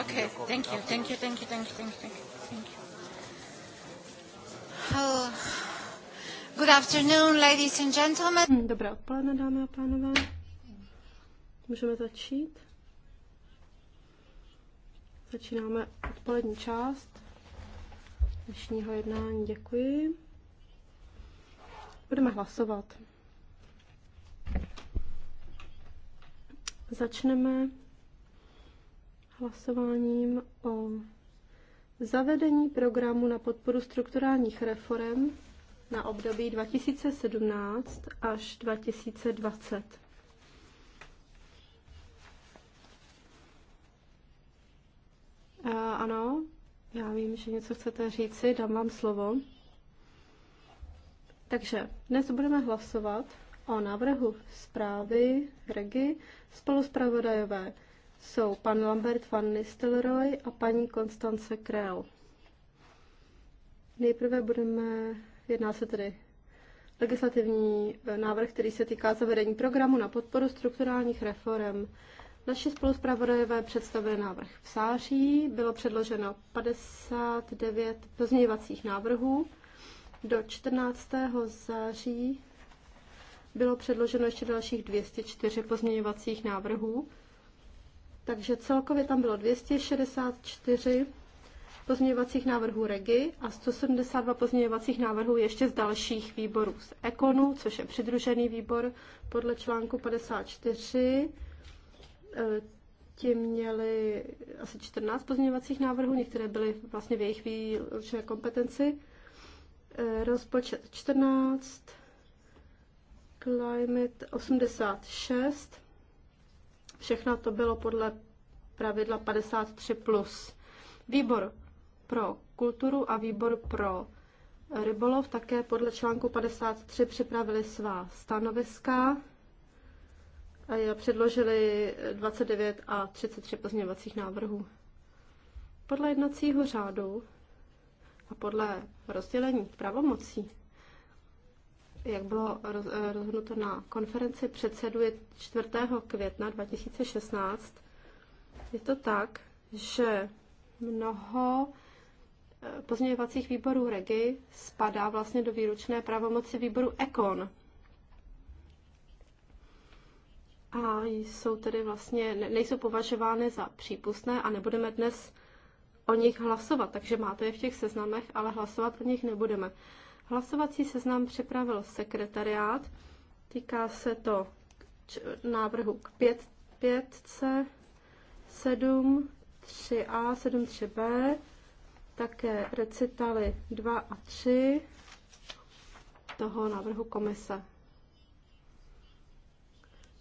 Okay, thank you, thank you, thank you, thank you, thank you, thank you. Oh. Good afternoon, ladies and gentlemen. Hmm, dobré odpoledne, dámy a pánové. Můžeme začít. Začínáme odpolední část dnešního jednání. Děkuji. Budeme hlasovat. Začneme hlasováním o zavedení programu na podporu strukturálních reform na období 2017 až 2020. Uh, ano, já vím, že něco chcete říci, dám vám slovo. Takže dnes budeme hlasovat o návrhu zprávy Regi spoluzpravodajové jsou pan Lambert van Nistelrooy a paní Konstance Krell. Nejprve budeme, jedná se tedy legislativní eh, návrh, který se týká zavedení programu na podporu strukturálních reform. Naši spoluzpravodajové představili návrh v září, bylo předloženo 59 pozměňovacích návrhů. Do 14. září bylo předloženo ještě dalších 204 pozměňovacích návrhů. Takže celkově tam bylo 264 pozměňovacích návrhů REGI a 172 pozměňovacích návrhů ještě z dalších výborů z EKONu, což je přidružený výbor podle článku 54. E, Ti měli asi 14 pozměňovacích návrhů, některé byly vlastně v jejich výlučné kompetenci. E, rozpočet 14, Climate 86, Všechno to bylo podle pravidla 53. Plus. Výbor pro kulturu a výbor pro rybolov také podle článku 53 připravili svá stanoviska a předložili 29 a 33 pozměňovacích návrhů. Podle jednacího řádu a podle rozdělení pravomocí jak bylo eh, rozhodnuto na konferenci předsedu 4. května 2016, je to tak, že mnoho eh, pozměňovacích výborů REGI spadá vlastně do výručné pravomoci výboru EKON. A jsou tedy vlastně, nejsou považovány za přípustné a nebudeme dnes o nich hlasovat, takže máte je v těch seznamech, ale hlasovat o nich nebudeme. Hlasovací seznam připravil sekretariát. Týká se to návrhu k 5, 5, 7, 3a, 7, 3b, také recitaly 2 a 3 toho návrhu komise.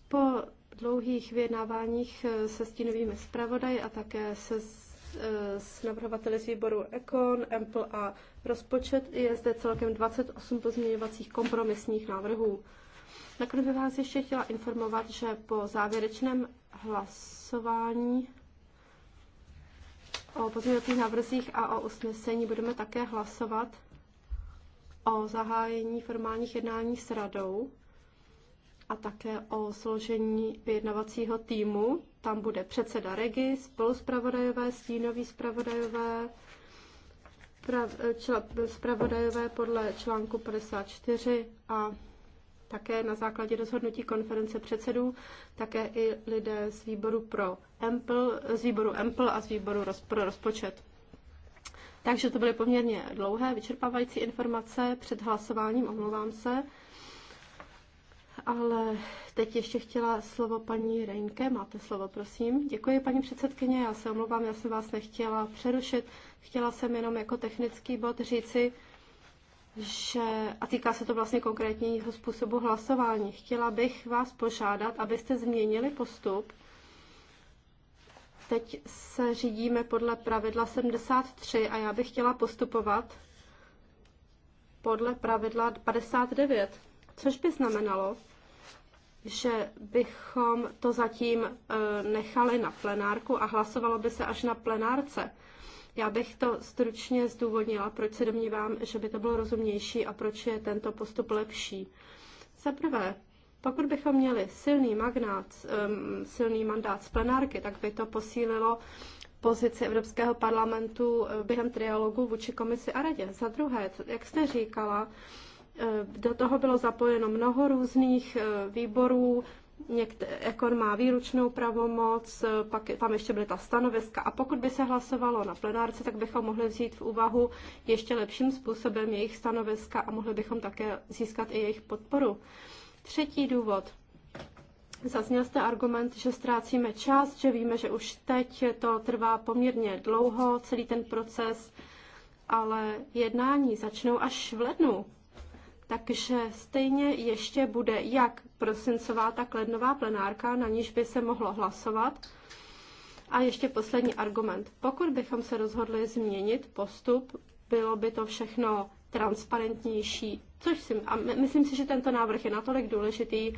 Po dlouhých vyjednáváních se stínovými zpravodaji a také se Eh, s navrhovateli z výboru Econ, Ample a rozpočet. Je zde celkem 28 pozměňovacích kompromisních návrhů. Nakonec bych vás ještě chtěla informovat, že po závěrečném hlasování o pozměňovacích návrzích a o usnesení budeme také hlasovat o zahájení formálních jednání s radou a také o složení vyjednavacího týmu tam bude předseda Regi, spoluzpravodajové, stínový zpravodajové, zpravodajové podle článku 54 a také na základě rozhodnutí konference předsedů, také i lidé z výboru pro Ample, z výboru Ample a z výboru roz, pro rozpočet. Takže to byly poměrně dlouhé, vyčerpávající informace před hlasováním, omlouvám se ale teď ještě chtěla slovo paní Reinke. Máte slovo, prosím. Děkuji, paní předsedkyně. Já se omlouvám, já jsem vás nechtěla přerušit. Chtěla jsem jenom jako technický bod říci, že, a týká se to vlastně konkrétního způsobu hlasování, chtěla bych vás požádat, abyste změnili postup. Teď se řídíme podle pravidla 73 a já bych chtěla postupovat podle pravidla 59 což by znamenalo, že bychom to zatím eh, nechali na plenárku a hlasovalo by se až na plenárce. Já bych to stručně zdůvodnila, proč se domnívám, že by to bylo rozumnější a proč je tento postup lepší. Za prvé, pokud bychom měli silný, magnát, silný mandát z plenárky, tak by to posílilo pozici Evropského parlamentu eh, během trialogu vůči komisi a radě. Za druhé, jak jste říkala, Eh, do toho bylo zapojeno mnoho různých eh, výborů, Někde, Ekon má výručnou pravomoc, eh, pak tam ještě byly ta stanoviska a pokud by se hlasovalo na plenárce, tak bychom mohli vzít v úvahu ještě lepším způsobem jejich stanoviska a mohli bychom také získat i jejich podporu. Třetí důvod. Zazněl jste argument, že ztrácíme čas, že víme, že už teď to trvá poměrně dlouho, celý ten proces, ale jednání začnou až v lednu takže stejně ještě bude jak prosincová, tak lednová plenárka, na níž by se mohlo hlasovat. A ještě poslední argument. Pokud bychom se rozhodli změnit postup, bylo by to všechno transparentnější, což si, a myslím si, že tento návrh je natolik důležitý,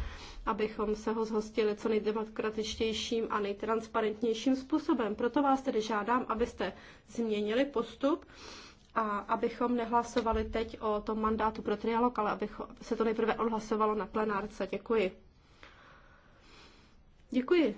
abychom se ho zhostili co nejdemokratičtějším a nejtransparentnějším způsobem. Proto vás tedy žádám, abyste změnili postup a abychom nehlasovali teď o tom mandátu pro trialog, ale aby se to nejprve odhlasovalo na plenárce. Děkuji. Děkuji.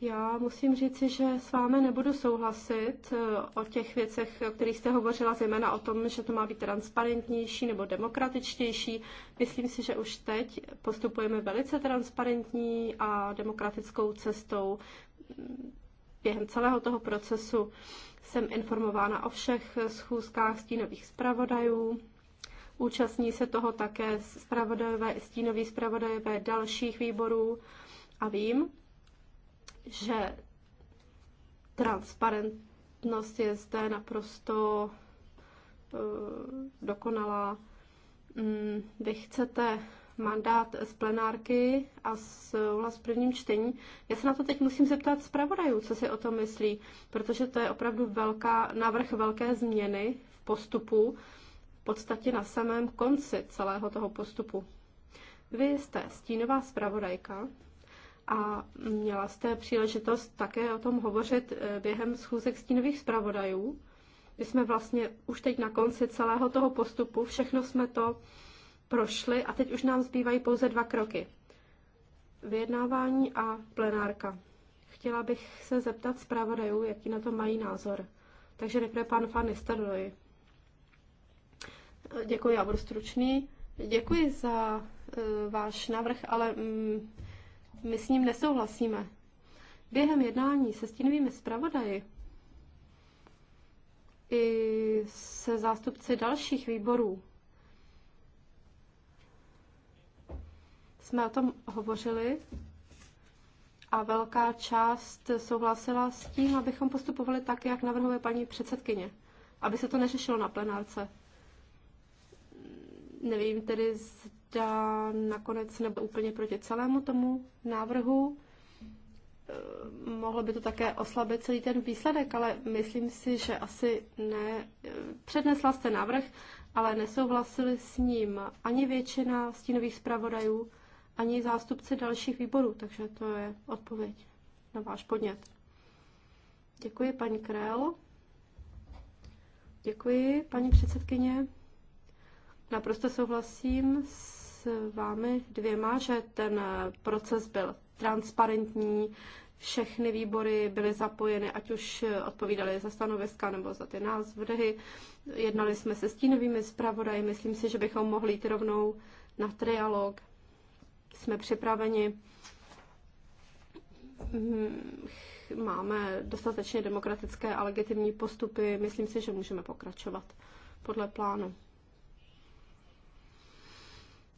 Já musím říci, že s vámi nebudu souhlasit eh, o těch věcech, o kterých jste hovořila, zejména o tom, že to má být transparentnější nebo demokratičtější. Myslím si, že už teď postupujeme velice transparentní a demokratickou cestou během celého toho procesu jsem informována o všech schůzkách stínových zpravodajů. Účastní se toho také zpravodajové, stínoví zpravodajové dalších výborů a vím, že transparentnost je zde naprosto eh, dokonalá. Mm, vy chcete mandát z plenárky a souhlas v prvním čtení. Já se na to teď musím zeptat zpravodajů, co si o tom myslí, protože to je opravdu velká, navrh velké změny v postupu, v podstatě na samém konci celého toho postupu. Vy jste stínová zpravodajka a měla jste příležitost také o tom hovořit eh, během schůzek stínových zpravodajů. My jsme vlastně už teď na konci celého toho postupu, všechno jsme to prošly a teď už nám zbývají pouze dva kroky. Vyjednávání a plenárka. Chtěla bych se zeptat zpravodajů, jaký na to mají názor. Takže nejprve pan Fanny Nistelrooy. Děkuji, já budu stručný. Děkuji za uh, váš návrh, ale mm, my s ním nesouhlasíme. Během jednání se stínovými zpravodaji i se zástupci dalších výborů jsme o tom hovořili a velká část souhlasila s tím, abychom postupovali tak, jak navrhuje paní předsedkyně, aby se to neřešilo na plenárce. Nevím tedy, zda nakonec nebo úplně proti celému tomu návrhu. Eh, mohlo by to také oslabit celý ten výsledek, ale myslím si, že asi ne. Přednesla jste návrh, ale nesouhlasili s ním ani většina stínových zpravodajů, ani zástupci dalších výborů, takže to je odpověď na váš podnět. Děkuji, paní Krel. Děkuji, paní předsedkyně. Naprosto souhlasím s vámi dvěma, že ten proces byl transparentní, všechny výbory byly zapojeny, ať už odpovídali za stanoviska nebo za ty názvy. Jednali jsme se stínovými zpravodaji, myslím si, že bychom mohli jít rovnou na trialog jsme připraveni, mm, máme dostatečně demokratické a legitimní postupy, myslím si, že můžeme pokračovat podle plánu.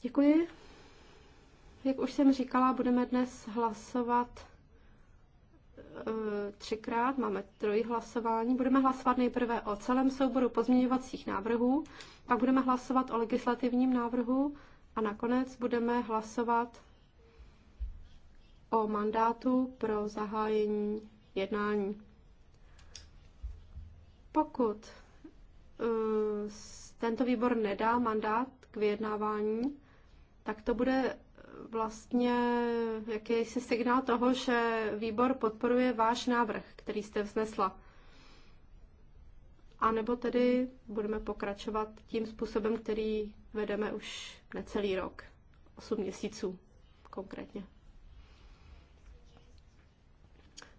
Děkuji. Jak už jsem říkala, budeme dnes hlasovat eh, třikrát, máme trojí hlasování. Budeme hlasovat nejprve o celém souboru pozměňovacích návrhů, pak budeme hlasovat o legislativním návrhu a nakonec budeme hlasovat o mandátu pro zahájení jednání. Pokud eh, tento výbor nedá mandát k vyjednávání, tak to bude vlastně jakýsi signál toho, že výbor podporuje váš návrh, který jste vznesla. A nebo tedy budeme pokračovat tím způsobem, který vedeme už necelý rok, 8 měsíců konkrétně.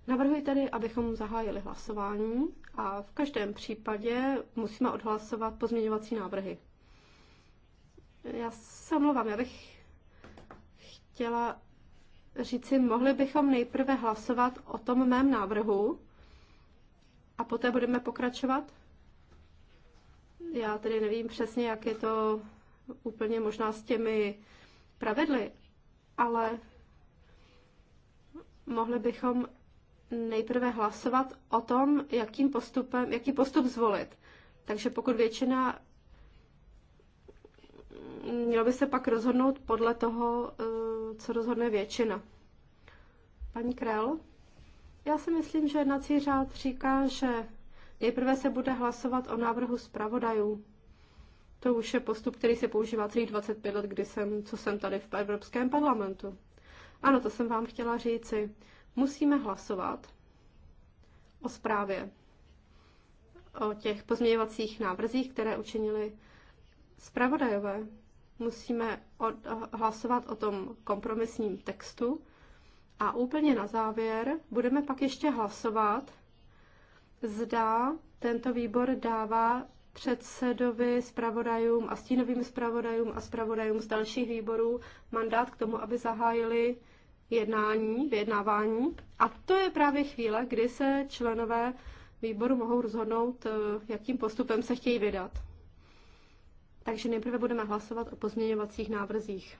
Navrhuji tedy, abychom zahájili hlasování a v každém případě musíme odhlasovat pozměňovací návrhy. Já se omlouvám, já bych chtěla říci, mohli bychom nejprve hlasovat o tom mém návrhu a poté budeme pokračovat? Já tedy nevím přesně, jak je to úplně možná s těmi pravidly, ale mohli bychom nejprve hlasovat o tom, jakým postupem, jaký postup zvolit. Takže pokud většina mělo by se pak rozhodnout podle toho, eh, co rozhodne většina. Paní Krell, já si myslím, že jednací řád říká, že Nejprve se bude hlasovat o návrhu zpravodajů. To už je postup, který se používá celých 25 let, kdy jsem, co jsem tady v Evropském parlamentu. Ano, to jsem vám chtěla říci. Musíme hlasovat o zprávě, o těch pozměňovacích návrzích, které učinili zpravodajové. Musíme od, hlasovat o tom kompromisním textu a úplně na závěr budeme pak ještě hlasovat zda tento výbor dává předsedovi, zpravodajům a stínovým zpravodajům a zpravodajům z dalších výborů mandát k tomu, aby zahájili jednání, vyjednávání. A to je právě chvíle, kdy se členové výboru mohou rozhodnout, eh, jakým postupem se chtějí vydat. Takže nejprve budeme hlasovat o pozměňovacích návrzích.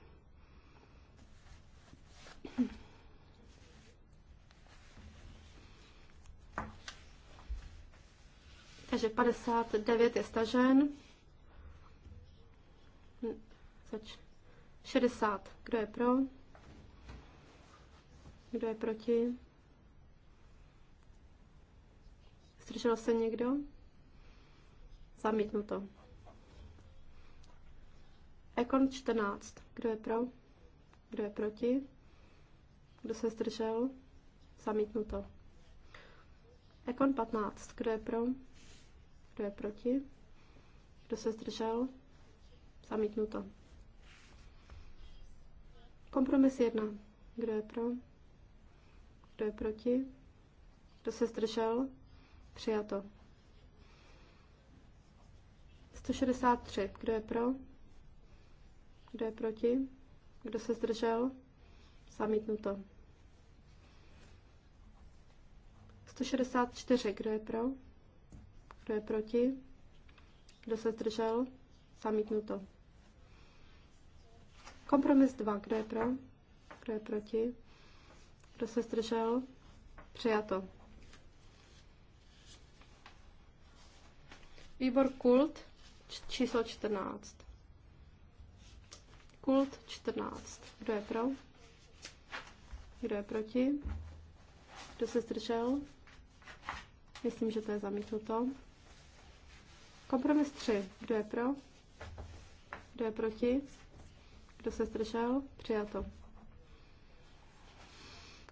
Takže 59 je stažen. 60. Kdo je pro? Kdo je proti? Zdržel se někdo? Zamítnuto. Ekon 14. Kdo je pro? Kdo je proti? Kdo se zdržel? Zamítnuto. Ekon 15. Kdo je pro? Kdo je proti? Kdo se zdržel? Zamítnuto. Kompromis jedna. Kdo je pro? Kdo je proti? Kdo se zdržel? Přijato. 163. Kdo je pro? Kdo je proti? Kdo se zdržel? Zamítnuto. 164. Kdo je pro? Kdo je proti? Kdo se zdržel? Zamítnuto. Kompromis 2. Kdo je pro? Kdo je proti? Kdo se zdržel? Přijato. Výbor Kult číslo 14. Kult 14. Kdo je pro? Kdo je proti? Kdo se zdržel? Myslím, že to je zamítnuto. Kompromis 3. Kdo je pro? Kdo je proti? Kdo se zdržel? Přijato.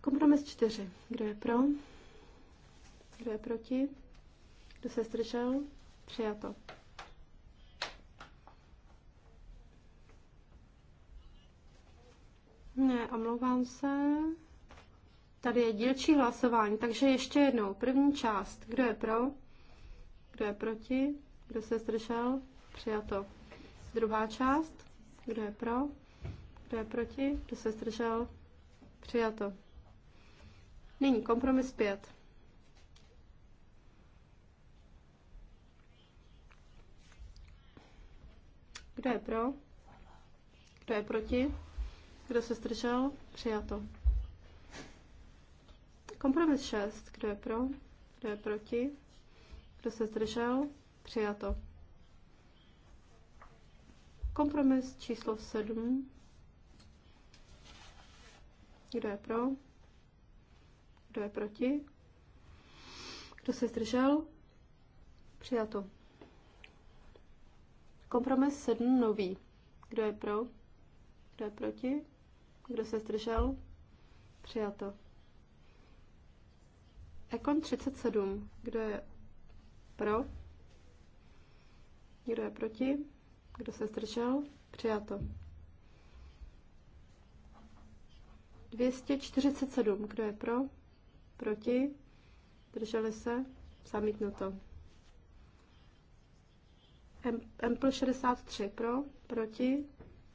Kompromis 4. Kdo je pro? Kdo je proti? Kdo se zdržel? Přijato. Ne, omlouvám se. Tady je dílčí hlasování, takže ještě jednou. První část. Kdo je pro? Kdo je proti? Kdo se zdržel? Přijato. Druhá část. Kdo je pro? Kdo je proti? Kdo se zdržel? Přijato. Nyní kompromis 5. Kdo je pro? Kdo je proti? Kdo se zdržel? Přijato. Kompromis 6. Kdo je pro? Kdo je proti? Kdo se zdržel? Přijato. Kompromis číslo 7. Kdo je pro? Kdo je proti? Kdo se zdržel? Přijato. Kompromis 7 nový. Kdo je pro? Kdo je proti? Kdo se zdržel? Přijato. Ekon 37. Kdo je pro? Kdo je proti? Kdo se zdržel? Přijato. 247. Kdo je pro? Proti? Drželi se? Zamítnuto. Empl 63. Pro? Proti?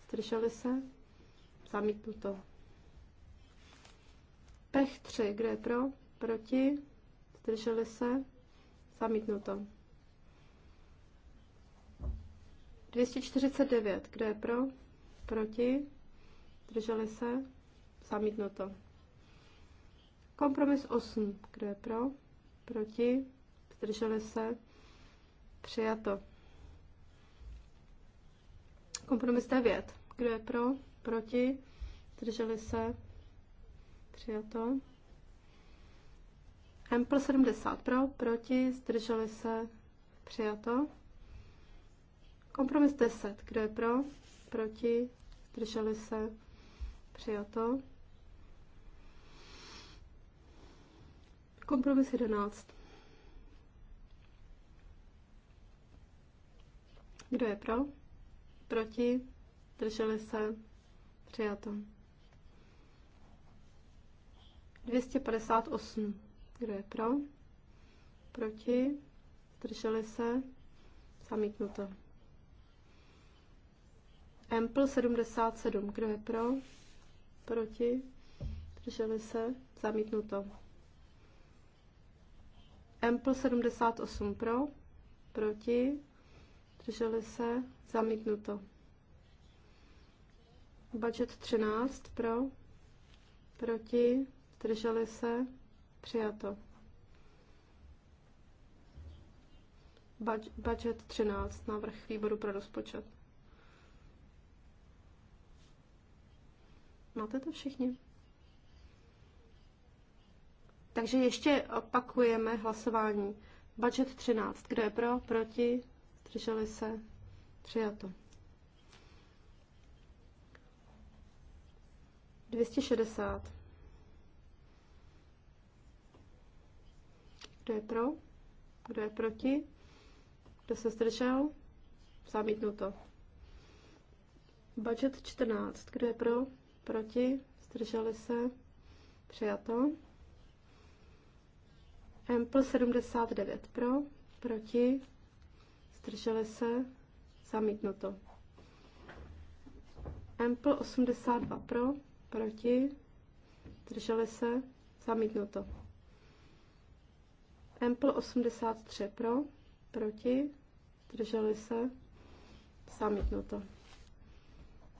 Zdrželi se? Zamítnuto. Pech 3. Kdo je pro? Proti? Zdrželi se? Zamítnuto. 249. Kdo je pro? Proti? Drželi se? Zamítnuto. Kompromis 8. Kdo je pro? Proti? Zdrželi se? Přijato. Kompromis 9. Kdo je pro? Proti? Zdrželi se? Přijato. M plus 70 pro, proti, zdrželi se, přijato. Kompromis 10. Kdo je pro? Proti? Zdrželi se? Přijato. Kompromis 11. Kdo je pro? Proti? Drželi se? Přijato. 258. Kdo je pro? Proti? Drželi se? Zamítnuto. Ample 77, kdo je pro? Proti? Drželi se? Zamítnuto. Ample 78 pro? Proti? Drželi se? Zamítnuto. Budget 13 pro? Proti? Drželi se? Přijato. Budget 13, návrh výboru pro rozpočet. Máte to všichni? Takže ještě opakujeme hlasování. Budget 13. Kdo je pro? Proti? Drželi se? Přijato. 260. Kdo je pro? Kdo je proti? Kdo se zdržel? Zamítnuto. Budget 14. Kdo je pro? proti, zdrželi se, přijato. Ample 79 pro, proti, zdrželi se, zamítnuto. Ample 82 pro, proti, zdrželi se, zamítnuto. Ample 83 pro, proti, zdrželi se, zamítnuto.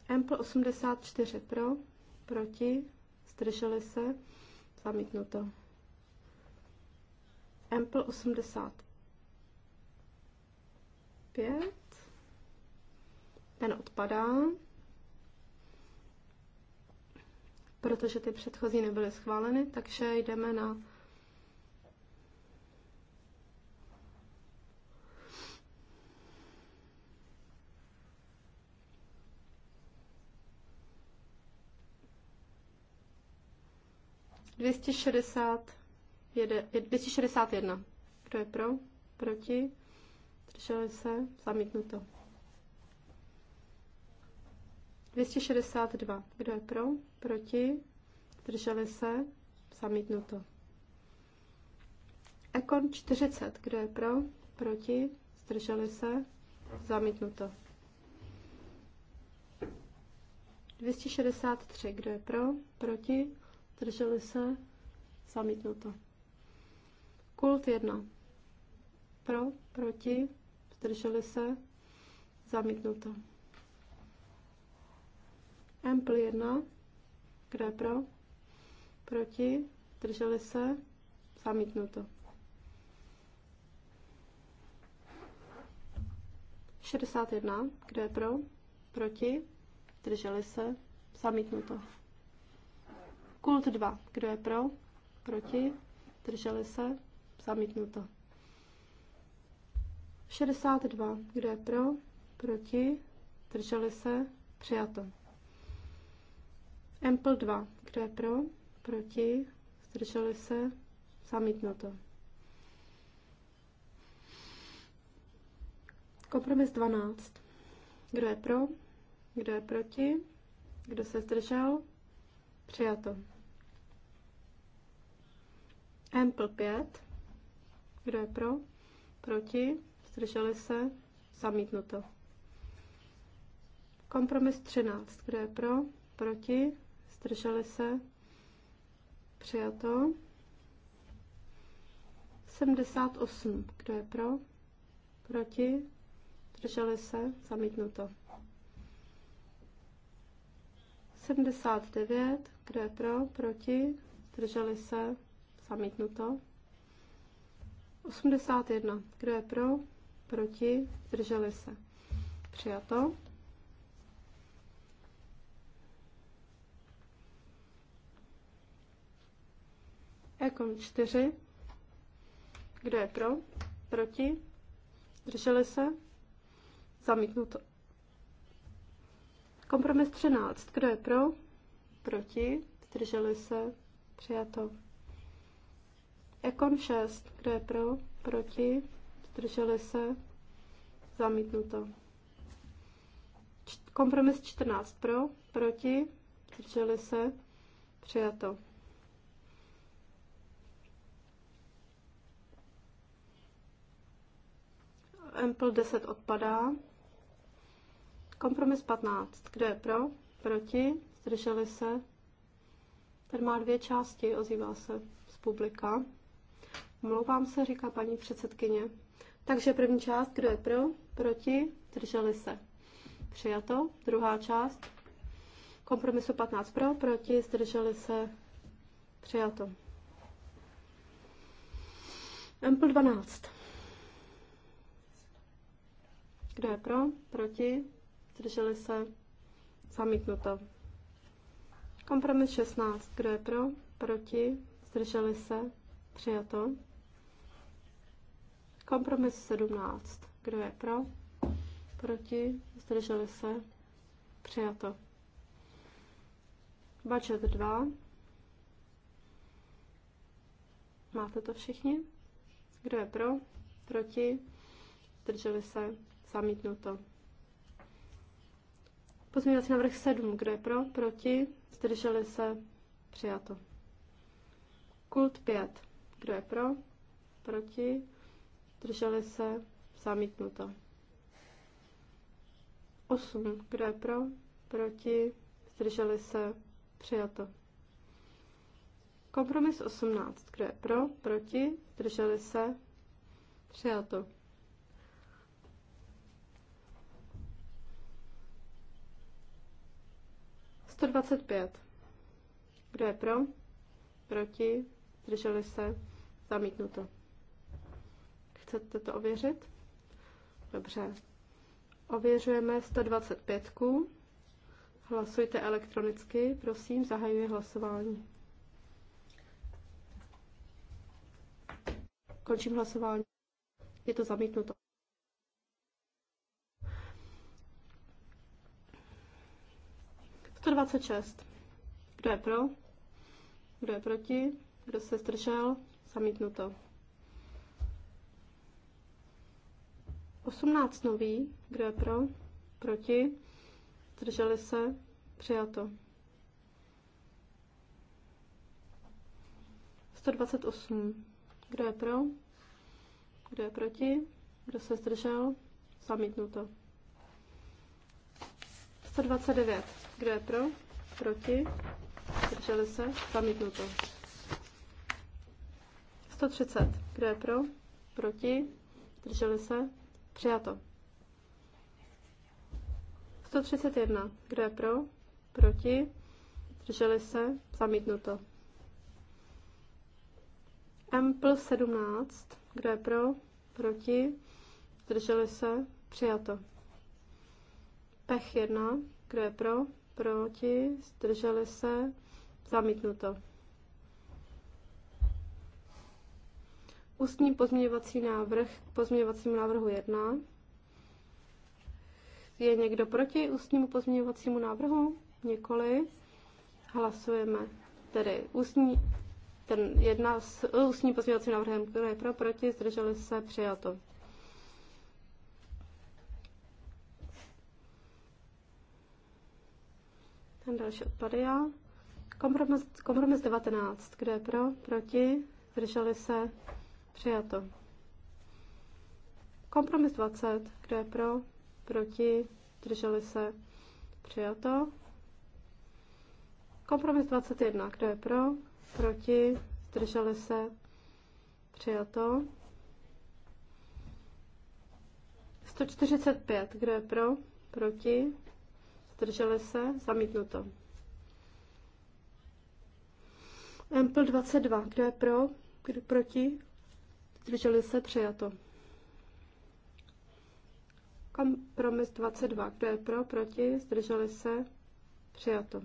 Ample 84 pro, proti, zdrželi se, zamítnuto. Ample 85, ten odpadá, protože ty předchozí nebyly schváleny, takže jdeme na 260, 261. Kdo je pro? Proti? Drželi se? Zamítnuto. 262. Kdo je pro? Proti? Drželi se? Zamítnuto. Ekon 40. Kdo je pro? Proti? Zdrželi se? Zamítnuto. 263. Kdo je pro? Proti? Drželi se? Zamítnuto. Kult 1. Pro, proti, zdrželi se, zamítnuto. Ample 1, kde pro, proti, zdrželi se, zamítnuto. 61, kde pro, proti, zdrželi se, zamítnuto. Kult 2. Kdo je pro? Proti? Drželi se? Zamítnuto. 62. Kdo je pro? Proti? Drželi se? Přijato. Empl 2. Kdo je pro? Proti? Zdrželi se? Zamítnuto. Kompromis 12. Kdo je pro? Kdo je proti? Kdo se zdržel? Přijato. Ample 5. Kdo je pro? Proti? Zdrželi se? Zamítnuto. Kompromis 13. Kdo je pro? Proti? Zdrželi se? Přijato. 78. Kdo je pro? Proti? Zdrželi se? Zamítnuto. 79. Kdo je pro? Proti? Zdrželi se? Zamítnuto. 81. Kdo je pro? Proti? drželi se. Přijato. 4. Kdo je pro? Proti? drželi se? Zamítnuto. Kompromis 13. Kdo je pro? Proti? drželi se? Přijato. Ekon 6, kdo je pro, proti, zdrželi se, zamítnuto. Kompromis 14 pro, proti, zdrželi se, přijato. Ample 10 odpadá. Kompromis 15. Kdo je pro? Proti? Zdrželi se? Ten má dvě části, ozývá se z publika. Omlouvám se, říká paní předsedkyně. Takže první část, kdo je pro, proti, drželi se. Přijato. Druhá část, kompromisu 15 pro, proti, zdrželi se. Přijato. Ample 12. Kdo je pro, proti, zdrželi se. Zamítnuto. Kompromis 16. Kdo je pro, proti, zdrželi se. Přijato. Kompromis 17. Kdo je pro? Proti? Zdrželi se? Přijato. Budget 2. Máte to všichni? Kdo je pro? Proti? Zdrželi se? Zamítnuto. Pozměňovací návrh 7. Kdo je pro? Proti? Zdrželi se? Přijato. Kult 5. Kdo je pro? Proti? zdrželi se? Zamítnuto. 8. Kdo je pro? Proti? Zdrželi se? Přijato. Kompromis 18. Kdo je pro? Proti? Zdrželi se? Přijato. Kdo je pro? Proti? Zdrželi se? Zamítnuto. Chcete to ověřit? Dobře. Ověřujeme 125. Hlasujte elektronicky, prosím, zahajuji hlasování. Končím hlasování. Je to zamítnuto. To 26. Kdo je pro? Kdo je proti? Kdo se zdržel? Zamítnuto. 18 nový, kdo je pro, proti, zdrželi se, přijato. 128, kdo je pro, kdo je proti, kdo se zdržel, zamítnuto. 129, kdo je pro, proti, zdrželi se, zamítnuto. 130, kdo je pro, proti, zdrželi se, Přijato. 131. Kdo je pro? Proti? Drželi se? Zamítnuto. M plus 17. Kdo je pro? Proti? Drželi se? Přijato. Pech 1. Kdo je pro? Proti? Zdrželi se? Zamítnuto. ústní pozměňovací návrh k pozměňovacímu návrhu 1. Je někdo proti ústnímu pozměňovacímu návrhu? Nikoli. Hlasujeme tedy ústní, ten jedna s e, ústním pozměňovacím návrhem, které je pro, proti, zdrželi se, přijato. Ten další já. Kompromis, kompromis 19, kde je pro, proti, zdrželi se, Přijato. Kompromis 20. Kdo je pro? Proti? Drželi se? Přijato. Kompromis 21. Kdo je pro? Proti? Zdrželi se? Přijato. 145. Kdo je pro? Proti? Zdrželi se? Zamítnuto. Ample 22. Kdo je pro? Kdo proti? zdrželi se přijato. Kompromis 22. Kdo je pro, proti, zdrželi se přijato.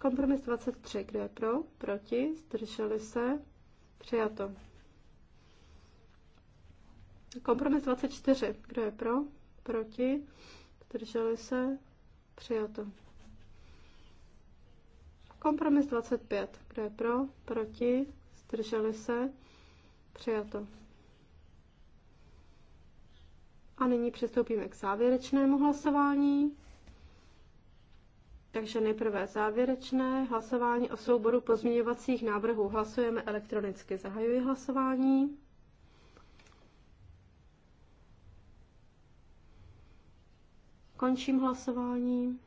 Kompromis 23. Kdo je pro, proti, zdrželi se přijato. Kompromis 24. Kdo je pro, proti, zdrželi se přijato. Kompromis 25. Kdo je pro, proti, zdrželi se, Přijato. A nyní přistoupíme k závěrečnému hlasování. Takže nejprve závěrečné hlasování o souboru pozměňovacích návrhů. Hlasujeme elektronicky. Zahajuji hlasování. Končím hlasování.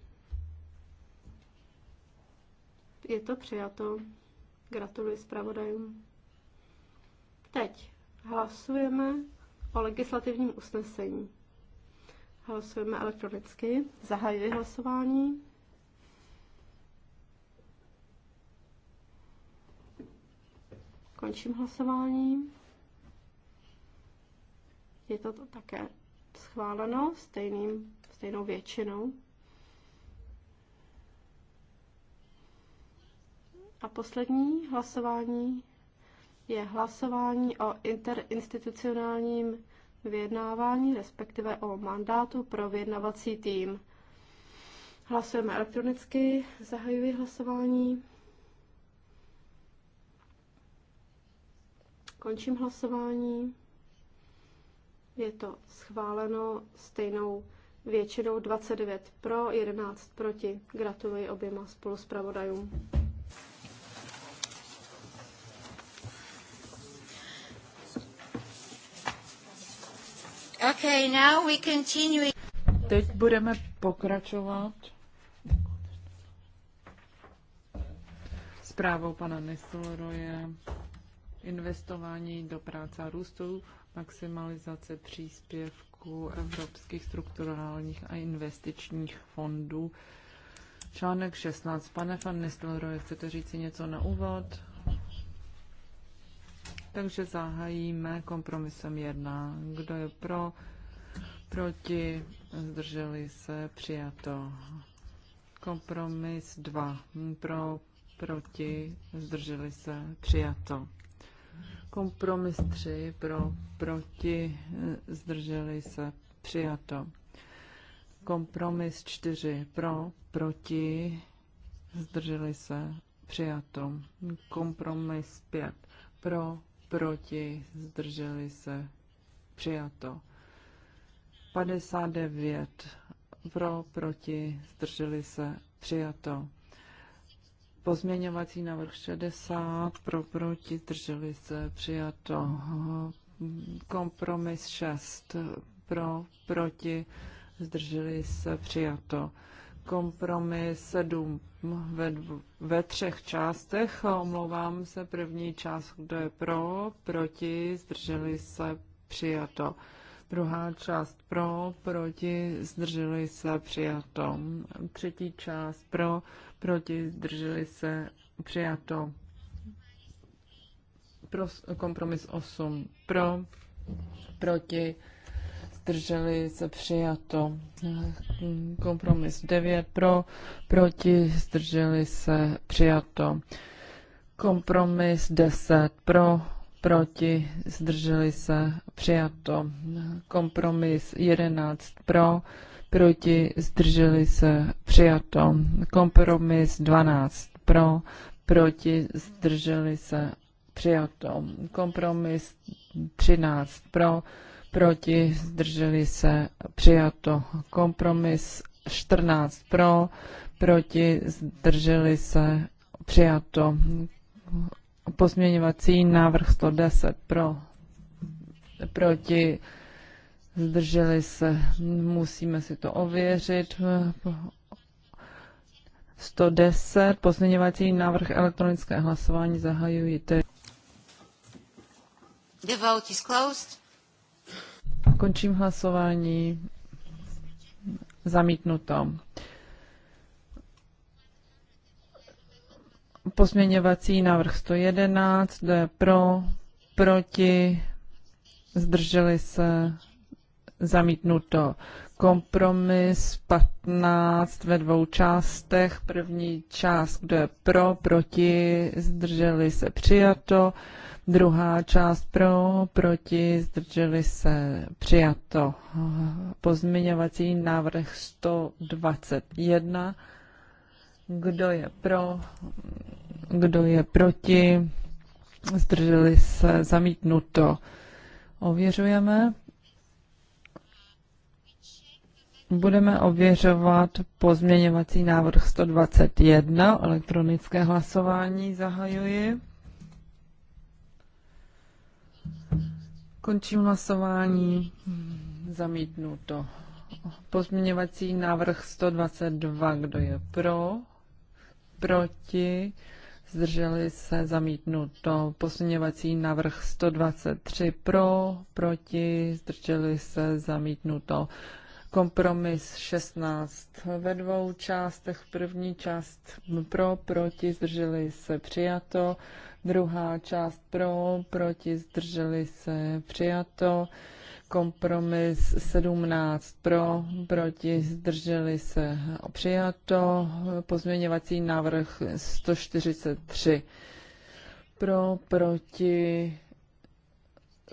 Je to přijato. Gratuluji zpravodajům. Teď hlasujeme o legislativním usnesení. Hlasujeme elektronicky. Zahajuji hlasování. Končím hlasování. Je to také schváleno stejným, stejnou většinou. A poslední hlasování je hlasování o interinstitucionálním vyjednávání, respektive o mandátu pro vyjednavací tým. Hlasujeme elektronicky, zahajuji hlasování. Končím hlasování. Je to schváleno stejnou většinou 29 pro, 11 proti. Gratuluji oběma spoluspravodajům. Okay, now we continue. Teď budeme pokračovat zprávou pana Nestoroje investování do práce a růstu, maximalizace příspěvku evropských strukturálních a investičních fondů. Článek 16. Pane van Nistelrooy, chcete říct si něco na úvod? Takže zahájíme kompromisem 1. Kdo je pro? Proti? Zdrželi se? Přijato. Kompromis 2. Pro? Proti? Zdrželi se? Přijato. Kompromis 3. Pro? Proti? Zdrželi se? Přijato. Kompromis 4. Pro? Proti? Zdrželi se? Přijato. Kompromis 5. Pro? proti, zdrželi se, přijato. 59 pro, proti, zdrželi se, přijato. Pozměňovací návrh 60, pro, proti, zdrželi se, přijato. Kompromis 6, pro, proti, zdrželi se, přijato kompromis 7 ve, ve třech částech. Omlouvám se, první část, kdo je pro, proti, zdrželi se, přijato. Druhá část pro, proti, zdrželi se, přijato. Třetí část pro, proti, zdrželi se, přijato. Pro, kompromis 8 pro, proti, zdrželi se přijato. Kompromis 9 pro, proti, zdrželi se přijato. Kompromis 10 pro, proti, zdrželi se přijato. Kompromis 11 pro, proti, zdrželi se přijato. Kompromis 12 pro, proti, zdrželi se přijato. Kompromis 13 pro, proti, zdrželi se, přijato. Kompromis 14 pro, proti, zdrželi se, přijato. Pozměňovací návrh 110 pro, proti, zdrželi se, musíme si to ověřit. 110, pozměňovací návrh elektronické hlasování zahajují The vote is closed. Končím hlasování. Zamítnuto. Pozměňovací návrh 111, kdo je pro, proti, zdrželi se, zamítnuto. Kompromis 15 ve dvou částech. První část, kdo je pro, proti, zdrželi se přijato. Druhá část pro, proti, zdrželi se přijato. Pozměňovací návrh 121. Kdo je pro, kdo je proti, zdrželi se zamítnuto. Ověřujeme budeme ověřovat pozměňovací návrh 121, elektronické hlasování zahajuji. Končím hlasování. Zamítnuto. Pozměňovací návrh 122. Kdo je pro? Proti? Zdrželi se zamítnuto. Pozměňovací návrh 123 pro, proti, zdrželi se zamítnuto. Kompromis 16 ve dvou částech. První část pro, proti, zdrželi se přijato. Druhá část pro, proti, zdrželi se přijato. Kompromis 17 pro, proti, zdrželi se přijato. Pozměňovací návrh 143 pro, proti,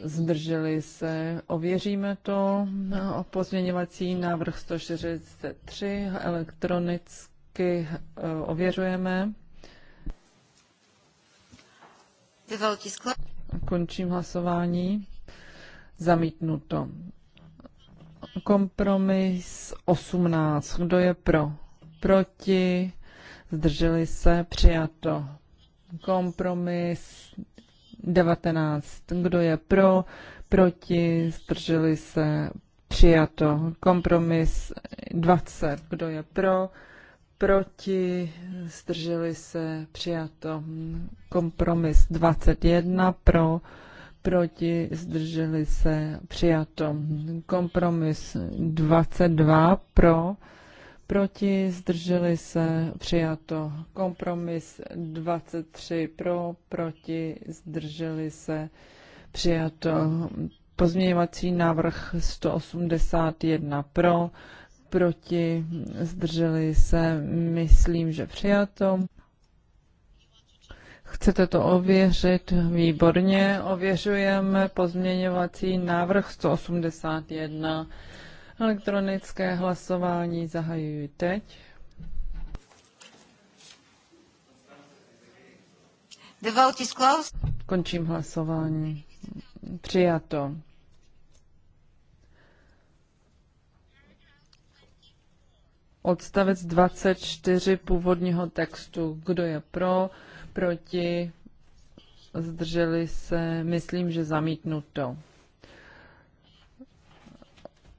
zdrželi se, ověříme to, no, pozměňovací návrh 143 elektronicky e, ověřujeme. Končím hlasování. Zamítnuto. Kompromis 18. Kdo je pro? Proti? Zdrželi se? Přijato. Kompromis 19. Kdo je pro, proti, zdrželi se, přijato. Kompromis 20. Kdo je pro, proti, zdrželi se, přijato. Kompromis 21. Pro, proti, zdrželi se, přijato. Kompromis 22. Pro, proti, zdrželi se, přijato. Kompromis 23 pro, proti, zdrželi se, přijato. Pozměňovací návrh 181 pro, proti, zdrželi se, myslím, že přijato. Chcete to ověřit? Výborně, ověřujeme pozměňovací návrh 181. Elektronické hlasování zahajuji teď. The vote is closed. Končím hlasování. Přijato. Odstavec 24 původního textu. Kdo je pro, proti, zdrželi se, myslím, že zamítnuto.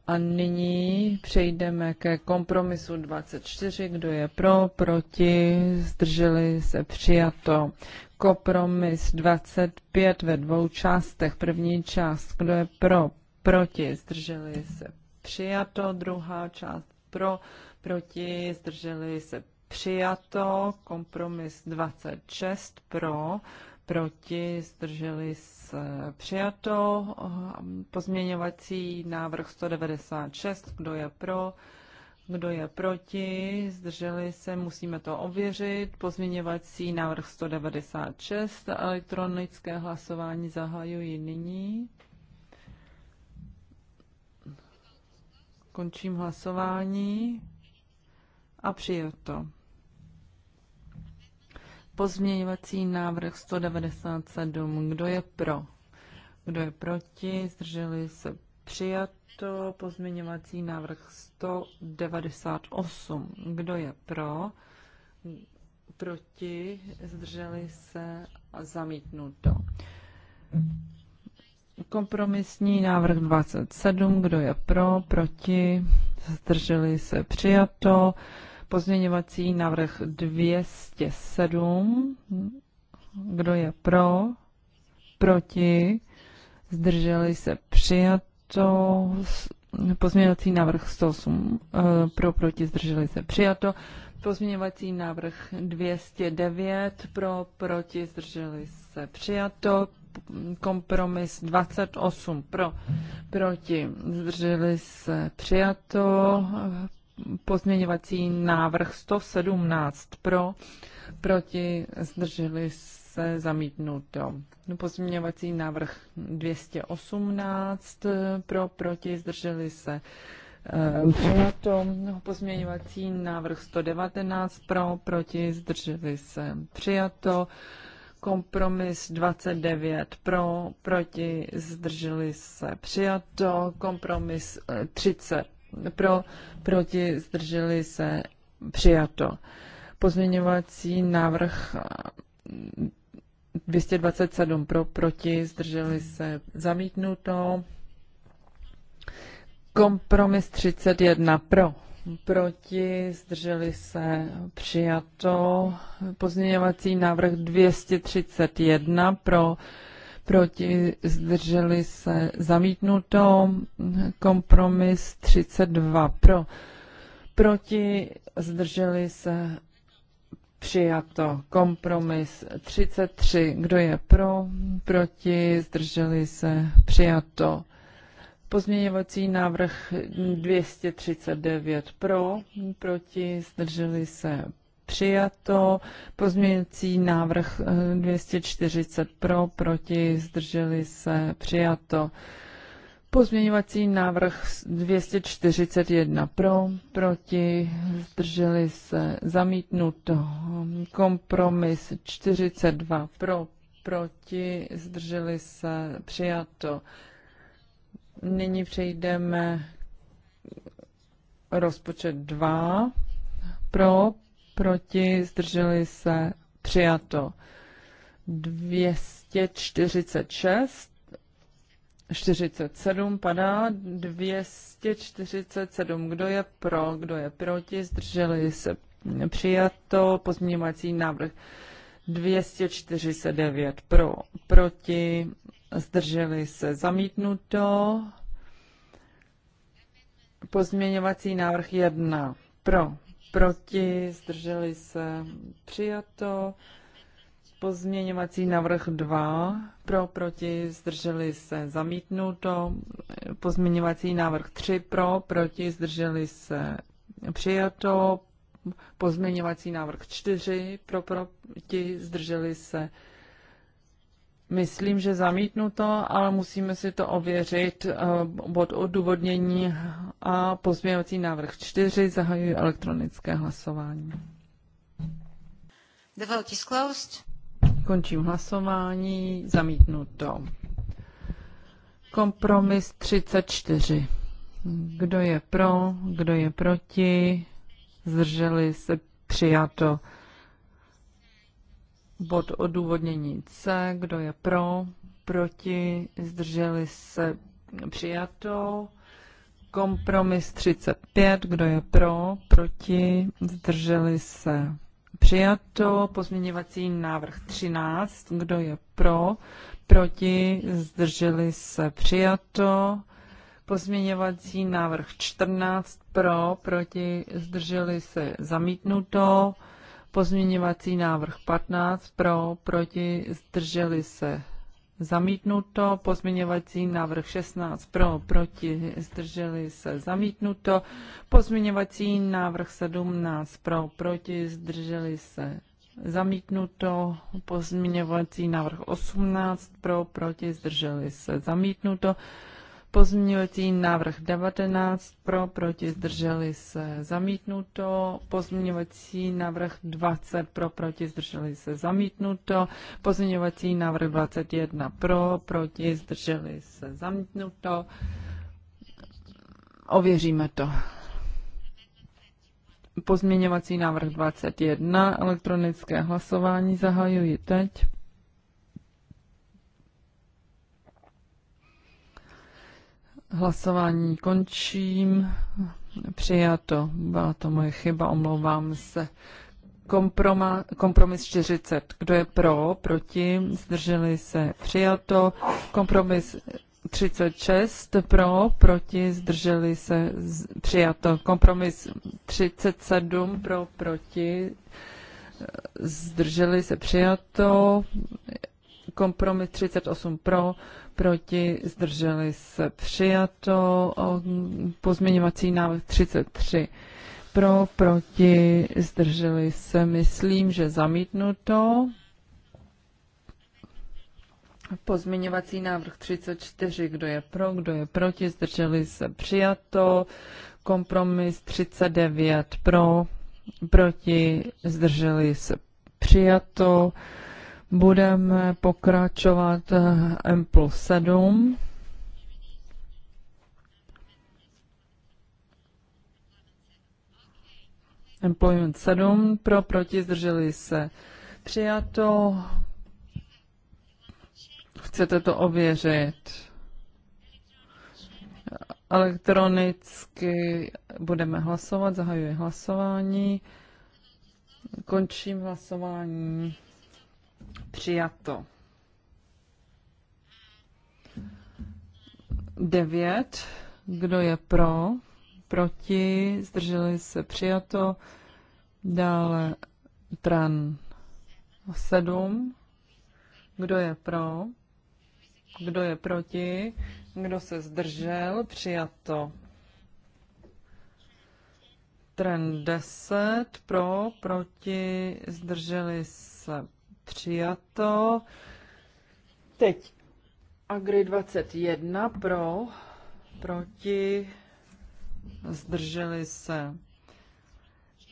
A nyní přejdeme ke kompromisu 24. Kdo je pro, proti, zdrželi se přijato. Kompromis 25 ve dvou částech. První část, kdo je pro, proti, zdrželi se přijato. Druhá část pro, proti, zdrželi se přijato. Kompromis 26 pro, proti, zdrželi se přijato. Pozměňovací návrh 196, kdo je pro, kdo je proti, zdrželi se, musíme to ověřit. Pozměňovací návrh 196, elektronické hlasování zahajuji nyní. Končím hlasování a přijato. Pozměňovací návrh 197. Kdo je pro? Kdo je proti? Zdrželi se přijato. Pozměňovací návrh 198. Kdo je pro? Proti? Zdrželi se a zamítnuto. Kompromisní návrh 27. Kdo je pro? Proti? Zdrželi se přijato. Pozměňovací návrh 207. Kdo je pro? Proti? Zdrželi se přijato. Pozměňovací návrh 108. Eh, pro, proti? Zdrželi se přijato. Pozměňovací návrh 209. Pro, proti? Zdrželi se přijato kompromis 28 pro, proti, zdrželi se přijato, Pozměňovací návrh 117 pro, proti, zdrželi se zamítnuto. No, pozměňovací návrh 218 pro, proti, zdrželi se eh, přijato. No, pozměňovací návrh 119 pro, proti, zdrželi se přijato. Kompromis 29 pro, proti, zdrželi se přijato. Kompromis 30 eh, pro, proti, zdrželi se, přijato. Pozměňovací návrh 227 eh, pro, proti, zdrželi se, zamítnuto. Kompromis 31 pro, proti, zdrželi se, přijato. Pozměňovací návrh 231 pro, proti, zdrželi se zamítnuto, kompromis 32 pro, proti, zdrželi se přijato, kompromis 33, kdo je pro, proti, zdrželi se přijato. Pozměňovací návrh 239 pro, proti, zdrželi se přijato. Pozměňující návrh eh, 240 pro, proti, zdrželi se, přijato. Pozměňovací návrh 241 pro, proti, zdrželi se, zamítnuto. Kompromis 42 pro, proti, zdrželi se, přijato. Nyní přejdeme rozpočet 2 pro, proti, zdrželi se, přijato. 246, 47 padá, 247, kdo je pro, kdo je proti, zdrželi se, přijato, pozměňovací návrh 249 pro, proti, zdrželi se, zamítnuto, pozměňovací návrh 1 pro, proti, zdrželi se, přijato. Pozměňovací návrh 2, pro, proti, zdrželi se, zamítnuto. Pozměňovací návrh 3, pro, proti, zdrželi se, přijato. Pozměňovací návrh 4, pro, proti, zdrželi se, Myslím, že zamítnuto, ale musíme si to ověřit. Eh, bod odůvodnění a pozměňovací návrh 4 zahajuje elektronické hlasování. The vote is closed. Končím hlasování. Zamítnuto. Kompromis 34. Kdo je pro, kdo je proti? Zdrželi se přijato. Bod odůvodnění C, kdo je pro, proti, zdrželi se přijato. Kompromis 35, kdo je pro, proti, zdrželi se přijato. Pozměňovací návrh 13, kdo je pro, proti, zdrželi se přijato. Pozměňovací návrh 14 pro, proti, zdrželi se zamítnuto. Pozměňovací návrh 15 pro, proti, zdrželi se. Zamítnuto. Pozměňovací návrh 16 pro, proti, zdrželi se. Zamítnuto. Pozměňovací návrh 17 pro, proti, zdrželi se. Zamítnuto. Pozměňovací návrh 18 pro, proti, zdrželi se. Zamítnuto. Pozměňovací návrh 19 pro, proti zdrželi se zamítnuto. Pozměňovací návrh 20 pro, proti zdrželi se zamítnuto. Pozměňovací návrh 21 pro, proti zdrželi se zamítnuto. Ověříme to. Pozměňovací návrh 21, elektronické hlasování zahajuji teď. Hlasování končím. Přijato. Byla to moje chyba, omlouvám se. Komproma, kompromis 40. Kdo je pro, proti, zdrželi se. Přijato. Kompromis 36 pro, proti, zdrželi se. Přijato. Kompromis 37 pro, proti, zdrželi se. Přijato. Kompromis 38 pro, proti, zdrželi se přijato. Pozměňovací návrh 33 pro, proti, zdrželi se, myslím, že zamítnuto. Pozměňovací návrh 34, kdo je pro, kdo je proti, zdrželi se, přijato. Kompromis 39 pro, proti, zdrželi se, přijato. Budeme pokračovat eh, M plus 7. Employment 7 pro, proti, zdrželi se. Přijato. Chcete to ověřit? Elektronicky budeme hlasovat, zahajuji hlasování. Končím hlasování. Přijato. 9. Kdo je pro? Proti? Zdrželi se? Přijato. Dále Tran 7. Kdo je pro? Kdo je proti? Kdo se zdržel? Přijato. Trend 10. Pro, proti, zdrželi se přijato. Teď Agri 21 pro, proti, zdrželi se.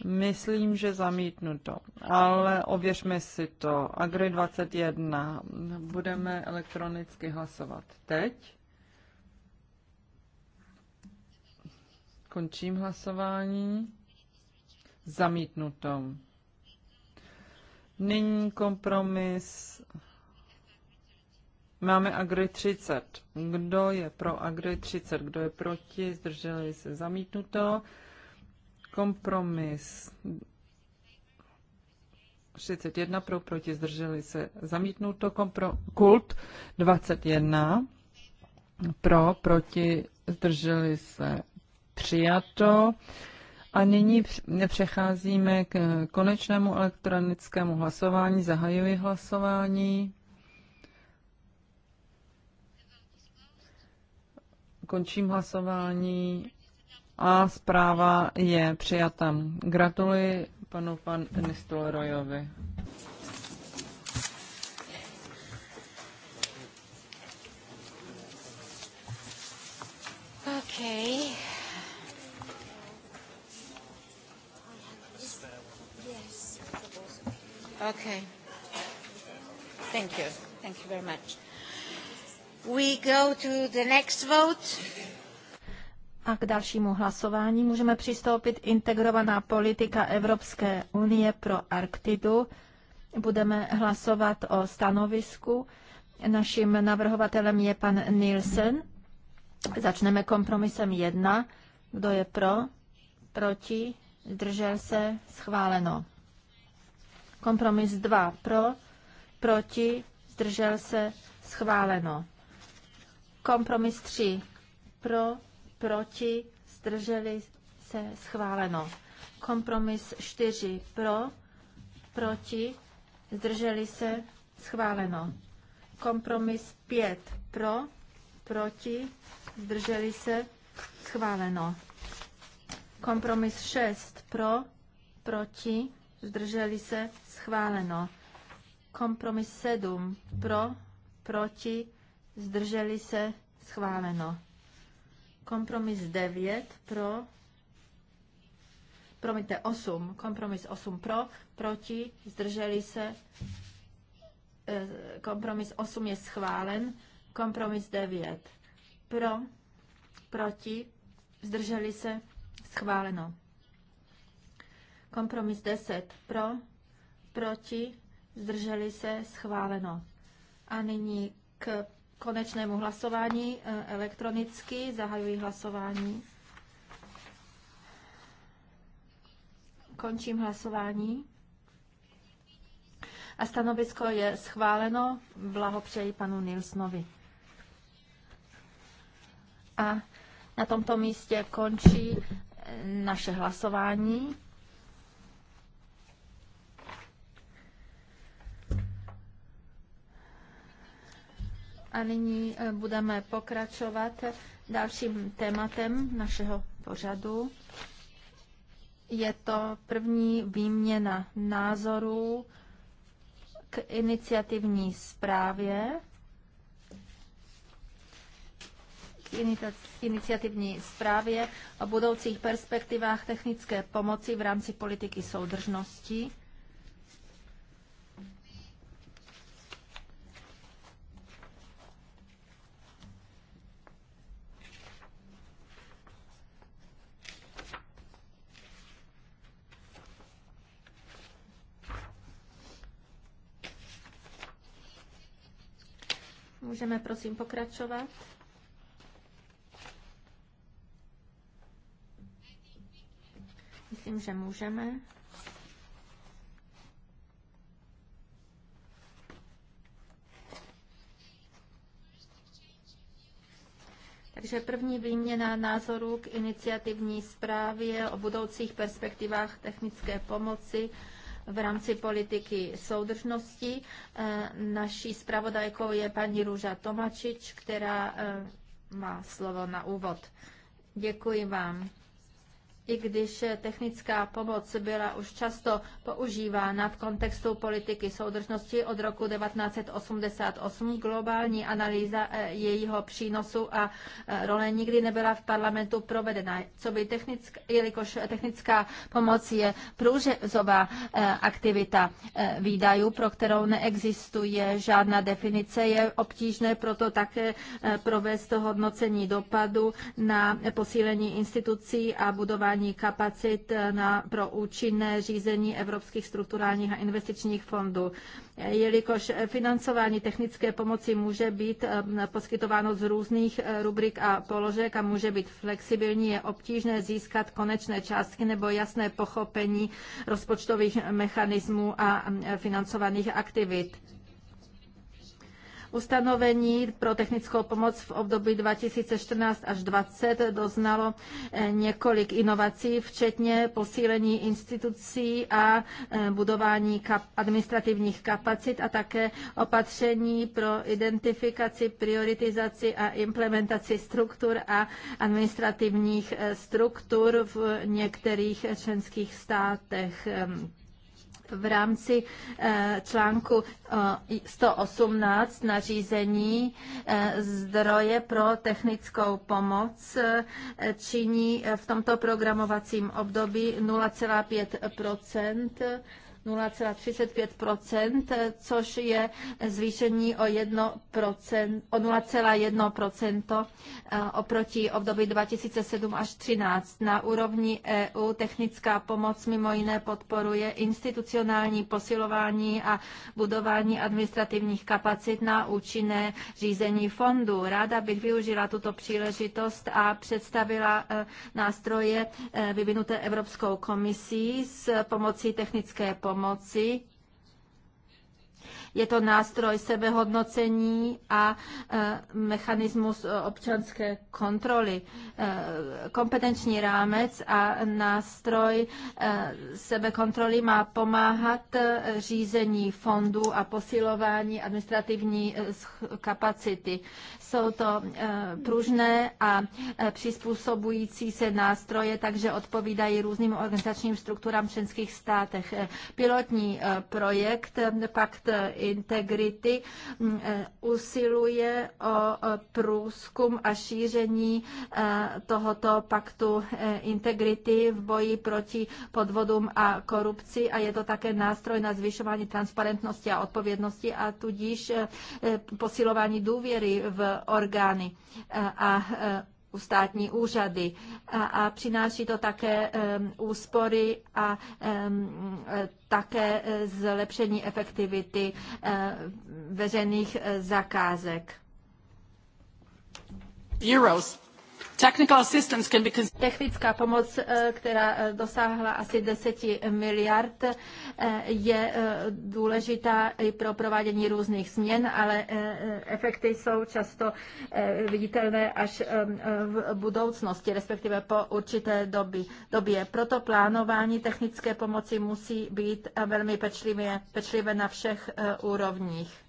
Myslím, že zamítnu to, ale ověřme si to. Agri 21. Budeme elektronicky hlasovat teď. Končím hlasování. Zamítnu to. Nyní kompromis. Máme Agri 30. Kdo je pro Agri 30? Kdo je proti? Zdrželi se zamítnuto. Kompromis 31 pro, proti zdrželi se zamítnuto. Kompro, kult 21 pro, proti zdrželi se přijato. A nyní přecházíme k konečnému elektronickému hlasování. Zahajuji hlasování. Končím hlasování a zpráva je přijata. Gratuluji panu pan Nistolerojovi. Okay. Okay. Thank you. Thank you very much. We go to the next vote. A k dalšímu hlasování můžeme přistoupit integrovaná politika Evropské unie pro Arktidu. Budeme hlasovat o stanovisku. Naším navrhovatelem je pan Nielsen. Začneme kompromisem 1. Kdo je pro? Proti? Zdržel se? Schváleno. Kompromis 2 pro, proti, zdržel se, schváleno. Kompromis 3 pro, proti, zdrželi se, schváleno. Kompromis 4 pro, proti, zdrželi se, schváleno. Kompromis 5 pro, proti, zdrželi se, schváleno. Kompromis 6 pro, proti, zdrželi se, schváleno. Kompromis 7 pro, proti, zdrželi se, schváleno. Kompromis 9 pro, promiňte, 8, kompromis 8 pro, proti, zdrželi se, eh, kompromis 8 je schválen, kompromis 9 pro, proti, zdrželi se, schváleno. Kompromis 10 pro, proti, zdrželi se, schváleno. A nyní k konečnému hlasování eh, elektronicky zahajuji hlasování. Končím hlasování. A stanovisko je schváleno. Blahopřeji panu Nilsnovi. A na tomto místě končí eh, naše hlasování. A nyní eh, budeme pokračovat dalším tématem našeho pořadu. Je to první výměna názorů k iniciativní zprávě. K iniciativní zprávě o budoucích perspektivách technické pomoci v rámci politiky soudržnosti. Můžeme prosím pokračovat? Myslím, že můžeme. Takže první výměna názorů k iniciativní zprávě o budoucích perspektivách technické pomoci v rámci politiky soudržnosti. E, naší zpravodajkou je paní Růža Tomačič, která e, má slovo na úvod. Děkuji vám i když technická pomoc byla už často používána v kontextu politiky soudržnosti od roku 1988, globální analýza eh, jejího přínosu a eh, role nikdy nebyla v parlamentu provedena. Co by technická, jelikož technická pomoc je průřezová eh, aktivita výdajů, pro kterou neexistuje žádná definice, je obtížné proto také provést hodnocení dopadu na posílení institucí a budování budování kapacit eh, na, pro účinné řízení evropských strukturálních a investičních fondů. Eh, jelikož eh, financování technické pomoci může být poskytováno z různých rubrik a položek a může být flexibilní, je obtížné získat konečné částky nebo jasné pochopení rozpočtových mechanismů a mm, financovaných aktivit. Ustanovení pro technickou pomoc v období 2014 až 2020 doznalo eh, několik inovací, včetně posílení institucí a eh, budování kap- administrativních kapacit a také opatření pro identifikaci, prioritizaci a implementaci struktur a administrativních eh, struktur v některých členských státech. Ehm, v rámci eh, článku 118 eh, nařízení eh, zdroje pro technickou pomoc činí v tomto programovacím období 0,5 0,35%, což je zvýšení o, 1%, o 0,1% eh, oproti období 2007 až 2013. Na úrovni EU technická pomoc mimo jiné podporuje institucionální posilování a budování administrativních kapacit na účinné řízení fondu. Ráda bych využila tuto příležitost a představila eh, nástroje eh, vyvinuté Evropskou komisí s pomocí technické pomoci pomoci je to nástroj sebehodnocení a e, mechanismus e, občanské kontroly. E, kompetenční rámec a nástroj sebekontroly má pomáhat řízení fondů a posilování administrativní kapacity. Jsou to pružné a přizpůsobující se nástroje, takže odpovídají různým organizačním strukturám v členských státech. Pilotní projekt Pakt integrity mm, eh, usiluje o průzkum a šíření eh, tohoto paktu eh, integrity v boji proti podvodům a korupci a je to také nástroj na zvyšování transparentnosti a odpovědnosti a tudíž posilování důvěry v orgány a státní úřady a, a přináší to také úspory a také zlepšení efektivity veřejných eh, zakázek. Technická pomoc, eh, která eh, dosáhla asi 10 miliard, eh, je důležitá i pro provádění různých změn, ale efekty jsou často viditelné až v budoucnosti, respektive po určité doby, době. Proto plánování technické pomoci musí být velmi pečlivé, pečlivé na všech úrovních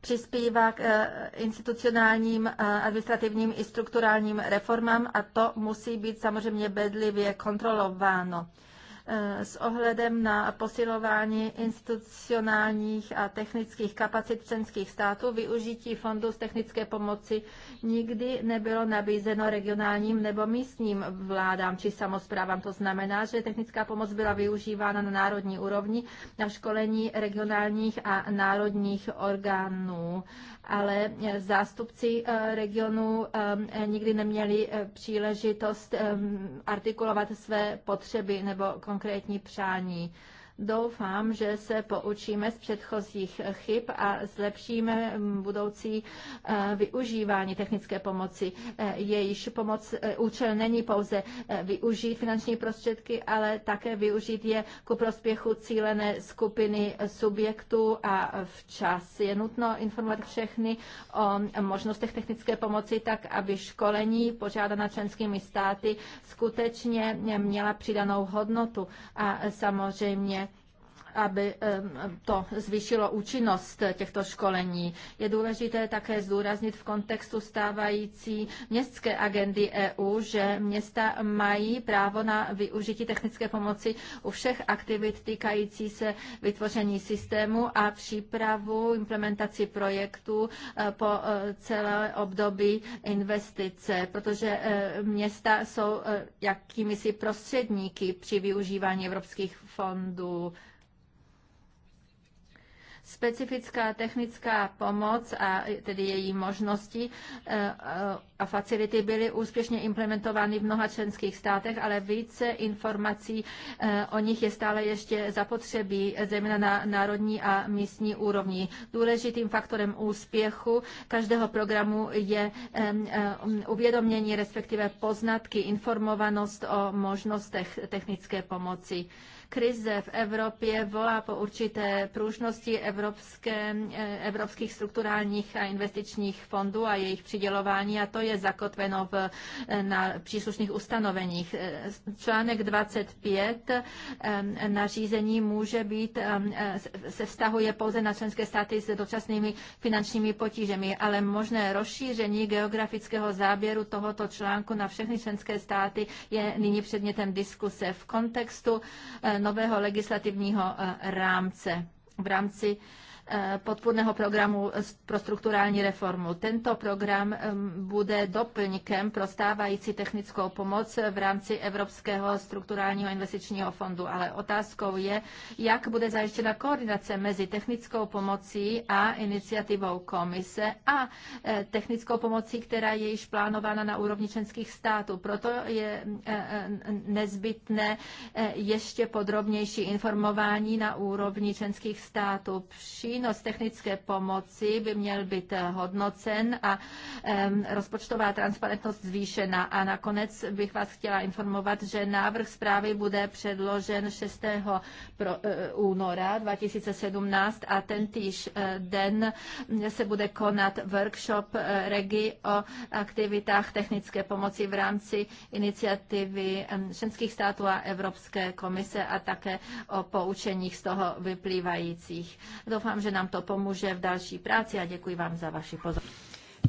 přispívá k eh, institucionálním, eh, administrativním i strukturálním reformám a to musí být samozřejmě bedlivě kontrolováno. Eh, s ohledem na posilování institucionálních a technických kapacit členských států využití fondu z technické pomoci nikdy nebylo nabízeno regionálním nebo místním vládám či samozprávám. To znamená, že technická pomoc byla využívána na národní úrovni na školení regionálních a národních orgánů, ale eh, zástupci eh, regionů nikdy neměli příležitost artikulovat své potřeby nebo konkrétní konkrétní přání Doufám, že se poučíme z předchozích chyb a zlepšíme budoucí eh, využívání technické pomoci. Eh, jejíž pomoc, eh, účel není pouze využít finanční prostředky, ale také využít je ku prospěchu cílené skupiny subjektů a včas. Je nutno informovat všechny o možnostech technické pomoci tak, aby školení požádaná členskými státy skutečně měla přidanou hodnotu a samozřejmě aby to zvýšilo účinnost těchto školení. Je důležité také zdůraznit v kontextu stávající městské agendy EU, že města mají právo na využití technické pomoci u všech aktivit týkající se vytvoření systému a přípravu implementaci projektu eh, po eh, celé období investice, protože eh, města jsou jakými si prostředníky při využívání evropských fondů specifická technická pomoc a tedy její možnosti eh, eh, a facility byly úspěšně implementovány v mnoha členských státech, ale více informací eh, o nich je stále ještě zapotřebí, zejména na národní a místní úrovni. Důležitým faktorem úspěchu každého programu je uvědomění, respektive poznatky, informovanost o možnostech technické pomoci. Krize v Evropě volá po určité pružnosti evropské, eh, evropských strukturálních a investičních fondů a jejich přidělování a to je zakotveno v, eh, na příslušných ustanoveních. Eh, článek 25 nařízení může být, se vztahuje pouze na členské státy s dočasnými finančními potížemi, ale možné rozšíření geografického záběru tohoto článku na všechny členské státy je nyní předmětem diskuse v kontextu nového legislativního eh, rámce v rámci Eh, podpůrného programu pro strukturální reformu. Tento program eh, bude doplňkem pro stávající technickou pomoc v rámci Evropského strukturálního investičního fondu, ale otázkou je, jak bude zajištěna koordinace mezi technickou pomocí a iniciativou komise a eh, technickou pomocí, která je již plánována na úrovni členských států. Proto je nezbytné ještě podrobnější informování na úrovni členských států. Při přínos technické pomoci by měl být eh, hodnocen a rozpočtová transparentnost zvýšena. A nakonec bych vás chtěla informovat, že návrh zprávy bude předložen 6. Eh, února 2017 a ten týž eh, den se bude konat workshop REGI o aktivitách technické pomoci v rámci iniciativy členských států a Evropské komise a také o poučeních z toho vyplývajících. Doufám, že že nám to pomůže v další práci a děkuji vám za vaši pozornost.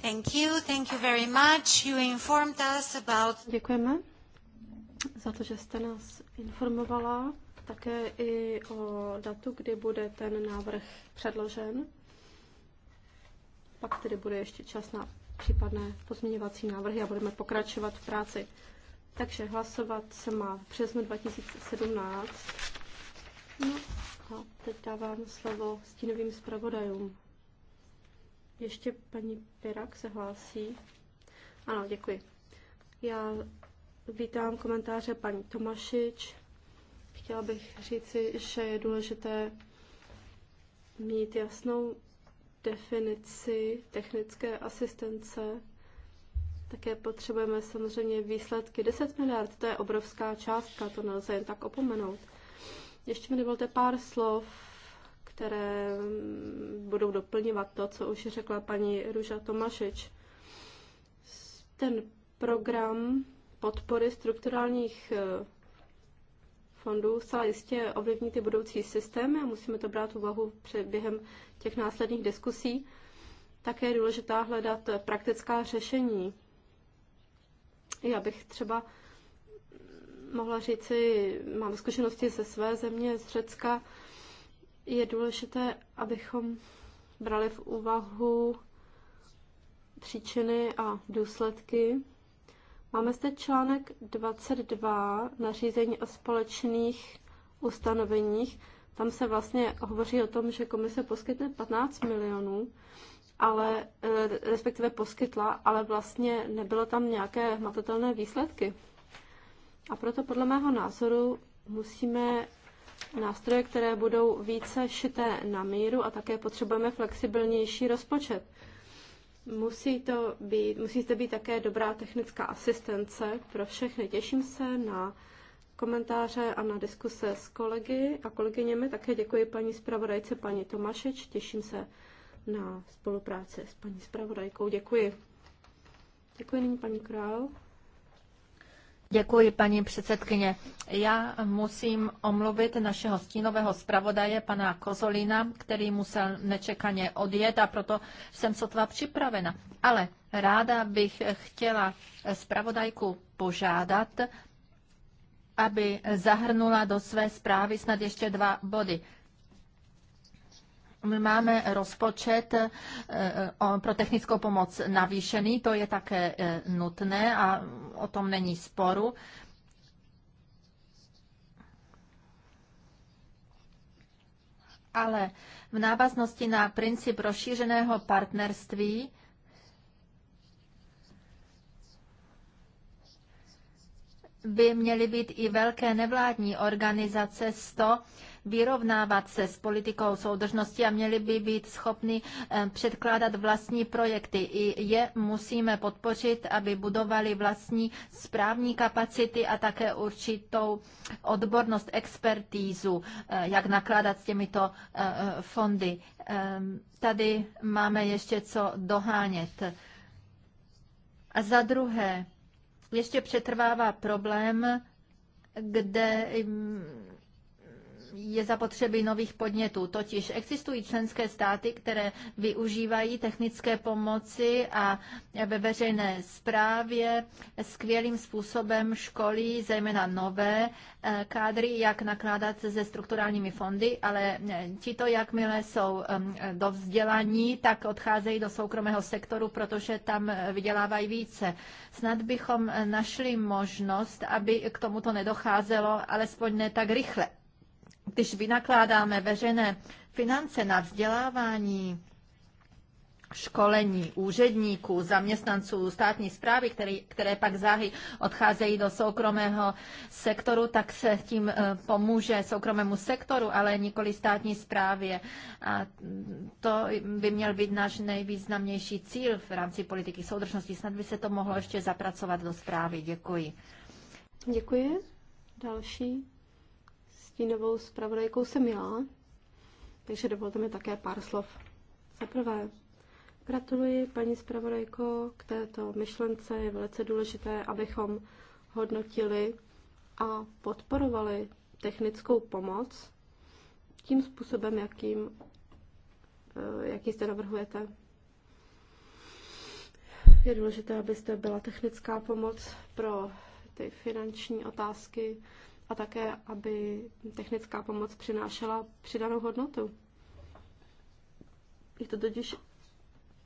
Thank you, thank you very much. You informed us about... Děkujeme za to, že jste nás informovala také i o datu, kdy bude ten návrh předložen. Pak tedy bude ještě čas na případné pozměňovací návrhy a budeme pokračovat v práci. Takže hlasovat se má v březnu 2017. No a teď dávám slovo stínovým zpravodajům. Ještě paní Pirak se hlásí. Ano, děkuji. Já vítám komentáře paní Tomašič. Chtěla bych říci, že je důležité mít jasnou definici technické asistence. Také potřebujeme samozřejmě výsledky. 10 miliard, to je obrovská částka, to nelze jen tak opomenout. Ještě mi dovolte pár slov, které budou doplňovat to, co už řekla paní Ruža Tomašič. Ten program podpory strukturálních eh, fondů zcela jistě ovlivní ty budoucí systémy a musíme to brát v úvahu během těch následných diskusí. Také je důležitá hledat praktická řešení. Já bych třeba mohla říci, mám zkušenosti ze své země, z Řecka, je důležité, abychom brali v úvahu příčiny a důsledky. Máme zde článek 22 nařízení o společných ustanoveních. Tam se vlastně hovoří o tom, že komise poskytne 15 milionů, ale eh, respektive poskytla, ale vlastně nebylo tam nějaké hmatatelné výsledky. A proto podle mého názoru musíme nástroje, které budou více šité na míru a také potřebujeme flexibilnější rozpočet. Musí, to být, musí zde být také dobrá technická asistence pro všechny. Těším se na komentáře a na diskuse s kolegy a kolegyněmi. Také děkuji paní zpravodajce, paní Tomašeč. Těším se na spolupráci s paní zpravodajkou. Děkuji. Děkuji nyní paní Král. Děkuji, paní předsedkyně. Já musím omluvit našeho stínového zpravodaje, pana Kozolina, který musel nečekaně odjet a proto jsem sotva připravena. Ale ráda bych chtěla zpravodajku požádat, aby zahrnula do své zprávy snad ještě dva body. My máme rozpočet eh, pro technickou pomoc navýšený, to je také eh, nutné a o tom není sporu. Ale v návaznosti na princip rozšířeného partnerství by měly být i velké nevládní organizace 100 vyrovnávat se s politikou soudržnosti a měli by být schopni eh, předkládat vlastní projekty. I je musíme podpořit, aby budovali vlastní správní kapacity a také určitou odbornost, expertízu, eh, jak nakládat s těmito eh, fondy. Ehm, tady máme ještě co dohánět. A za druhé, ještě přetrvává problém, kde mm, je zapotřebí nových podnětů. Totiž existují členské státy, které využívají technické pomoci a ve veřejné správě skvělým způsobem školí zejména nové eh, kádry, jak nakládat se strukturálními fondy, ale eh, to, jakmile jsou ehm, do vzdělaní, tak odcházejí do soukromého sektoru, protože tam eh, vydělávají více. Snad bychom našli možnost, aby k tomuto nedocházelo, alespoň ne tak rychle když vynakládáme veřejné finance na vzdělávání, školení úředníků, zaměstnanců státní zprávy, který, které pak záhy odcházejí do soukromého sektoru, tak se tím eh, pomůže soukromému sektoru, ale nikoli státní správě. A to by měl být náš nejvýznamnější cíl v rámci politiky soudržnosti. Snad by se to mohlo ještě zapracovat do zprávy. Děkuji. Děkuji. Další stínovou zpravodajkou jsem já, takže dovolte mi také pár slov. Za prvé, gratuluji paní zpravodajko k této myšlence. Je velice důležité, abychom hodnotili a podporovali technickou pomoc tím způsobem, jakým, eh, jaký zde navrhujete. Je důležité, abyste byla technická pomoc pro ty finanční otázky a také, aby technická pomoc přinášela přidanou hodnotu. Je to totiž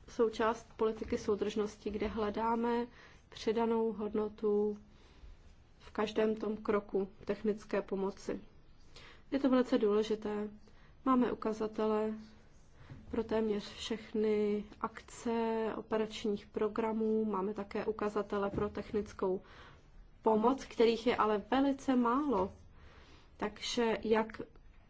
součást politiky soudržnosti, kde hledáme přidanou hodnotu v každém tom kroku technické pomoci. Je to velice důležité. Máme ukazatele pro téměř všechny akce operačních programů, máme také ukazatele pro technickou pomoc, kterých je ale velice málo. Takže jak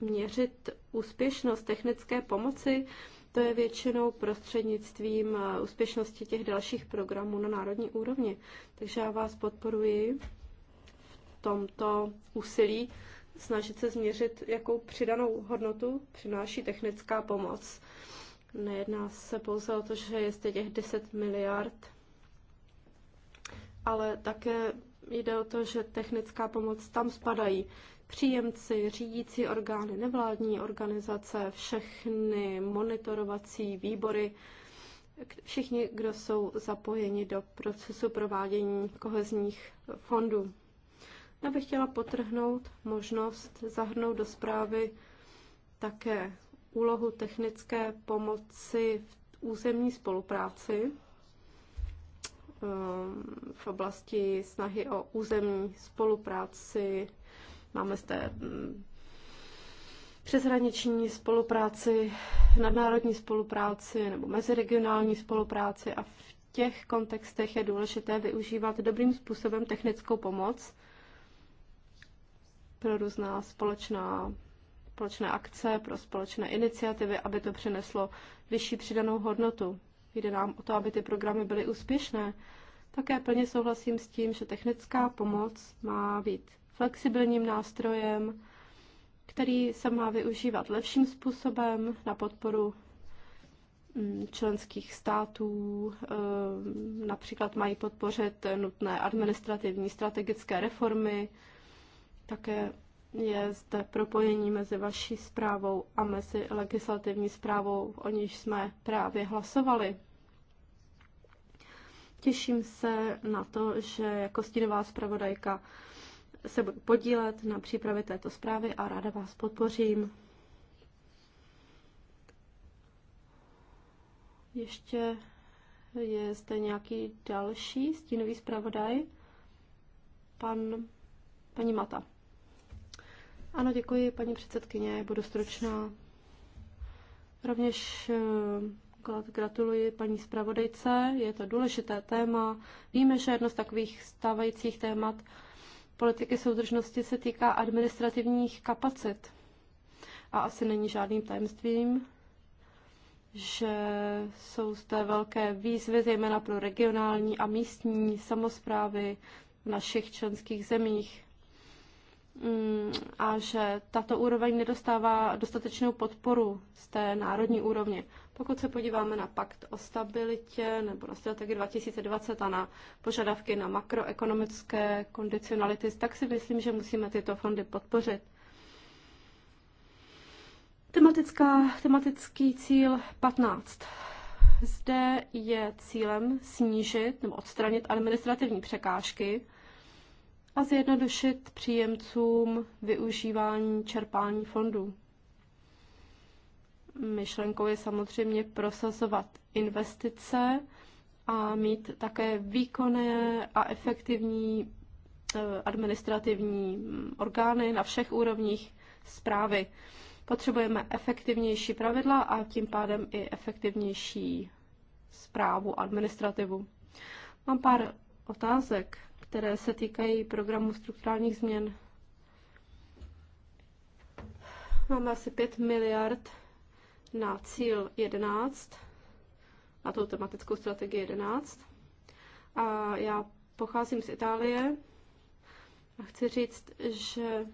měřit úspěšnost technické pomoci, to je většinou prostřednictvím eh, úspěšnosti těch dalších programů na národní úrovni. Takže já vás podporuji v tomto úsilí snažit se změřit, jakou přidanou hodnotu přináší technická pomoc. Nejedná se pouze o to, že jestli těch 10 miliard, ale také Jde o to, že technická pomoc tam spadají příjemci, řídící orgány, nevládní organizace, všechny monitorovací výbory, všichni, kdo jsou zapojeni do procesu provádění kohezních fondů. Já bych chtěla potrhnout možnost zahrnout do zprávy také úlohu technické pomoci v územní spolupráci v oblasti snahy o územní spolupráci. Máme zde mm, přeshraniční spolupráci, nadnárodní spolupráci nebo meziregionální spolupráci a v těch kontextech je důležité využívat dobrým způsobem technickou pomoc pro různá společná, společné akce, pro společné iniciativy, aby to přineslo vyšší přidanou hodnotu. Jde nám o to, aby ty programy byly úspěšné. Také plně souhlasím s tím, že technická pomoc má být flexibilním nástrojem, který se má využívat lepším způsobem na podporu mm, členských států. Eh, například mají podpořit nutné administrativní strategické reformy. Také je zde propojení mezi vaší zprávou a mezi legislativní zprávou, o níž jsme právě hlasovali. Těším se na to, že jako stínová zpravodajka se budu podílet na přípravě této zprávy a ráda vás podpořím. Ještě je zde nějaký další stínový zpravodaj? Pan, paní Mata. Ano, děkuji, paní předsedkyně, budu stručná. Rovněž eh, Mnohokrát gratuluji paní zpravodajce, je to důležité téma. Víme, že jedno z takových stávajících témat politiky soudržnosti se týká administrativních kapacit. A asi není žádným tajemstvím, že jsou zde velké výzvy, zejména pro regionální a místní samozprávy v našich členských zemích. Mm, a že tato úroveň nedostává dostatečnou podporu z té národní úrovně. Pokud se podíváme na pakt o stabilitě nebo na strategii 2020 a na požadavky na makroekonomické kondicionality, tak si myslím, že musíme tyto fondy podpořit. Tematická, tematický cíl 15. Zde je cílem snížit nebo odstranit administrativní překážky a zjednodušit příjemcům využívání čerpání fondů myšlenkou je samozřejmě prosazovat investice a mít také výkonné a efektivní eh, administrativní orgány na všech úrovních zprávy. Potřebujeme efektivnější pravidla a tím pádem i efektivnější zprávu, administrativu. Mám pár otázek, které se týkají programu strukturálních změn. Máme asi 5 miliard na cíl 11, na tu tematickou strategii 11. A já pocházím z Itálie a chci říct, že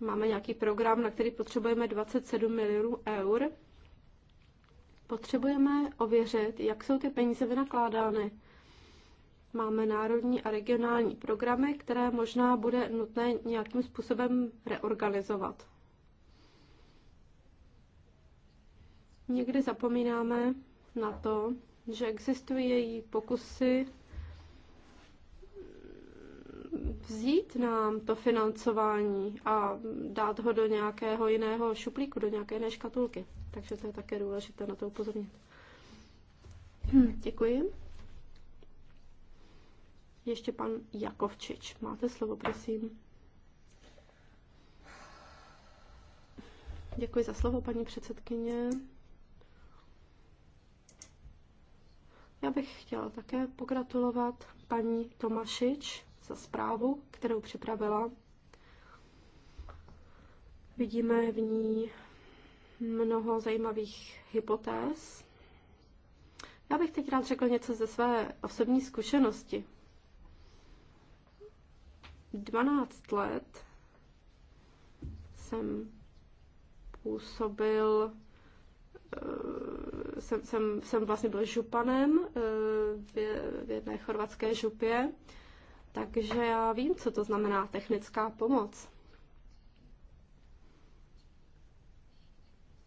máme nějaký program, na který potřebujeme 27 milionů eur. Potřebujeme ověřit, jak jsou ty peníze vynakládány. Máme národní a regionální programy, které možná bude nutné nějakým způsobem reorganizovat. Někdy zapomínáme na to, že existují její pokusy vzít nám to financování a dát ho do nějakého jiného šuplíku, do nějaké jiné škatulky. Takže to je také důležité na to upozornit. Hm, děkuji. Ještě pan Jakovčič. Máte slovo, prosím. Děkuji za slovo, paní předsedkyně. Já bych chtěla také pogratulovat paní Tomašič za zprávu, kterou připravila. Vidíme v ní mnoho zajímavých hypotéz. Já bych teď rád řekl něco ze své osobní zkušenosti. 12 let jsem působil Eh, jsem, jsem, jsem vlastně byl županem eh, v jedné chorvatské župě, takže já vím, co to znamená technická pomoc.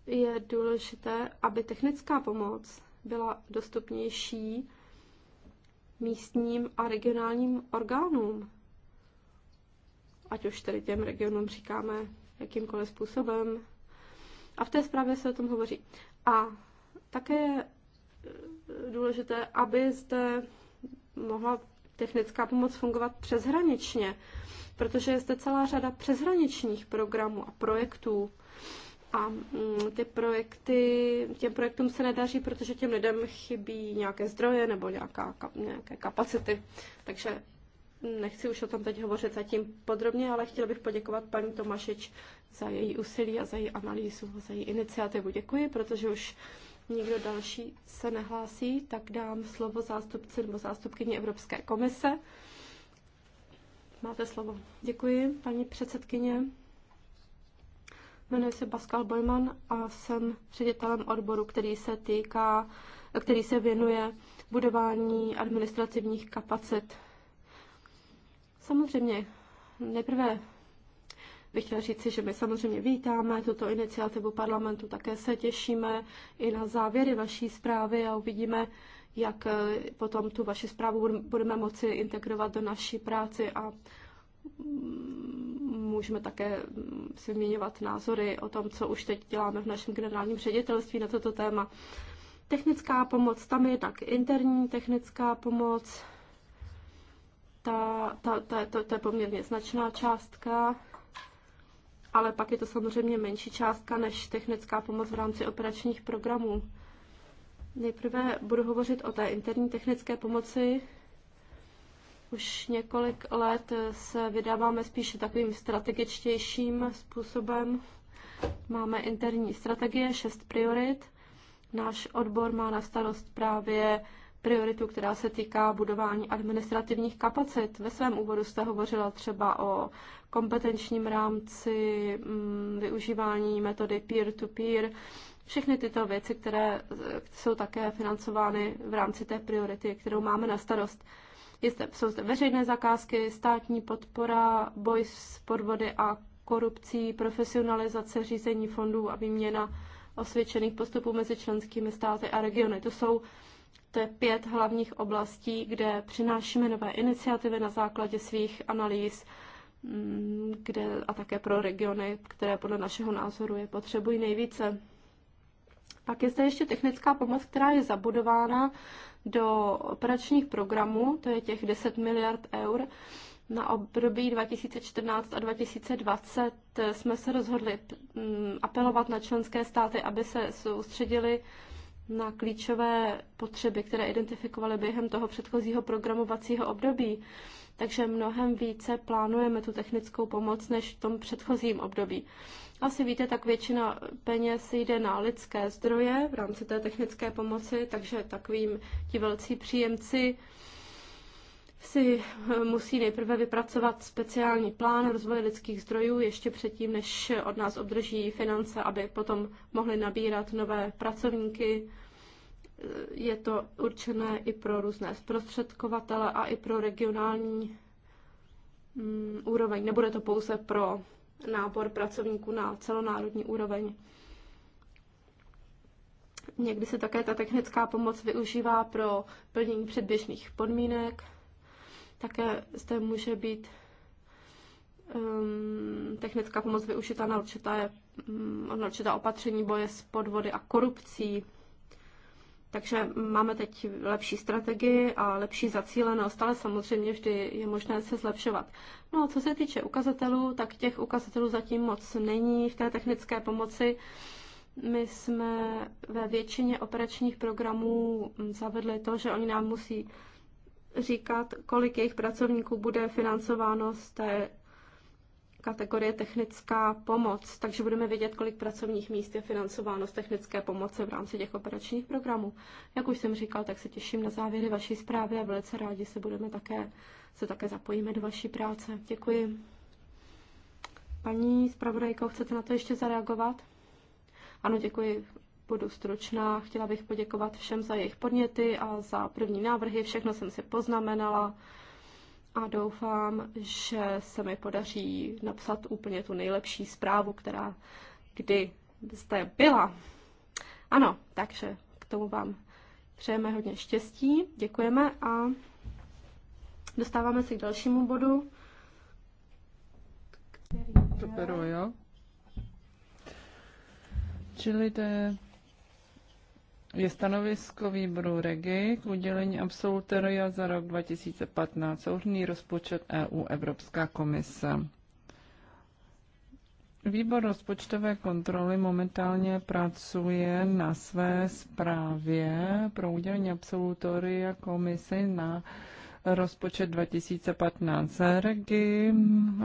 Je důležité, aby technická pomoc byla dostupnější místním a regionálním orgánům. Ať už tedy těm regionům říkáme jakýmkoliv způsobem, a v té zprávě se o tom hovoří. A také je eh, důležité, aby zde mohla technická pomoc fungovat přeshraničně, protože je zde celá řada přeshraničních programů a projektů. A mm, ty projekty, těm projektům se nedaří, protože těm lidem chybí nějaké zdroje nebo nějaká, nějaké kapacity. Takže Nechci už o tom teď hovořit zatím podrobně, ale chtěla bych poděkovat paní Tomašič za její úsilí a za její analýzu, za její iniciativu. Děkuji, protože už nikdo další se nehlásí, tak dám slovo zástupci nebo zástupkyni Evropské komise. Máte slovo. Děkuji, paní předsedkyně. Jmenuji se Pascal Bojman a jsem ředitelem odboru, který se týká, který se věnuje budování administrativních kapacit Samozřejmě, nejprve bych chtěla říci, že my samozřejmě vítáme tuto iniciativu parlamentu, také se těšíme i na závěry vaší zprávy a uvidíme, jak eh, potom tu vaši zprávu budeme moci integrovat do naší práci a mm, můžeme také mm, si vyměňovat názory o tom, co už teď děláme v našem generálním ředitelství na toto téma. Technická pomoc, tam je tak interní technická pomoc, ta, ta, ta, to, to je poměrně značná částka, ale pak je to samozřejmě menší částka než technická pomoc v rámci operačních programů. Nejprve budu hovořit o té interní technické pomoci. Už několik let se vydáváme spíše takovým strategičtějším způsobem. Máme interní strategie, šest priorit. Náš odbor má na starost právě prioritu, která se týká budování administrativních kapacit. Ve svém úvodu jste hovořila třeba o kompetenčním rámci, mm, využívání metody peer-to-peer, všechny tyto věci, které eh, jsou také financovány v rámci té priority, kterou máme na starost. Jste, jsou zde veřejné zakázky, státní podpora, boj s podvody a korupcí, profesionalizace řízení fondů a výměna osvědčených postupů mezi členskými státy a regiony. To jsou to je pět hlavních oblastí, kde přinášíme nové iniciativy na základě svých analýz mm, kde, a také pro regiony, které podle našeho názoru je potřebují nejvíce. Pak je zde ještě technická pomoc, která je zabudována do operačních programů, to je těch 10 miliard eur. Na období 2014 a 2020 jsme se rozhodli mm, apelovat na členské státy, aby se soustředili na klíčové potřeby, které identifikovaly během toho předchozího programovacího období. Takže mnohem více plánujeme tu technickou pomoc než v tom předchozím období. Asi víte, tak většina peněz jde na lidské zdroje v rámci té technické pomoci, takže takovým ti velcí příjemci si eh, musí nejprve vypracovat speciální plán rozvoje lidských zdrojů ještě předtím, než od nás obdrží finance, aby potom mohli nabírat nové pracovníky. Eh, je to určené i pro různé zprostředkovatele a i pro regionální mm, úroveň. Nebude to pouze pro nábor pracovníků na celonárodní úroveň. Někdy se také ta technická pomoc využívá pro plnění předběžných podmínek, také zde může být um, technická pomoc využita na určité, um, na určité opatření boje s podvody a korupcí. Takže máme teď lepší strategii a lepší zacílenost, ale samozřejmě vždy je možné se zlepšovat. No a co se týče ukazatelů, tak těch ukazatelů zatím moc není v té technické pomoci. My jsme ve většině operačních programů hm, zavedli to, že oni nám musí říkat, kolik jejich pracovníků bude financováno z té kategorie technická pomoc, takže budeme vědět, kolik pracovních míst je financováno z technické pomoci v rámci těch operačních programů. Jak už jsem říkal, tak se těším na závěry vaší zprávy a velice rádi se budeme také, se také zapojíme do vaší práce. Děkuji. Paní zpravodajko, chcete na to ještě zareagovat? Ano, děkuji budu stručná. Chtěla bych poděkovat všem za jejich podněty a za první návrhy. Všechno jsem si poznamenala a doufám, že se mi podaří napsat úplně tu nejlepší zprávu, která kdy zde byla. Ano, takže k tomu vám přejeme hodně štěstí, děkujeme a dostáváme se k dalšímu bodu. Který je... Čili to je je stanovisko výboru REGI k udělení absolutoria za rok 2015, souhrný rozpočet EU Evropská komise. Výbor rozpočtové kontroly momentálně pracuje na své zprávě pro udělení absolutoria komise na rozpočet 2015. Regi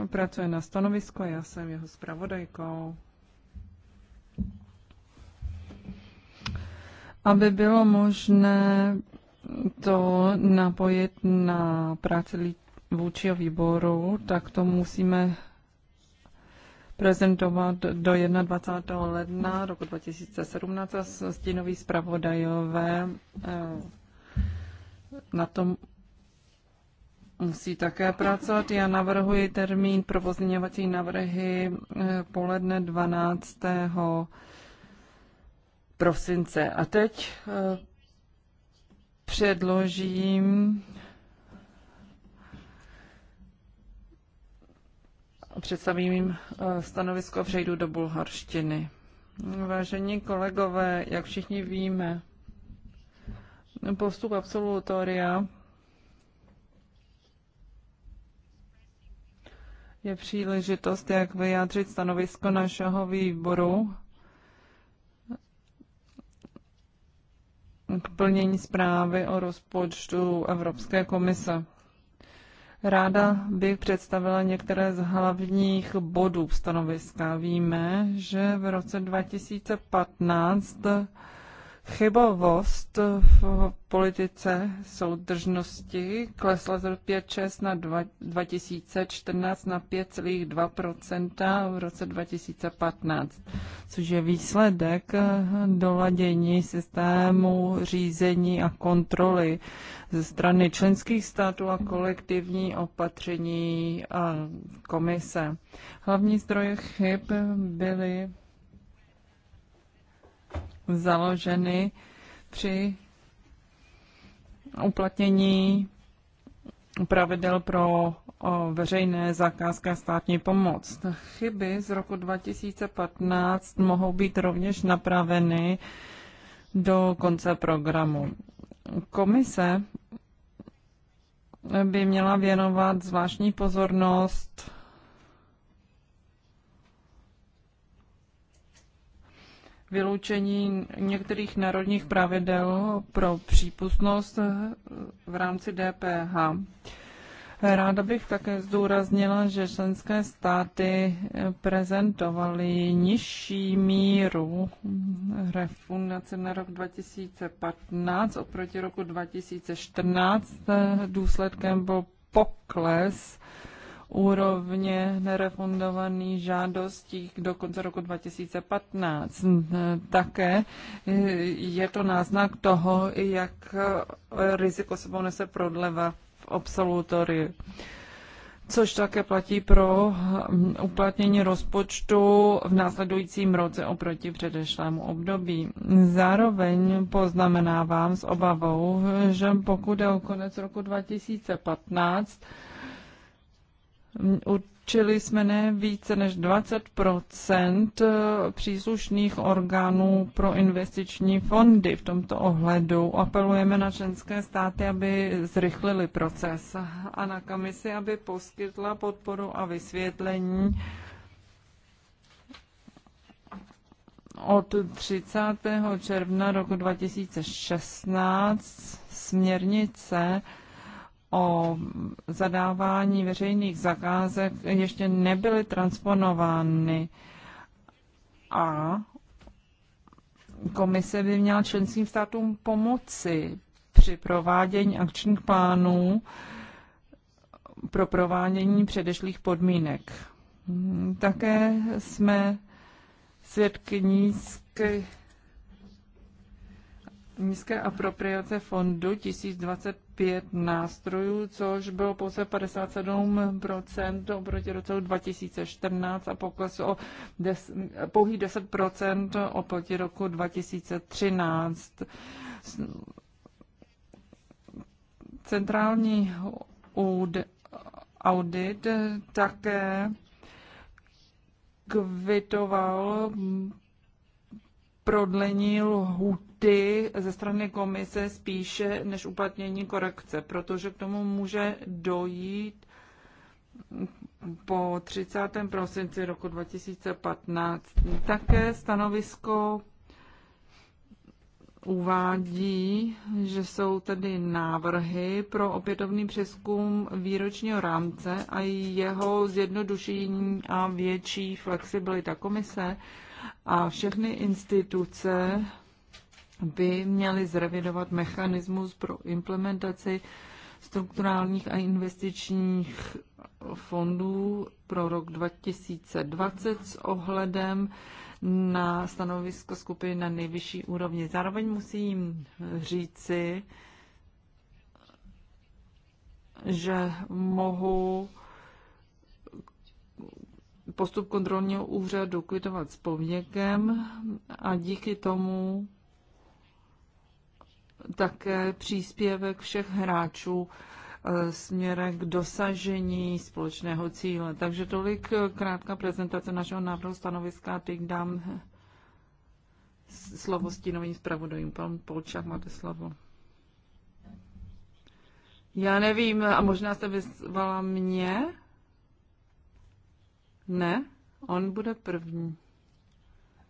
pracuje na stanovisko, já jsem jeho zpravodajkou. aby bylo možné to napojit na práci vůči výboru, tak to musíme prezentovat do 21. ledna roku 2017 stínový zpravodajové eh, na tom musí také pracovat. Já navrhuji termín pro pozměňovací návrhy eh, poledne 12 prosince. A teď eh, předložím představím jim eh, stanovisko a přejdu do bulharštiny. Vážení kolegové, jak všichni víme, postup absolutoria je příležitost, jak vyjádřit stanovisko našeho výboru k plnění zprávy o rozpočtu Evropské komise. Ráda bych představila některé z hlavních bodů stanoviska. Víme, že v roce 2015 Chybovost v politice soudržnosti klesla z roku 2006 na 2014 na 5,2 v roce 2015, což je výsledek doladění systému řízení a kontroly ze strany členských států a kolektivní opatření a komise. Hlavní zdroje chyb byly založeny při uplatnění pravidel pro veřejné zakázky a státní pomoc. Chyby z roku 2015 mohou být rovněž napraveny do konce programu. Komise by měla věnovat zvláštní pozornost vyloučení některých národních pravidel pro přípustnost eh, v rámci DPH. Ráda bych také zdůraznila, že členské státy eh, prezentovaly nižší míru refundace na rok 2015 oproti roku 2014. Eh, důsledkem byl pokles úrovně nerefundovaných žádostí do konce roku 2015. Také je to náznak toho, jak riziko sebou nese prodleva v absolutoriu což také platí pro hm, uplatnění rozpočtu v následujícím roce oproti předešlému období. Zároveň poznamenávám s obavou, že pokud je o konec roku 2015, Určili jsme ne více než 20 eh, příslušných orgánů pro investiční fondy. V tomto ohledu apelujeme na členské státy, aby zrychlili proces a na komisi, aby poskytla podporu a vysvětlení od 30. června roku 2016 směrnice o zadávání veřejných zakázek ještě nebyly transponovány a komise by měla členským státům pomoci při provádění akčních plánů pro provádění předešlých podmínek. Také jsme svědky nízké, nízké apropriace fondu 1020 pět nástrojů, což bylo pouze 57% oproti roku 2014 a pokles o des, pouhý 10% oproti roku 2013. Centrální audit také kvitoval prodlení lhůt vždy ze strany komise spíše než uplatnění korekce, protože k tomu může dojít po 30. prosinci roku 2015. Také stanovisko uvádí, že jsou tedy návrhy pro opětovný přeskum výročního rámce a jeho zjednodušení a větší flexibilita komise a všechny instituce by měly zrevidovat mechanismus pro implementaci strukturálních a investičních fondů pro rok 2020 s ohledem na stanovisko skupiny na nejvyšší úrovni. Zároveň musím říci, že mohu postup kontrolního úřadu kvitovat s povněkem a díky tomu také příspěvek všech hráčů eh, směrem k dosažení společného cíle. Takže tolik eh, krátká prezentace našeho návrhu stanoviska. Teď dám eh, slovo stínovým zpravodajům. Pan Polčák, máte slovo. Já nevím, a možná jste vyzvala mě? Ne, on bude první.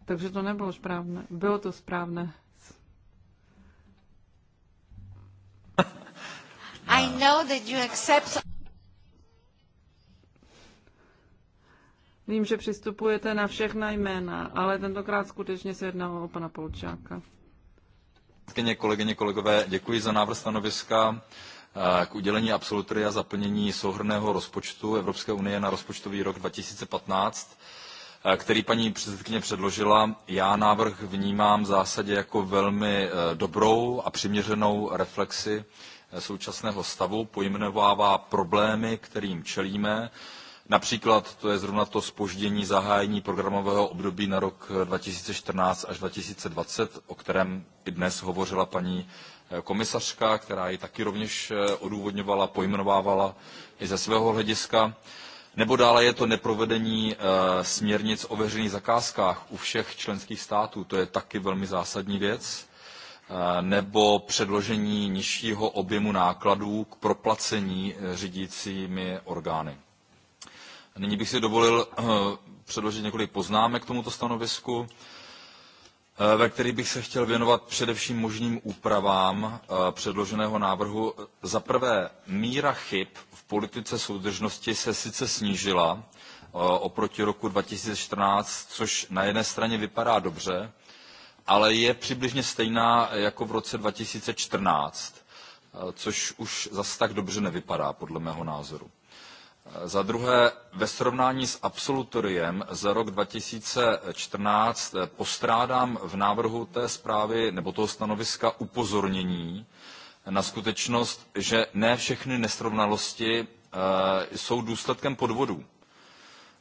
Takže to nebylo správné. Bylo to správné. I know that you accept... Vím, že přistupujete na všechna jména, ale tentokrát skutečně se jedná o pana Polčáka. Kolegyně, kolegové, děkuji za návrh stanoviska eh, k udělení absolutoria za plnění rozpočtu Evropské unie na rozpočtový rok 2015. Eh, který paní předsedkyně předložila já návrh vnímám v zásadě jako velmi eh, dobrou a přiměřenou reflexi eh, současného stavu pojmenovává problémy kterým čelíme například to je zrovna to zpoždění zahájení programového období na rok two thousand and fourteen až two thousand and twenty o kterém i dnes hovořila paní komisařka která jej taky rovněž odůvodňovala pojmenovávala i ze svého hlediska. Nebo dále je to neprovedení eh, směrnic o veřejných zakázkách u všech členských států, to je taky velmi zásadní věc eh, nebo předložení nižšího objemu nákladů k proplacení eh, řídícími orgány. Nyní bych si dovolil předložit několik poznámek k tomuto stanovisku, ve kterých bych se chtěl věnovat především možným úpravám předloženého návrhu. Za prvé míra chyb politice soudržnosti se sice snížila eh, oproti roku 2014, což na jedné straně vypadá dobře, ale je přibližně stejná jako v roce 2014, eh, což už zas tak dobře nevypadá, podle mého názoru. Eh, za druhé, ve srovnání s absolutoriem za rok 2014 postrádám v návrhu té zprávy nebo toho stanoviska upozornění na skutečnost, že ne všechny nesrovnalosti eh, jsou důsledkem podvodů.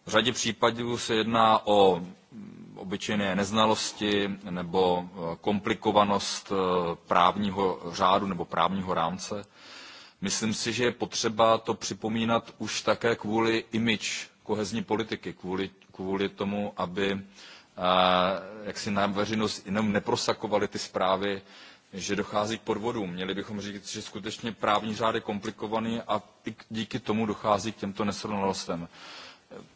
V řadě případů se jedná o mm, obyčejné neznalosti nebo eh, komplikovanost eh, právního řádu nebo právního rámce. Myslím si, že je potřeba to připomínat už také kvůli image kohezní politiky, kvůli, kvůli tomu, aby jak si nám veřejnost jenom neprosakovaly ty zprávy že dochází k podvodům. Měli bychom říct, že skutečně právní řád je komplikovaný a díky tomu dochází k těmto nesrovnalostem.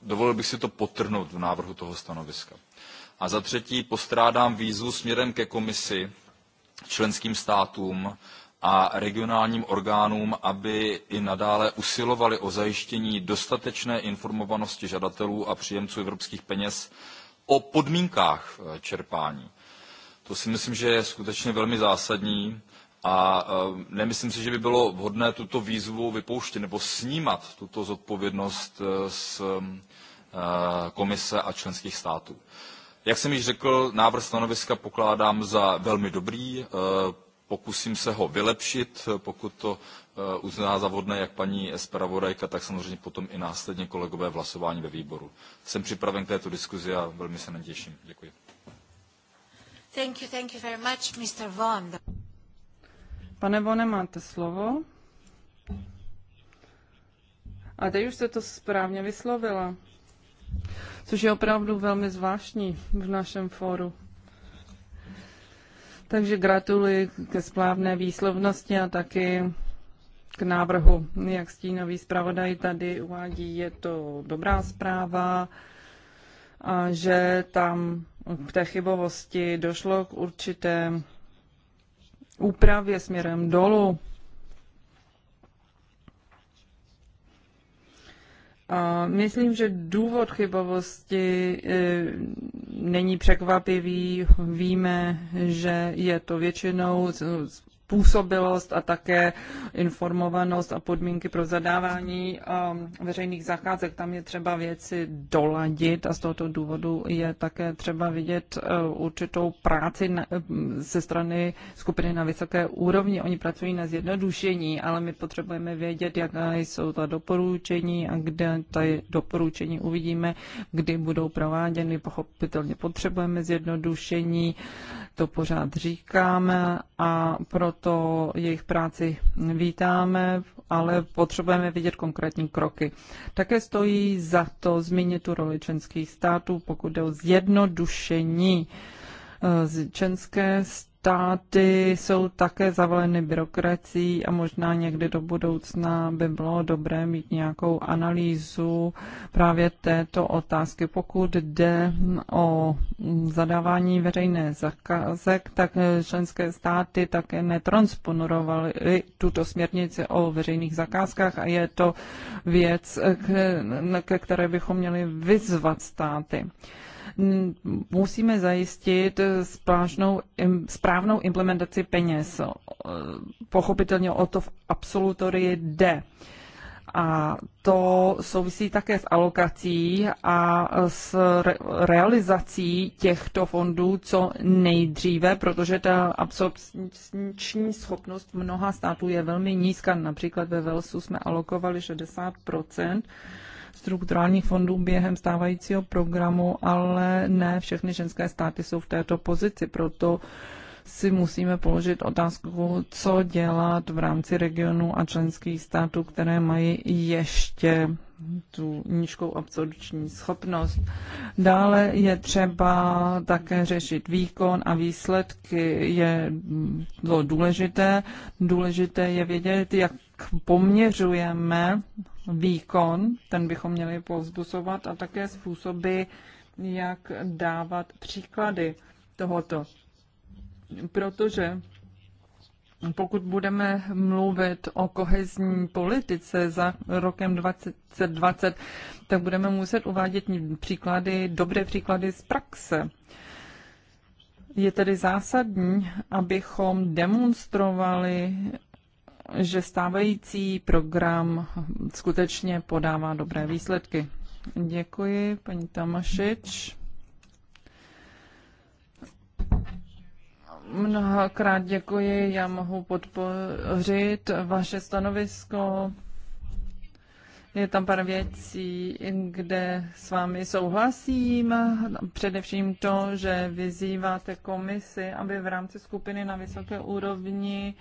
Dovolil bych si to potrhnout v návrhu toho stanoviska. A za třetí postrádám výzvu směrem ke komisi, členským státům a regionálním orgánům, aby i nadále usilovali o zajištění dostatečné informovanosti žadatelů a příjemců evropských peněz o podmínkách eh, čerpání to si myslím, že je skutečně velmi zásadní a eh, nemyslím si, že by bylo vhodné tuto výzvu vypouštět nebo snímat tuto zodpovědnost eh, z eh, komise a členských států. Jak jsem již řekl, návrh stanoviska pokládám za velmi dobrý, pokusím se ho vylepšit, pokud to uzná za vhodné jak paní zpravodajka, tak samozřejmě potom i následně kolegové v hlasování ve výboru. Jsem připraven k této diskuzi a velmi se na těším. Děkuji. Pane Vone, máte slovo. A teď už jste to správně vyslovila, což je opravdu velmi zvláštní v našem fóru. Takže gratuluji ke správné výslovnosti a taky k návrhu. Jak stínový zpravodaj tady uvádí, je to dobrá zpráva a že tam k té chybovosti došlo k určité úpravě směrem dolů. A myslím, že důvod chybovosti e, není překvapivý. Víme, že je to většinou působilost a také informovanost a podmínky pro zadávání um, veřejných zakázek. Tam je třeba věci doladit a z tohoto důvodu je také třeba vidět uh, určitou práci ze strany skupiny na vysoké úrovni. Oni pracují na zjednodušení, ale my potřebujeme vědět, jaká jsou ta doporučení a kde ta doporučení uvidíme, kdy budou prováděny. Pochopitelně potřebujeme zjednodušení to pořád říkáme a proto jejich práci vítáme, ale potřebujeme vidět konkrétní kroky. Také stojí za to zmínit tu roli členských států, pokud jde o zjednodušení. Eh, členské státy jsou také zavaleny byrokracií a možná někdy do budoucna by bylo dobré mít nějakou analýzu právě této otázky. Pokud jde o zadávání veřejné zakázek, tak členské státy také netransponovaly tuto směrnici o veřejných zakázkách a je to věc, ke které bychom měli vyzvat státy musíme zajistit správnou implementaci peněz. Pochopitelně o to v absolutorii jde. A to souvisí také s alokací a s realizací těchto fondů co nejdříve, protože ta absorpční schopnost mnoha států je velmi nízká. Například ve Velsu jsme alokovali 60 strukturálních fondů během stávajícího programu, ale ne všechny ženské státy jsou v této pozici, proto si musíme položit otázku, co dělat v rámci regionu a členských států, které mají ještě tu nízkou absorpční schopnost. Dále je třeba také řešit výkon a výsledky. Je to důležité. Důležité je vědět, jak poměřujeme výkon, ten bychom měli pozbusovat, a také způsoby, jak dávat příklady tohoto protože pokud budeme mluvit o kohezní politice za rokem 2020, tak budeme muset uvádět příklady, dobré příklady z praxe. Je tedy zásadní, abychom demonstrovali, že stávající program skutečně podává dobré výsledky. Děkuji, paní Tamašič. Mnohokrát děkuji, já mohu podpořit vaše stanovisko. Je tam pár věcí, kde s vámi souhlasím. Především to, že vyzýváte komisi, aby v rámci skupiny na vysoké úrovni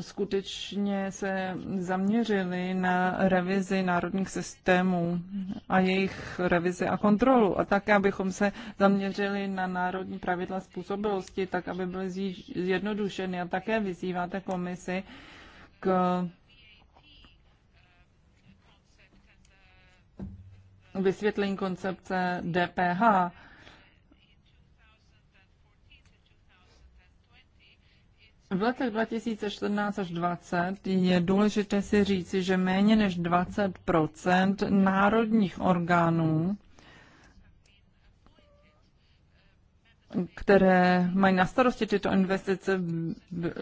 skutečně se zaměřili na revizi národních systémů a jejich revizi a kontrolu. A také, abychom se zaměřili na národní pravidla způsobilosti, tak aby byly zjednodušeny. A také vyzýváte komisi k vysvětlení koncepce DPH V letech 2014 až 2020 je důležité si říci, že méně než 20 národních orgánů, které mají na starosti tyto investice,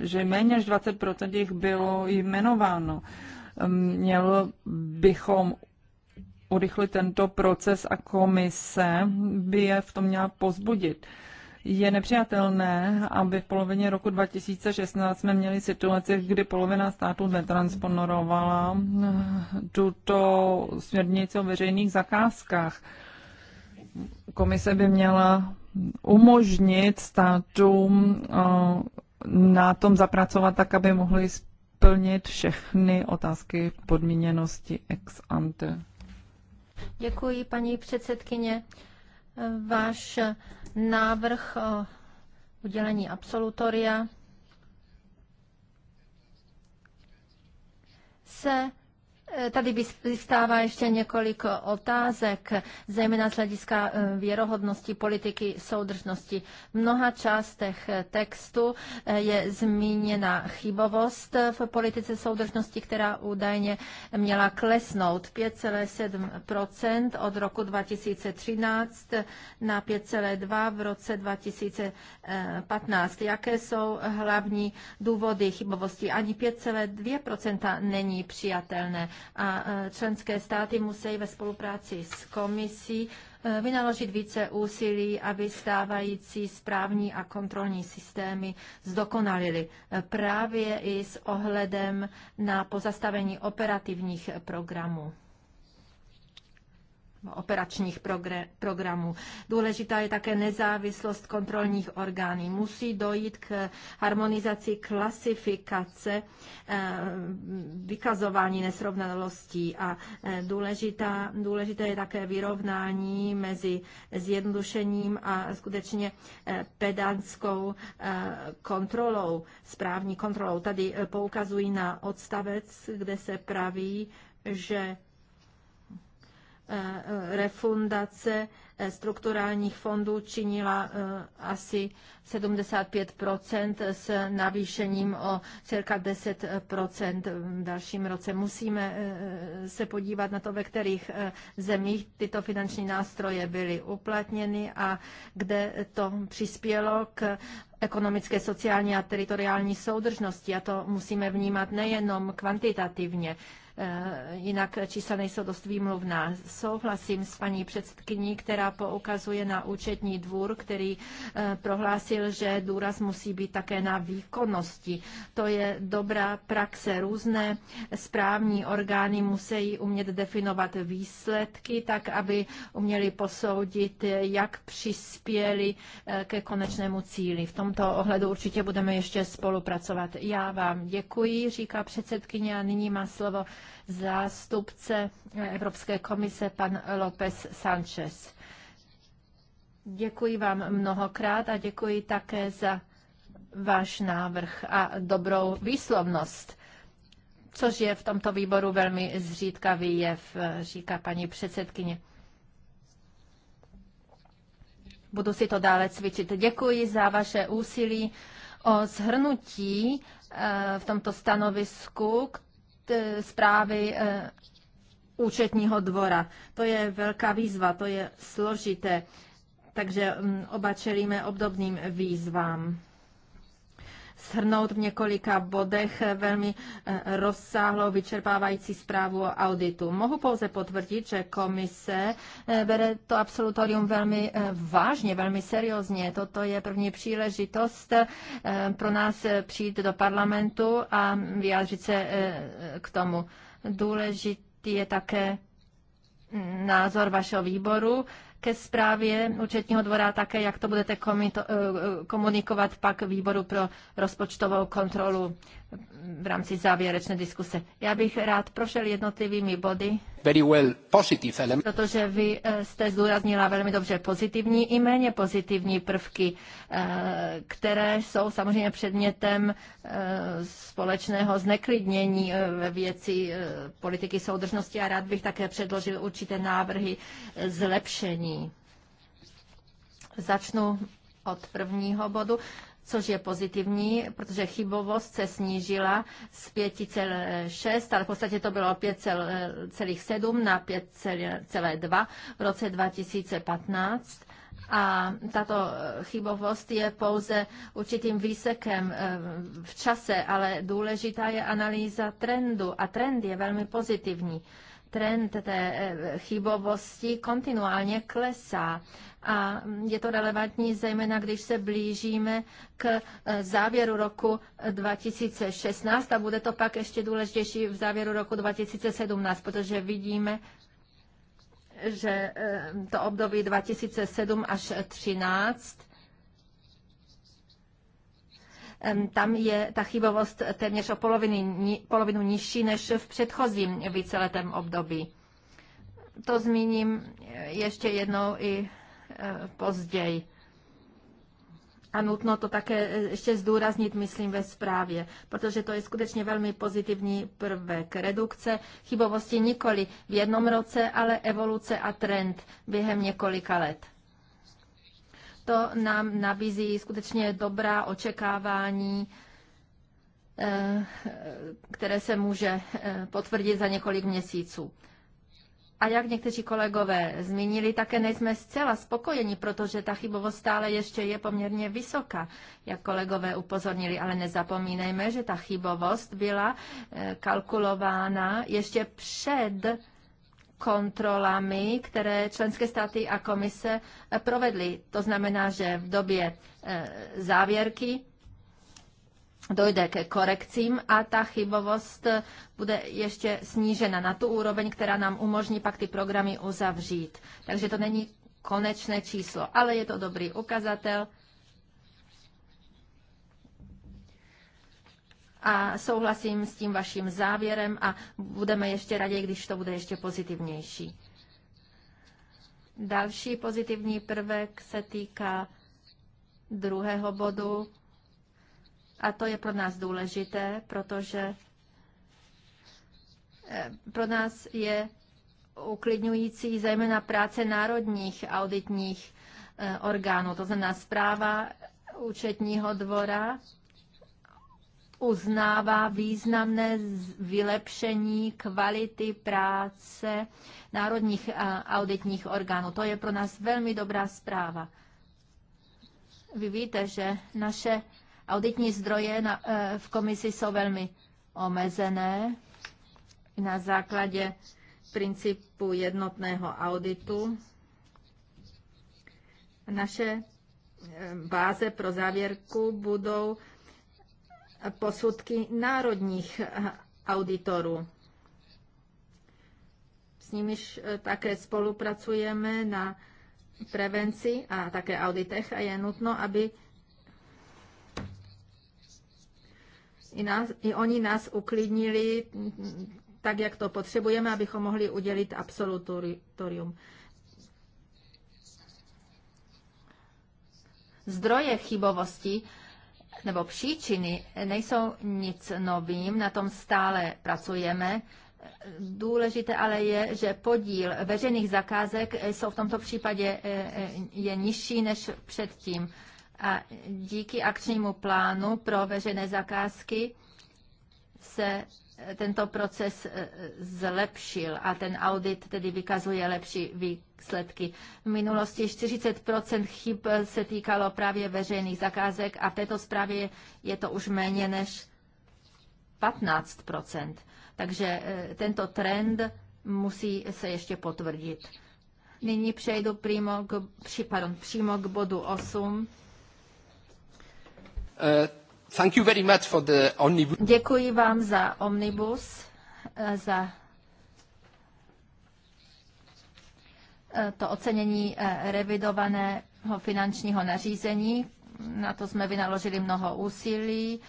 že méně než 20 jich bylo jmenováno. Měl bychom urychlit tento proces a komise by je v tom měla pozbudit. Je nepřijatelné, aby v polovině roku 2016 jsme měli situaci, kdy polovina států netransponovala eh, tuto směrnici o veřejných zakázkách. Komise by měla umožnit státům eh, na tom zapracovat tak, aby mohli splnit všechny otázky podmíněnosti ex ante. Děkuji, paní předsedkyně. Váš návrh o eh, udělení absolutoria se tady vystává ještě několik otázek, zejména z hlediska eh, věrohodnosti politiky soudržnosti. V mnoha částech eh, textu eh, je zmíněna chybovost v politice soudržnosti, která údajně měla klesnout 5,7 od roku 2013 na 5,2 v roce 2015. Jaké jsou hlavní důvody chybovosti? Ani 5,2 není přijatelné a e, členské státy musí ve spolupráci s komisí e, vynaložit více úsilí, aby stávající správní a kontrolní systémy zdokonalili e, právě i s ohledem na pozastavení operativních programů operačních programů. Důležitá je také nezávislost kontrolních orgánů. Musí dojít k harmonizaci klasifikace eh, vykazování nesrovnalostí a eh, důležitá, důležité je také vyrovnání mezi zjednodušením a skutečně eh, pedantskou kontrolou, správní kontrolou. Tady poukazují na odstavec, kde se praví, že Eh, refundace eh, strukturálních fondů činila eh, asi 75 s navýšením o cirka 10 v dalším roce. Musíme se podívat na to, ve kterých zemích tyto finanční nástroje byly uplatněny a kde to přispělo k ekonomické, sociální a teritoriální soudržnosti. A to musíme vnímat nejenom kvantitativně. Eh, jinak čísla nejsou dost výmluvná. Souhlasím s paní předsedkyní, která poukazuje na účetní dvůr, který eh, prohlásil, že důraz musí být také na výkonnosti. To je dobrá praxe. Různé správní orgány musí umět definovat výsledky tak, aby uměli posoudit, jak přispěli eh, ke konečnému cíli. V tomto ohledu určitě budeme ještě spolupracovat. Já vám děkuji, říká předsedkyně a nyní má slovo zástupce eh, Evropské komise, pan López sánchez Děkuji vám mnohokrát a děkuji také za váš návrh a dobrou výslovnost, což je v tomto výboru velmi zřídkavý jev, eh, říká paní předsedkyně. Budu si to dále cvičit. Děkuji za vaše úsilí o zhrnutí eh, v tomto stanovisku, E, zprávy e, účetního dvora. To je velká výzva, to je složité, takže mm, oba čelíme obdobným výzvám shrnout v několika bodech velmi eh, rozsáhlou vyčerpávající zprávu o auditu. Mohu pouze potvrdit, že komise eh, bere to absolutorium velmi eh, vážně, velmi seriózně. Toto je první příležitost pro nás přijít do parlamentu a vyjádřit se k tomu. Důležitý je také mm, názor vašeho výboru ke zprávě účetního dvora také, jak to budete eh, eh, komunikovat pak výboru pro rozpočtovou kontrolu v rámci závěrečné diskuse. Já bych rád prošel jednotlivými body, Very well, positive element. protože vy eh, jste zdůraznila velmi dobře pozitivní i méně pozitivní prvky, eh, které jsou samozřejmě předmětem eh, společného zneklidnění ve věci politiky soudržnosti a rád bych také předložil určité návrhy zlepšení. Začnu od prvního bodu což je pozitivní, protože chybovost se snížila z 5,6, ale v podstatě to bylo 5,7 na 5,2 v roce 2015. A tato chybovost je pouze určitým výsekem eh, v čase, ale důležitá je analýza trendu a trend je velmi pozitivní trend té eh, chybovosti kontinuálně klesá a je to relevantní zejména, když se blížíme k e, závěru roku 2016 a bude to pak ještě důležitější v závěru roku 2017, protože vidíme, že e, to období 2007 až 2013 tam je ta chybovost téměř o poloviny, polovinu nižší než v předchozím víceletém období. To zmíním e, ještě jednou i Eh, později. A nutno to také eh, ještě zdůraznit, myslím, ve zprávě, protože to je skutečně velmi pozitivní prvek. Redukce chybovosti nikoli v jednom roce, ale evoluce a trend během několika let. To nám nabízí skutečně dobrá očekávání, eh, které se může potvrdit za několik měsíců. A jak někteří kolegové zmínili, také nejsme zcela spokojeni, protože ta chybovost stále ještě je poměrně vysoká, jak kolegové upozornili, ale nezapomínejme, že ta chybovost byla eh, kalkulována ještě před kontrolami, které členské státy a komise eh, provedly. To znamená, že v době eh, závěrky dojde ke korekcím a ta chybovost bude ještě snížena na tu úroveň, která nám umožní pak ty programy uzavřít. Takže to není konečné číslo, ale je to dobrý ukazatel. A souhlasím s tím vaším závěrem a budeme ještě raději, když to bude ještě pozitivnější. Další pozitivní prvek se týká druhého bodu a to je pro nás důležité, protože eh, pro nás je uklidňující zejména práce národních auditních eh, orgánů, to znamená zpráva účetního dvora uznává významné vylepšení kvality práce národních eh, auditních orgánů. To je pro nás velmi dobrá zpráva. Vy víte, že naše Auditní zdroje na, eh, v komisi jsou velmi omezené na základě principu jednotného auditu. Naše eh, báze pro závěrku budou posudky národních eh, auditorů. S nimiž také spolupracujeme na prevenci a také auditech a je nutno, aby I, nás, I oni nás uklidnili tak, jak to potřebujeme, abychom mohli udělit absolutorium. Zdroje chybovosti nebo příčiny nejsou nic novým, na tom stále pracujeme. Důležité ale je, že podíl veřejných zakázek jsou v tomto případě eh, eh, je nižší než předtím. A díky akčnímu plánu pro veřejné zakázky se eh, tento proces eh, zlepšil a ten audit tedy vykazuje lepší výsledky. V minulosti 40 chyb eh, se týkalo právě veřejných zakázek a v této zprávě je to už méně než 15 Takže tento trend musí se ještě potvrdit. Nyní přejdu přímo k, pardon, přímo k bodu 8 Uh, thank you very much for the omnibus. Děkuji vám za omnibus, eh, za eh, to ocenění eh, revidovaného finančního nařízení. Na to jsme vynaložili mnoho úsilí.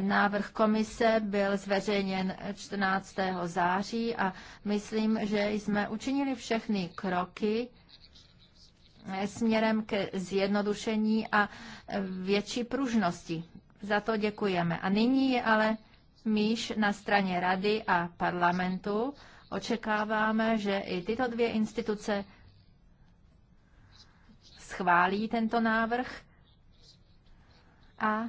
Návrh komise byl zveřejněn 14. září a myslím, že jsme učinili všechny kroky, směrem k zjednodušení a větší pružnosti. Za to děkujeme. A nyní je ale míš na straně Rady a parlamentu. Očekáváme, že i tyto dvě instituce schválí tento návrh a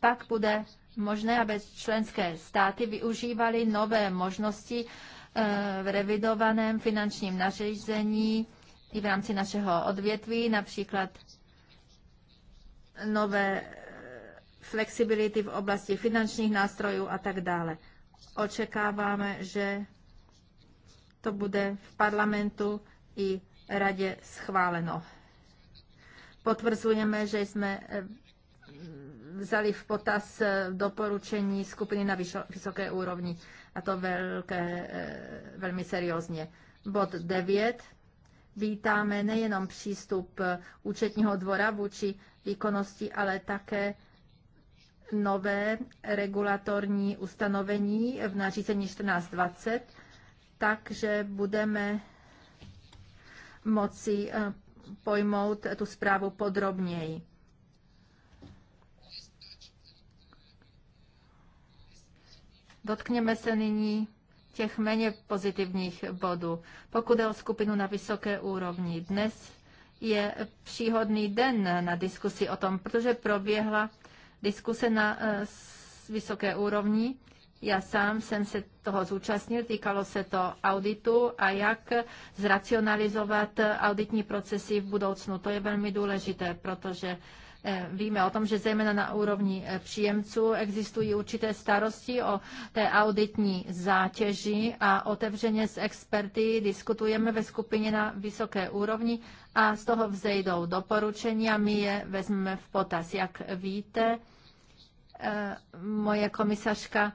pak bude možné, aby členské státy využívaly nové možnosti eh, v revidovaném finančním nařízení i v rámci našeho odvětví, například nové eh, flexibility v oblasti finančních nástrojů a tak dále. Očekáváme, že to bude v parlamentu i radě schváleno. Potvrzujeme, že jsme eh, vzali v potaz eh, doporučení skupiny na vysoké úrovni a to velké, velmi seriózně. Bod 9 vítáme nejenom přístup eh, účetního dvora vůči výkonnosti, ale také nové regulatorní ustanovení v nařízení 1420, takže budeme moci eh, pojmout tu zprávu podrobněji. Dotkněme se nyní těch méně pozitivních bodů. Pokud je o skupinu na vysoké úrovni, dnes je příhodný den na diskusi o tom, protože proběhla diskuse na eh, vysoké úrovni. Já sám jsem se toho zúčastnil, týkalo se to auditu a jak zracionalizovat auditní procesy v budoucnu. To je velmi důležité, protože Eh, víme o tom, že zejména na úrovni eh, příjemců existují určité starosti o té auditní zátěži a otevřeně s experty diskutujeme ve skupině na vysoké úrovni a z toho vzejdou doporučení a my je vezmeme v potaz. Jak víte, eh, moje komisařka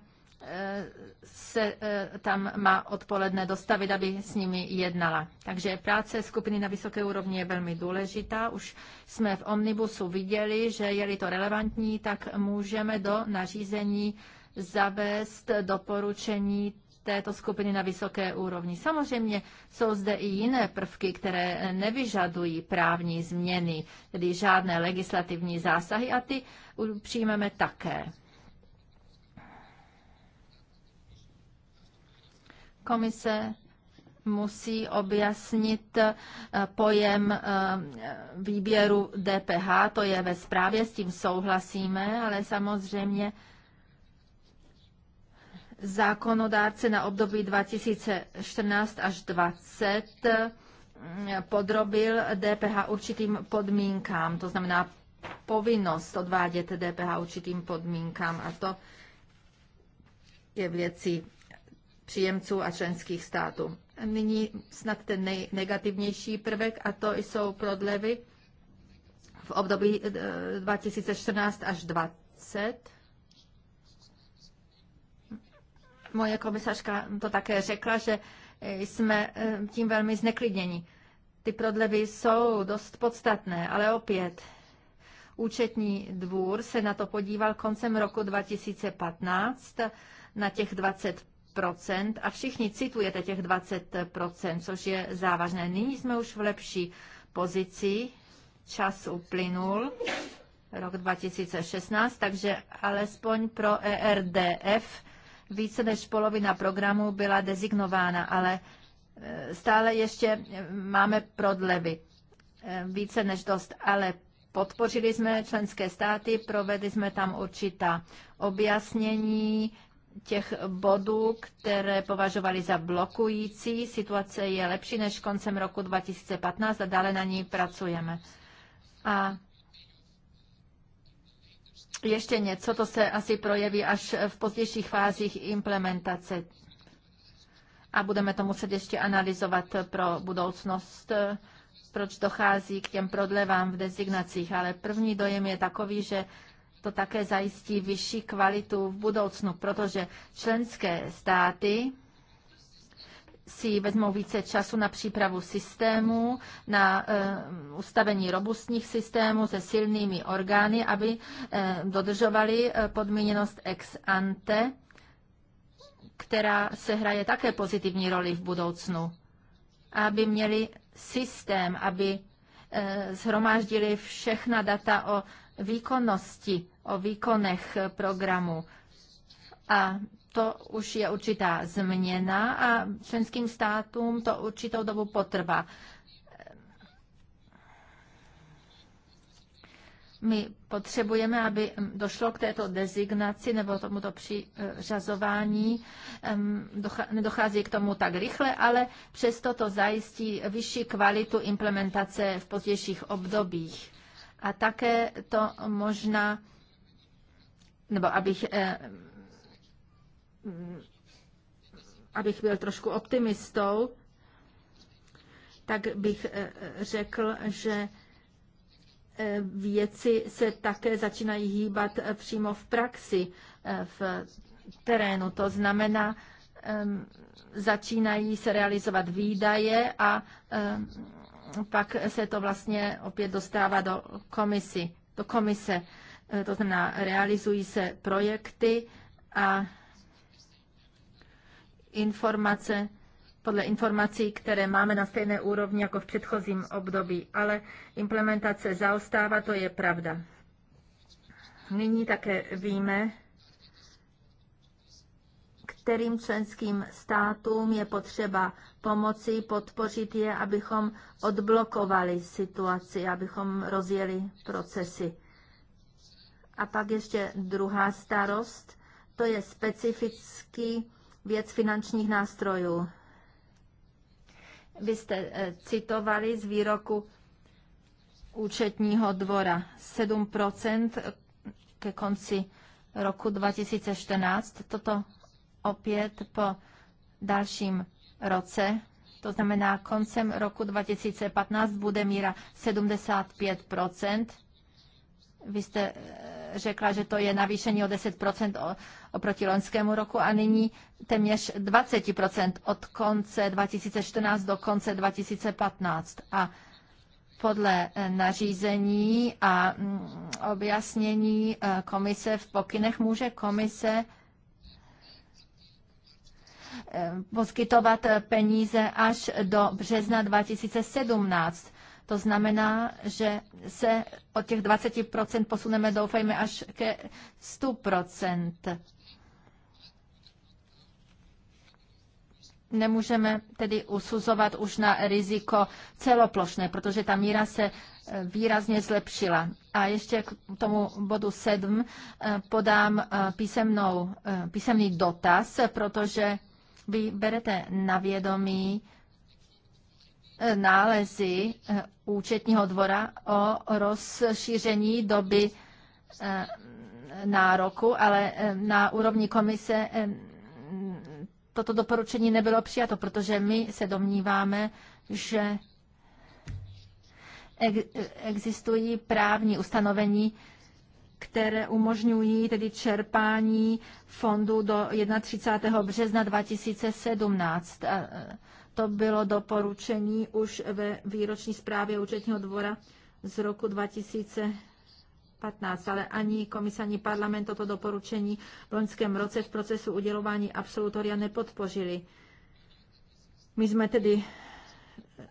se eh, tam má odpoledne dostavit, aby s nimi jednala. Takže práce skupiny na vysoké úrovni je velmi důležitá. Už jsme v Omnibusu viděli, že je-li to relevantní, tak můžeme do nařízení zavést doporučení této skupiny na vysoké úrovni. Samozřejmě jsou zde i jiné prvky, které nevyžadují právní změny, tedy žádné legislativní zásahy a ty přijmeme také. Komise musí objasnit eh, pojem eh, výběru DPH, to je ve zprávě, s tím souhlasíme, ale samozřejmě zákonodárce na období 2014 až 2020 eh, podrobil DPH určitým podmínkám, to znamená povinnost odvádět DPH určitým podmínkám a to je věcí příjemců a členských států. Nyní snad ten nejnegativnější prvek a to jsou prodlevy v období 2014 eh, až 2020. Moje komisařka to také řekla, že eh, jsme eh, tím velmi zneklidněni. Ty prodlevy jsou dost podstatné, ale opět účetní dvůr se na to podíval koncem roku 2015 na těch 20 20 a všichni citujete těch 20 což je závažné. Nyní jsme už v lepší pozici, čas uplynul, rok 2016, takže alespoň pro ERDF více než polovina programu byla dezignována, ale e, stále ještě máme prodlevy. E, více než dost, ale podpořili jsme členské státy, provedli jsme tam určitá objasnění, těch bodů, které považovali za blokující. Situace je lepší než koncem roku 2015 a dále na ní pracujeme. A ještě něco, to se asi projeví až v pozdějších fázích implementace. A budeme to muset ještě analyzovat pro budoucnost, proč dochází k těm prodlevám v designacích. Ale první dojem je takový, že to také zajistí vyšší kvalitu v budoucnu, protože členské státy si vezmou více času na přípravu systému, na uh, ustavení robustních systémů se silnými orgány, aby uh, dodržovali uh, podmíněnost ex ante, která se hraje také pozitivní roli v budoucnu. Aby měli systém, aby uh, zhromáždili všechna data o výkonnosti o výkonech programu. A to už je určitá změna a členským státům to určitou dobu potrvá. My potřebujeme, aby došlo k této dezignaci nebo tomuto přiřazování. Nedochází k tomu tak rychle, ale přesto to zajistí vyšší kvalitu implementace v pozdějších obdobích. A také to možná nebo abych eh, abych byl trošku optimistou, tak bych eh, řekl, že eh, věci se také začínají hýbat přímo v praxi, v terénu. To znamená, ehm, začínají se realizovat výdaje a ehm, pak se to vlastně opět dostává do komisy, do komise. Eh, to znamená, realizují se projekty a informace, podle informací, které máme na stejné úrovni jako v předchozím období, ale implementace zaostává, to je pravda. Nyní také víme, kterým členským státům je potřeba pomoci, podpořit je, abychom odblokovali situaci, abychom rozjeli procesy. A pak ještě druhá starost, to je specifický věc finančních nástrojů. Vy jste eh, citovali z výroku účetního dvora 7 ke konci roku 2014. Toto opět po dalším roce, to znamená koncem roku 2015, bude míra 75 Vy jste eh, řekla, že to je navýšení o 10% oproti loňskému roku a nyní téměř 20% od konce 2014 do konce 2015. A podle eh, nařízení a mm, objasnění eh, komise v pokynech může komise eh, poskytovat peníze až do března 2017. To znamená, že se od těch 20% posuneme, doufejme, až ke 100%. Nemůžeme tedy usuzovat už na riziko celoplošné, protože ta míra se eh, výrazně zlepšila. A ještě k tomu bodu 7 eh, podám eh, písemnou, písemný dotaz, protože vy berete na vědomí nálezy eh, účetního dvora o rozšíření doby eh, nároku, ale eh, na úrovni komise toto doporučení nebylo přijato, protože my se domníváme, že existují právní ustanovení, které umožňují tedy čerpání fondu do 31. března 2017. To bylo doporučení už ve výroční zprávě účetního dvora z roku 2015, ale ani komisaní parlament toto doporučení v loňském roce v procesu udělování absolutoria nepodpořili. My jsme tedy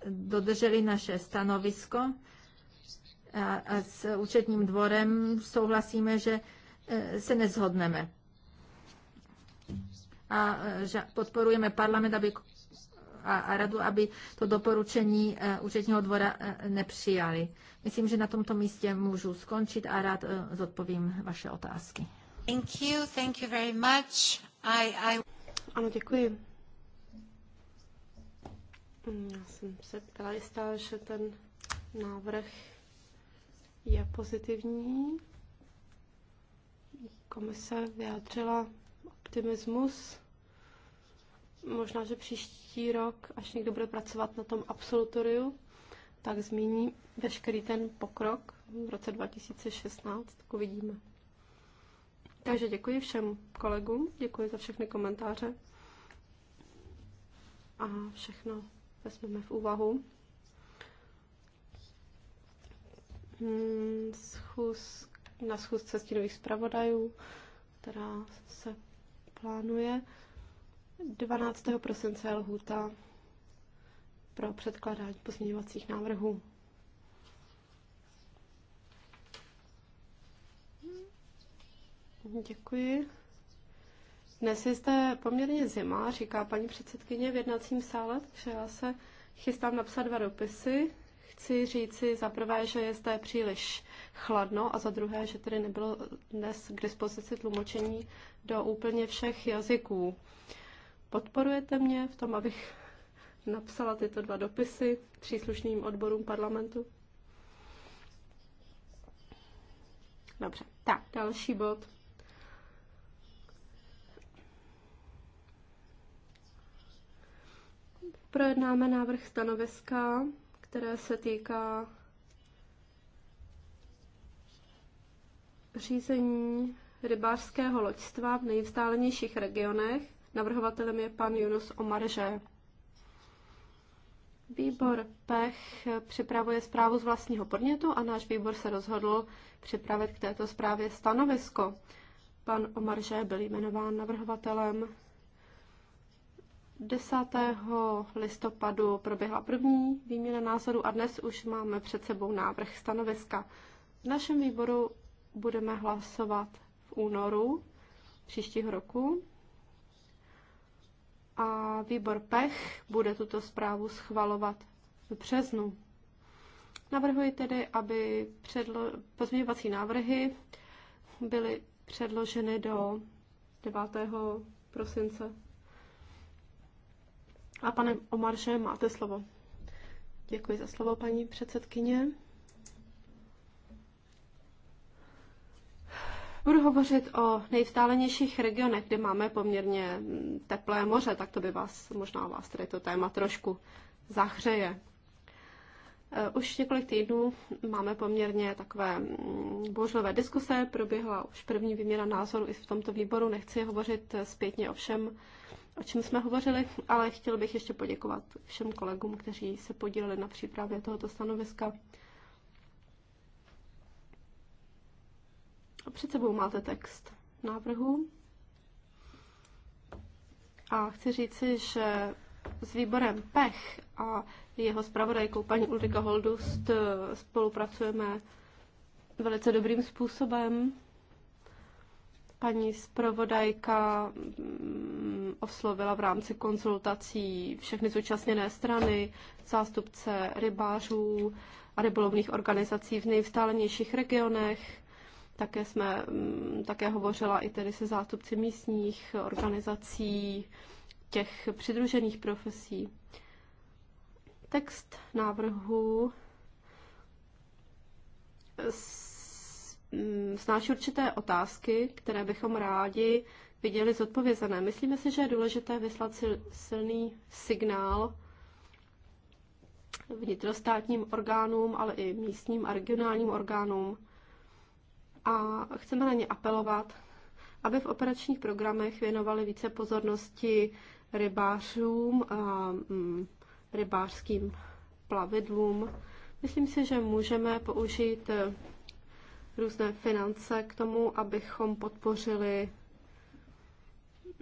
dodrželi naše stanovisko a, a s účetním dvorem souhlasíme, že e, se nezhodneme. A e, podporujeme parlament, aby a radu, aby to doporučení e, účetního dvora e, nepřijali. Myslím, že na tomto místě můžu skončit a rád e, zodpovím vaše otázky. Thank you, thank you very much. I, I... Ano, děkuji. Hmm, já jsem se ptala, jestli že ten návrh je pozitivní. Komise vyjádřila optimismus. Možná, že příští rok, až někdo bude pracovat na tom absolutoriu, tak zmíní veškerý ten pokrok v roce 2016, tak uvidíme. Takže děkuji všem kolegům, děkuji za všechny komentáře a všechno vezmeme v úvahu. Hmm, schůz, na schůzce stínových zpravodajů, která se plánuje. 12. prosince je lhůta pro předkládání pozměňovacích návrhů. Děkuji. Dnes je zde poměrně zima, říká paní předsedkyně v jednacím sále, takže já se chystám napsat dva dopisy. Chci říci za prvé, že je zde příliš chladno a za druhé, že tedy nebylo dnes k dispozici tlumočení do úplně všech jazyků. Podporujete mě v tom, abych napsala tyto dva dopisy příslušným odborům parlamentu? Dobře, tak další bod. Projednáme návrh stanoviska, které se týká řízení rybářského loďstva v nejvzdálenějších regionech Navrhovatelem je pan Jonas Omarže. Výbor PECH připravuje zprávu z vlastního podnětu a náš výbor se rozhodl připravit k této zprávě stanovisko. Pan Omarže byl jmenován navrhovatelem. 10. listopadu proběhla první výměna názorů a dnes už máme před sebou návrh stanoviska. V našem výboru budeme hlasovat v únoru příštího roku a výbor PECH bude tuto zprávu schvalovat v březnu. Navrhuji tedy, aby předlo- pozměňovací návrhy byly předloženy do 9. prosince. A pane Omarže, máte slovo. Děkuji za slovo, paní předsedkyně. Budu hovořit o nejvzdálenějších regionech, kde máme poměrně mm, teplé moře, tak to by vás, možná vás tady to téma trošku zahřeje. E, už několik týdnů máme poměrně takové mm, bouřlivé diskuse, proběhla už první výměna názoru i v tomto výboru, nechci hovořit e, zpětně o všem, o čem jsme hovořili, ale chtěl bych ještě poděkovat všem kolegům, kteří se podíleli na přípravě tohoto stanoviska. A před sebou máte text návrhu. A chci říci, že s výborem PECH a jeho zpravodajkou paní Ulrika Holdust eh, spolupracujeme velice dobrým způsobem. Paní zpravodajka mm, oslovila v rámci konzultací všechny zúčastněné strany, zástupce rybářů a rybolovných organizací v nejvstálenějších regionech, také jsme mm, také hovořila i tedy se zástupci místních organizací, těch přidružených profesí. Text návrhu mm, snáší určité otázky, které bychom rádi viděli zodpovězené. Myslíme si, že je důležité vyslat silný signál vnitrostátním orgánům, ale i místním a regionálním orgánům, a chceme na ně apelovat, aby v operačních programech věnovali více pozornosti rybářům a mm, rybářským plavidlům. Myslím si, že můžeme použít eh, různé finance k tomu, abychom podpořili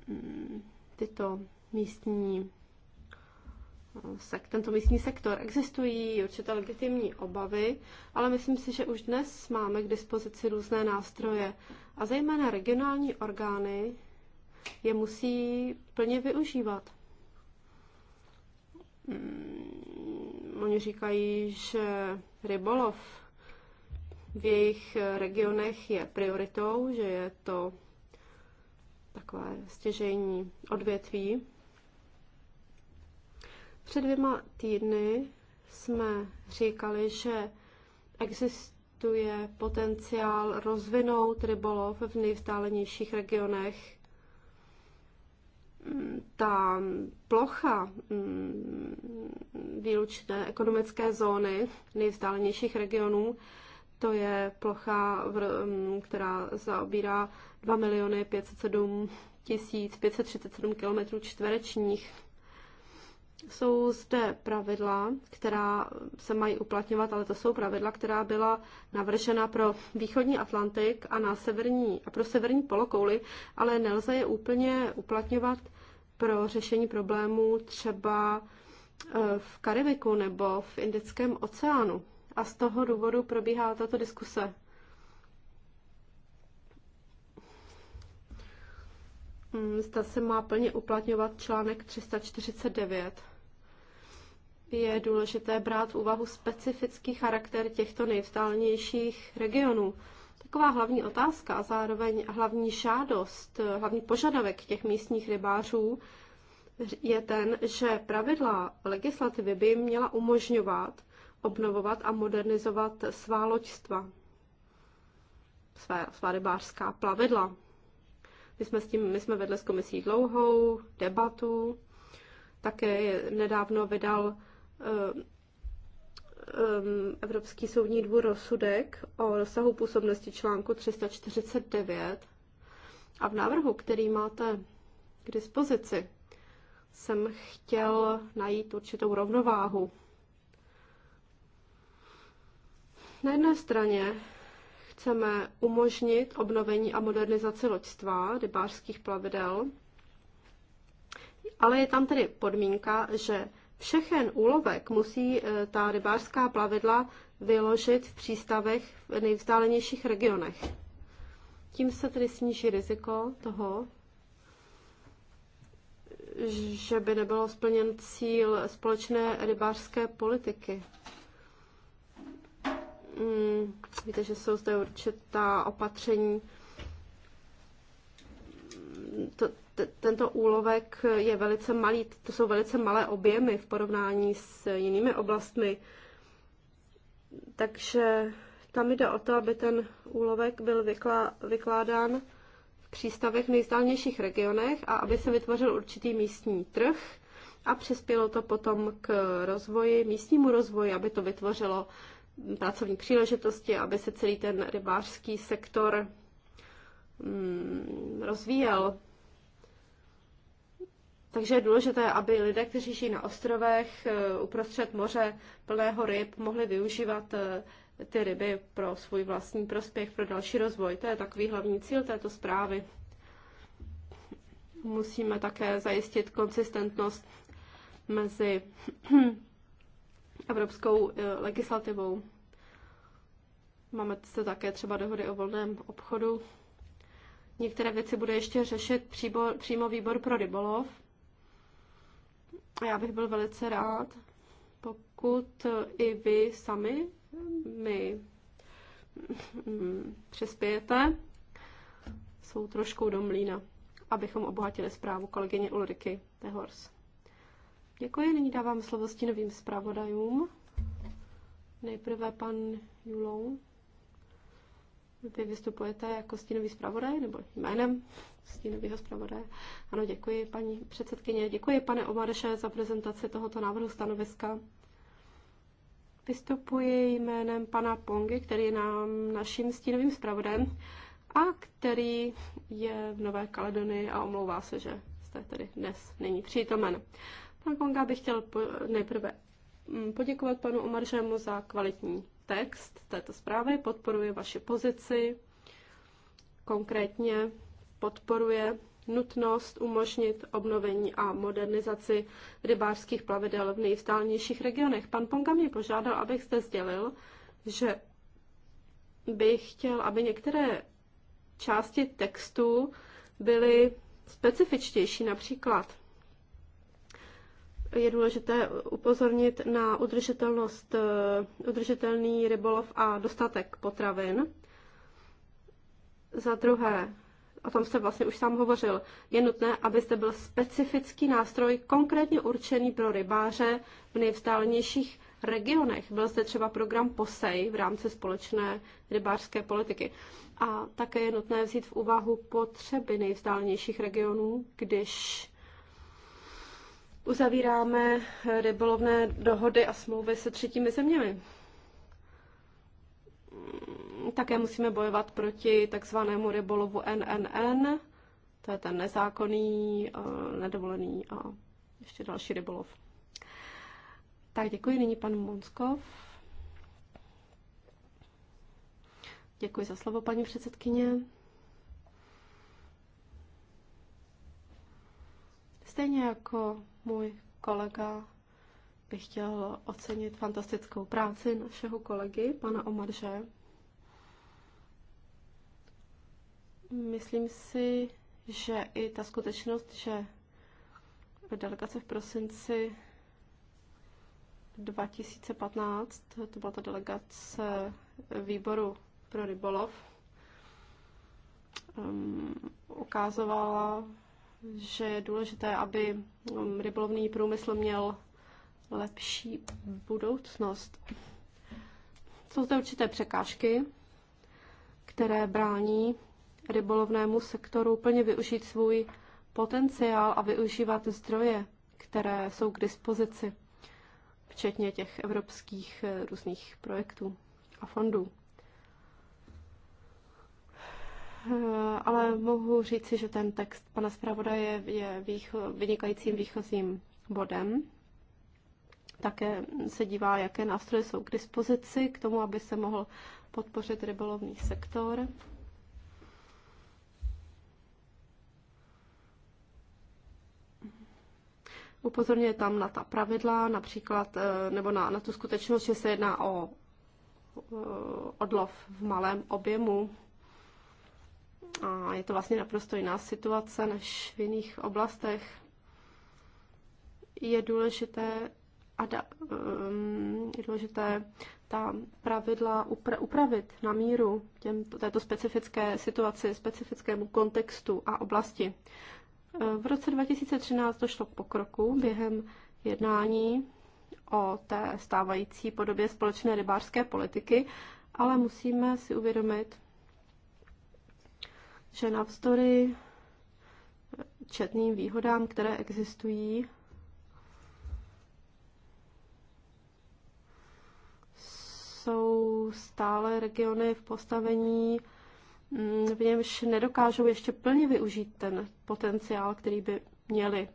mm, tyto místní sek, tento místní sektor. Existují určité legitimní obavy, ale myslím si, že už dnes máme k dispozici různé nástroje a zejména regionální orgány je musí plně využívat. Mm, oni říkají, že rybolov v jejich regionech je prioritou, že je to takové stěžejní odvětví před dvěma týdny jsme říkali, že existuje potenciál rozvinout rybolov v nejvzdálenějších regionech. Mm, ta plocha mm, výlučné ekonomické zóny nejvzdálenějších regionů, to je plocha, mm, která zaobírá 2 507 537 km čtverečních. Jsou zde pravidla, která se mají uplatňovat, ale to jsou pravidla, která byla navržena pro východní Atlantik a, na severní, a pro severní polokouli, ale nelze je úplně uplatňovat pro řešení problémů třeba eh, v Karibiku nebo v Indickém oceánu. A z toho důvodu probíhá tato diskuse. Hmm, zda se má plně uplatňovat článek 349. Je důležité brát v úvahu specifický charakter těchto nejvzdálenějších regionů. Taková hlavní otázka a zároveň hlavní žádost, hlavní požadavek těch místních rybářů je ten, že pravidla legislativy by jim měla umožňovat obnovovat a modernizovat svá loďstva, svá, svá rybářská plavidla. My jsme, s tím, my jsme vedli s komisí dlouhou debatu, také nedávno vydal eh, eh, Evropský soudní dvůr rozsudek o rozsahu působnosti článku 349 a v návrhu, který máte k dispozici, jsem chtěl najít určitou rovnováhu. Na jedné straně chceme umožnit obnovení a modernizaci loďstva, rybářských plavidel, ale je tam tedy podmínka, že všechen úlovek musí eh, ta rybářská plavidla vyložit v přístavech v nejvzdálenějších regionech. Tím se tedy sníží riziko toho, že by nebylo splněn cíl společné rybářské politiky. Mm, víte, že jsou zde určitá opatření. To, tento úlovek je velice malý, to jsou velice malé objemy v porovnání s jinými oblastmi. Takže tam jde o to, aby ten úlovek byl vyklá, vykládán v přístavech v nejzdálnějších regionech a aby se vytvořil určitý místní trh a přispělo to potom k rozvoji, místnímu rozvoji, aby to vytvořilo pracovní příležitosti, aby se celý ten rybářský sektor mm, rozvíjel. Takže je důležité, aby lidé, kteří žijí na ostrovech eh, uprostřed moře plného ryb, mohli využívat eh, ty ryby pro svůj vlastní prospěch, pro další rozvoj. To je takový hlavní cíl této zprávy. Musíme také zajistit konsistentnost mezi evropskou eh, legislativou. Máme se také třeba dohody o volném obchodu. Některé věci bude ještě řešit příbor, přímo výbor pro rybolov. A já bych byl velice rád, pokud eh, i vy sami eh, mi mm, přispějete svou trošku do mlína, abychom obohatili zprávu kolegyně Ulriky Tehors. Děkuji, nyní dávám slovo stínovým zpravodajům. Nejprve pan Julou. Vy vystupujete jako stínový zpravodaj nebo jménem stínového zpravodaje. Ano, děkuji paní předsedkyně. Děkuji pane Omareše za prezentaci tohoto návrhu stanoviska. Vystupuji jménem pana Pongy, který je nám naším stínovým zpravodajem a který je v Nové Kaledonii a omlouvá se, že jste tady dnes není přítomen. Pan Ponga bych chtěl nejprve mm, poděkovat panu Omaržemu za kvalitní text této zprávy, podporuje vaši pozici, konkrétně podporuje nutnost umožnit obnovení a modernizaci rybářských plavidel v nejvzdálnějších regionech. Pan Ponga mě požádal, abych zde sdělil, že bych chtěl, aby některé části textu byly specifičtější, například je důležité upozornit na udržitelnost, eh, udržitelný rybolov a dostatek potravin. Za druhé, o tom jste vlastně už sám hovořil, je nutné, aby zde byl specifický nástroj konkrétně určený pro rybáře v nejvzdálenějších regionech. Byl zde třeba program POSEJ v rámci společné rybářské politiky. A také je nutné vzít v úvahu potřeby nejvzdálenějších regionů, když uzavíráme eh, rybolovné dohody a smlouvy se třetími zeměmi. Mm, také musíme bojovat proti takzvanému rybolovu NNN, to je ten nezákonný, eh, nedovolený a ještě další rybolov. Tak děkuji, nyní pan Monskov. Děkuji za slovo, paní předsedkyně. Stejně jako můj kolega by chtěl ocenit fantastickou práci našeho kolegy, pana Omarže. Myslím si, že i ta skutečnost, že delegace v prosinci 2015, to byla ta delegace výboru pro rybolov, um, ukázovala že je důležité, aby um, rybolovný průmysl měl lepší budoucnost. Jsou zde určité překážky, které brání rybolovnému sektoru plně využít svůj potenciál a využívat zdroje, které jsou k dispozici, včetně těch evropských eh, různých projektů a fondů. Eh, ale mohu říci, že ten text pana zpravodaje je výcho, vynikajícím výchozím bodem. Také se dívá, jaké nástroje jsou k dispozici k tomu, aby se mohl podpořit rybolovný sektor. Upozorňuje tam na ta pravidla, například, eh, nebo na, na tu skutečnost, že se jedná o eh, odlov v malém objemu, je to vlastně naprosto jiná situace než v jiných oblastech. Je důležité, ada, um, je důležité ta pravidla upra- upravit na míru těm, této specifické situaci, specifickému kontextu a oblasti. V roce 2013 došlo k pokroku během jednání o té stávající podobě společné rybářské politiky, ale musíme si uvědomit, že navzdory četným výhodám, které existují, jsou stále regiony v postavení, mm, v němž nedokážou ještě plně využít ten potenciál, který by měli.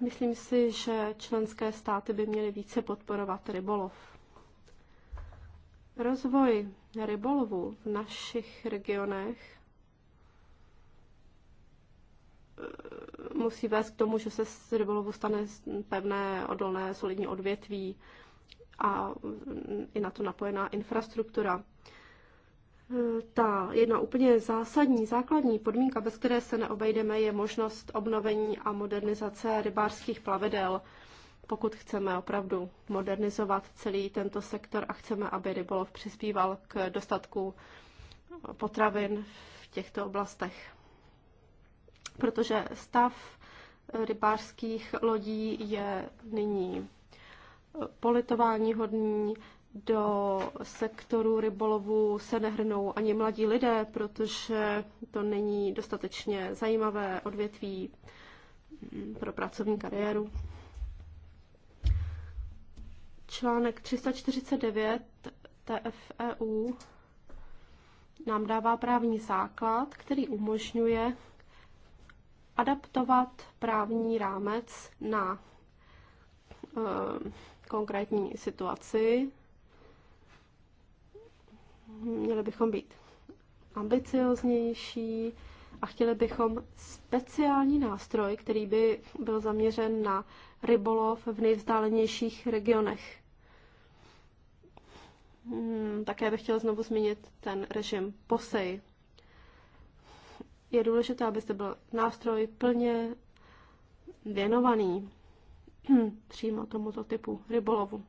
Myslím si, že členské státy by měly více podporovat rybolov. Rozvoj rybolovu v našich regionech eh, musí vést k tomu, že se z rybolovu stane pevné, odolné, solidní odvětví a i na to napojená infrastruktura. Eh, ta jedna úplně zásadní, základní podmínka, bez které se neobejdeme, je možnost obnovení a modernizace rybářských plavidel pokud chceme opravdu modernizovat celý tento sektor a chceme, aby rybolov přispíval k dostatku potravin v těchto oblastech. Protože stav rybářských lodí je nyní politování hodný. Do sektoru rybolovu se nehrnou ani mladí lidé, protože to není dostatečně zajímavé odvětví pro pracovní kariéru. Článek 349 TFEU nám dává právní základ, který umožňuje adaptovat právní rámec na e, konkrétní situaci. Měli bychom být ambicioznější a chtěli bychom speciální nástroj, který by byl zaměřen na rybolov v nejvzdálenějších regionech. Hmm, také bych chtěla znovu zmínit ten režim POSEJ. Je důležité, abyste byl nástroj plně věnovaný přímo tomuto typu rybolovu.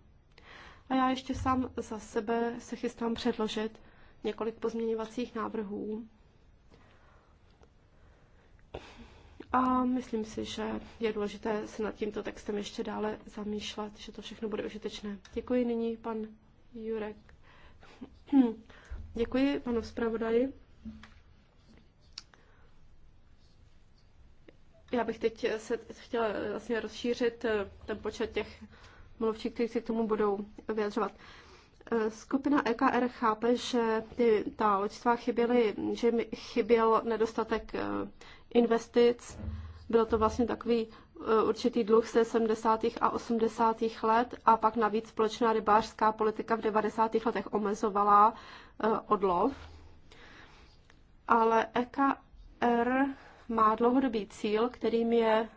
A já ještě sám za sebe se chystám předložit několik pozměňovacích návrhů, A myslím si, že je důležité se nad tímto textem ještě dále zamýšlet, že to všechno bude užitečné. Děkuji nyní, pan Jurek. Děkuji, panu zpravodaji. Já bych teď se chtěla vlastně rozšířit eh, ten počet těch mluvčích, kteří si k tomu budou vyjadřovat. Eh, skupina EKR chápe, že ty, ta loďstva chyběly, že chyběl nedostatek eh, investic. Byl to vlastně takový e, určitý dluh ze 70. a 80. let a pak navíc společná rybářská politika v 90. letech omezovala e, odlov. Ale EKR má dlouhodobý cíl, kterým je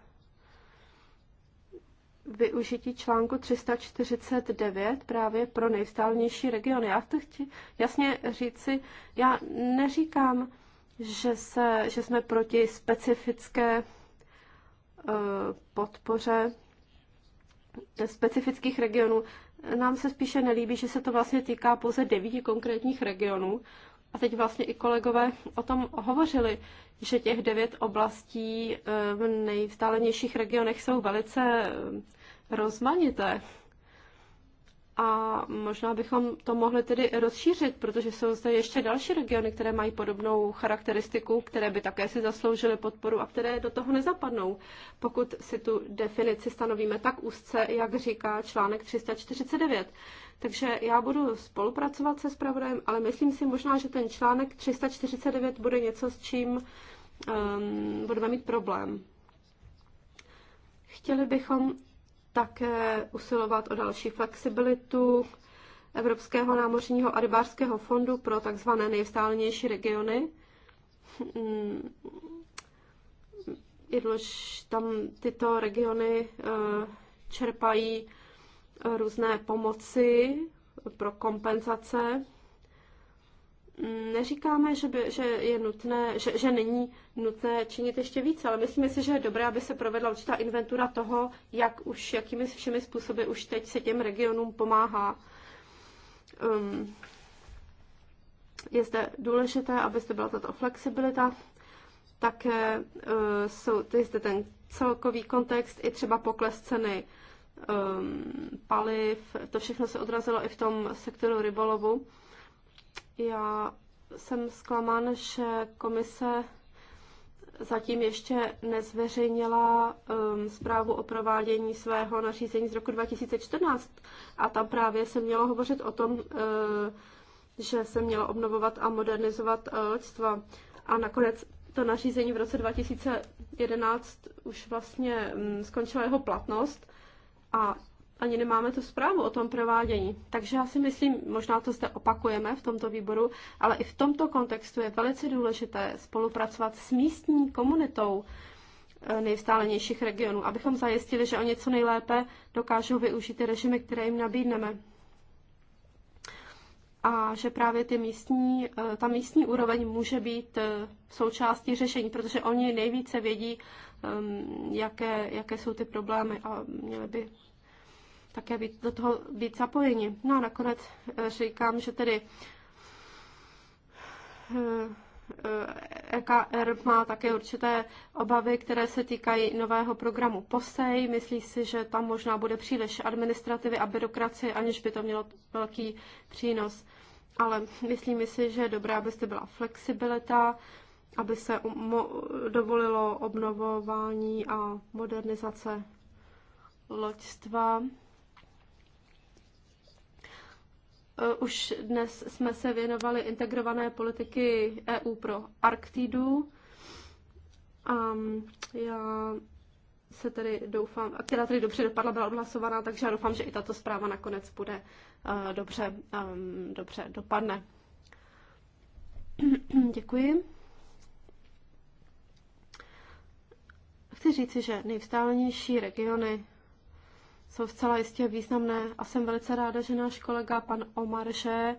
využití článku 349 právě pro nejvzdálenější regiony. Já to chci jasně říci, já neříkám, že, se, že jsme proti specifické eh, podpoře specifických regionů. Nám se spíše nelíbí, že se to vlastně týká pouze devíti konkrétních regionů. A teď vlastně i kolegové o tom hovořili, že těch devět oblastí eh, v nejvzdálenějších regionech jsou velice eh, rozmanité a možná bychom to mohli tedy rozšířit, protože jsou zde ještě další regiony, které mají podobnou charakteristiku, které by také si zasloužily podporu a které do toho nezapadnou, pokud si tu definici stanovíme tak úzce, jak říká článek 349. Takže já budu spolupracovat se zpravodajem, ale myslím si možná, že ten článek 349 bude něco, s čím um, budeme mít problém. Chtěli bychom také usilovat o další flexibilitu Evropského námořního a rybářského fondu pro tzv. nejvzdálenější regiony. Mm, Jednož tam tyto regiony eh, čerpají různé pomoci pro kompenzace neříkáme, že, by, že je nutné, že, že není nutné činit ještě více, ale myslíme si, že je dobré, aby se provedla určitá inventura toho, jak už, jakými všemi způsoby už teď se těm regionům pomáhá. Um, je zde důležité, aby zde byla tato flexibilita, také uh, jsou je zde ten celkový kontext, i třeba pokles ceny um, paliv, to všechno se odrazilo i v tom sektoru rybolovu. Já jsem zklamán, že komise zatím ještě nezveřejnila um, zprávu o provádění svého nařízení z roku 2014 a tam právě se mělo hovořit o tom, uh, že se mělo obnovovat a modernizovat uh, loďstva. A nakonec to nařízení v roce 2011 už vlastně um, skončila jeho platnost a ani nemáme tu zprávu o tom provádění. Takže já si myslím, možná to zde opakujeme v tomto výboru, ale i v tomto kontextu je velice důležité spolupracovat s místní komunitou eh, nejvstálenějších regionů, abychom zajistili, že o něco nejlépe dokážou využít ty režimy, které jim nabídneme. A že právě ty místní, eh, ta místní úroveň může být eh, součástí řešení, protože oni nejvíce vědí, ehm, jaké, jaké jsou ty problémy a měli by také být, do toho být zapojeni. No a nakonec eh, říkám, že tedy EKR eh, eh, e má také určité obavy, které se týkají nového programu POSEJ. Myslí si, že tam možná bude příliš administrativy a byrokracie, aniž by to mělo velký přínos. Ale myslím, si, že je dobré, abyste byla flexibilita, aby se um, dovolilo obnovování a modernizace loďstva. Eh, už dnes jsme se věnovali integrované politiky EU pro Arktidu. A já se tady doufám, a která tady dobře dopadla, byla odhlasovaná, takže já doufám, že i tato zpráva nakonec bude uh, dobře, um, dobře dopadne. Děkuji. Chci říci, že nejvzdálenější regiony jsou zcela jistě významné a jsem velice ráda, že náš kolega pan že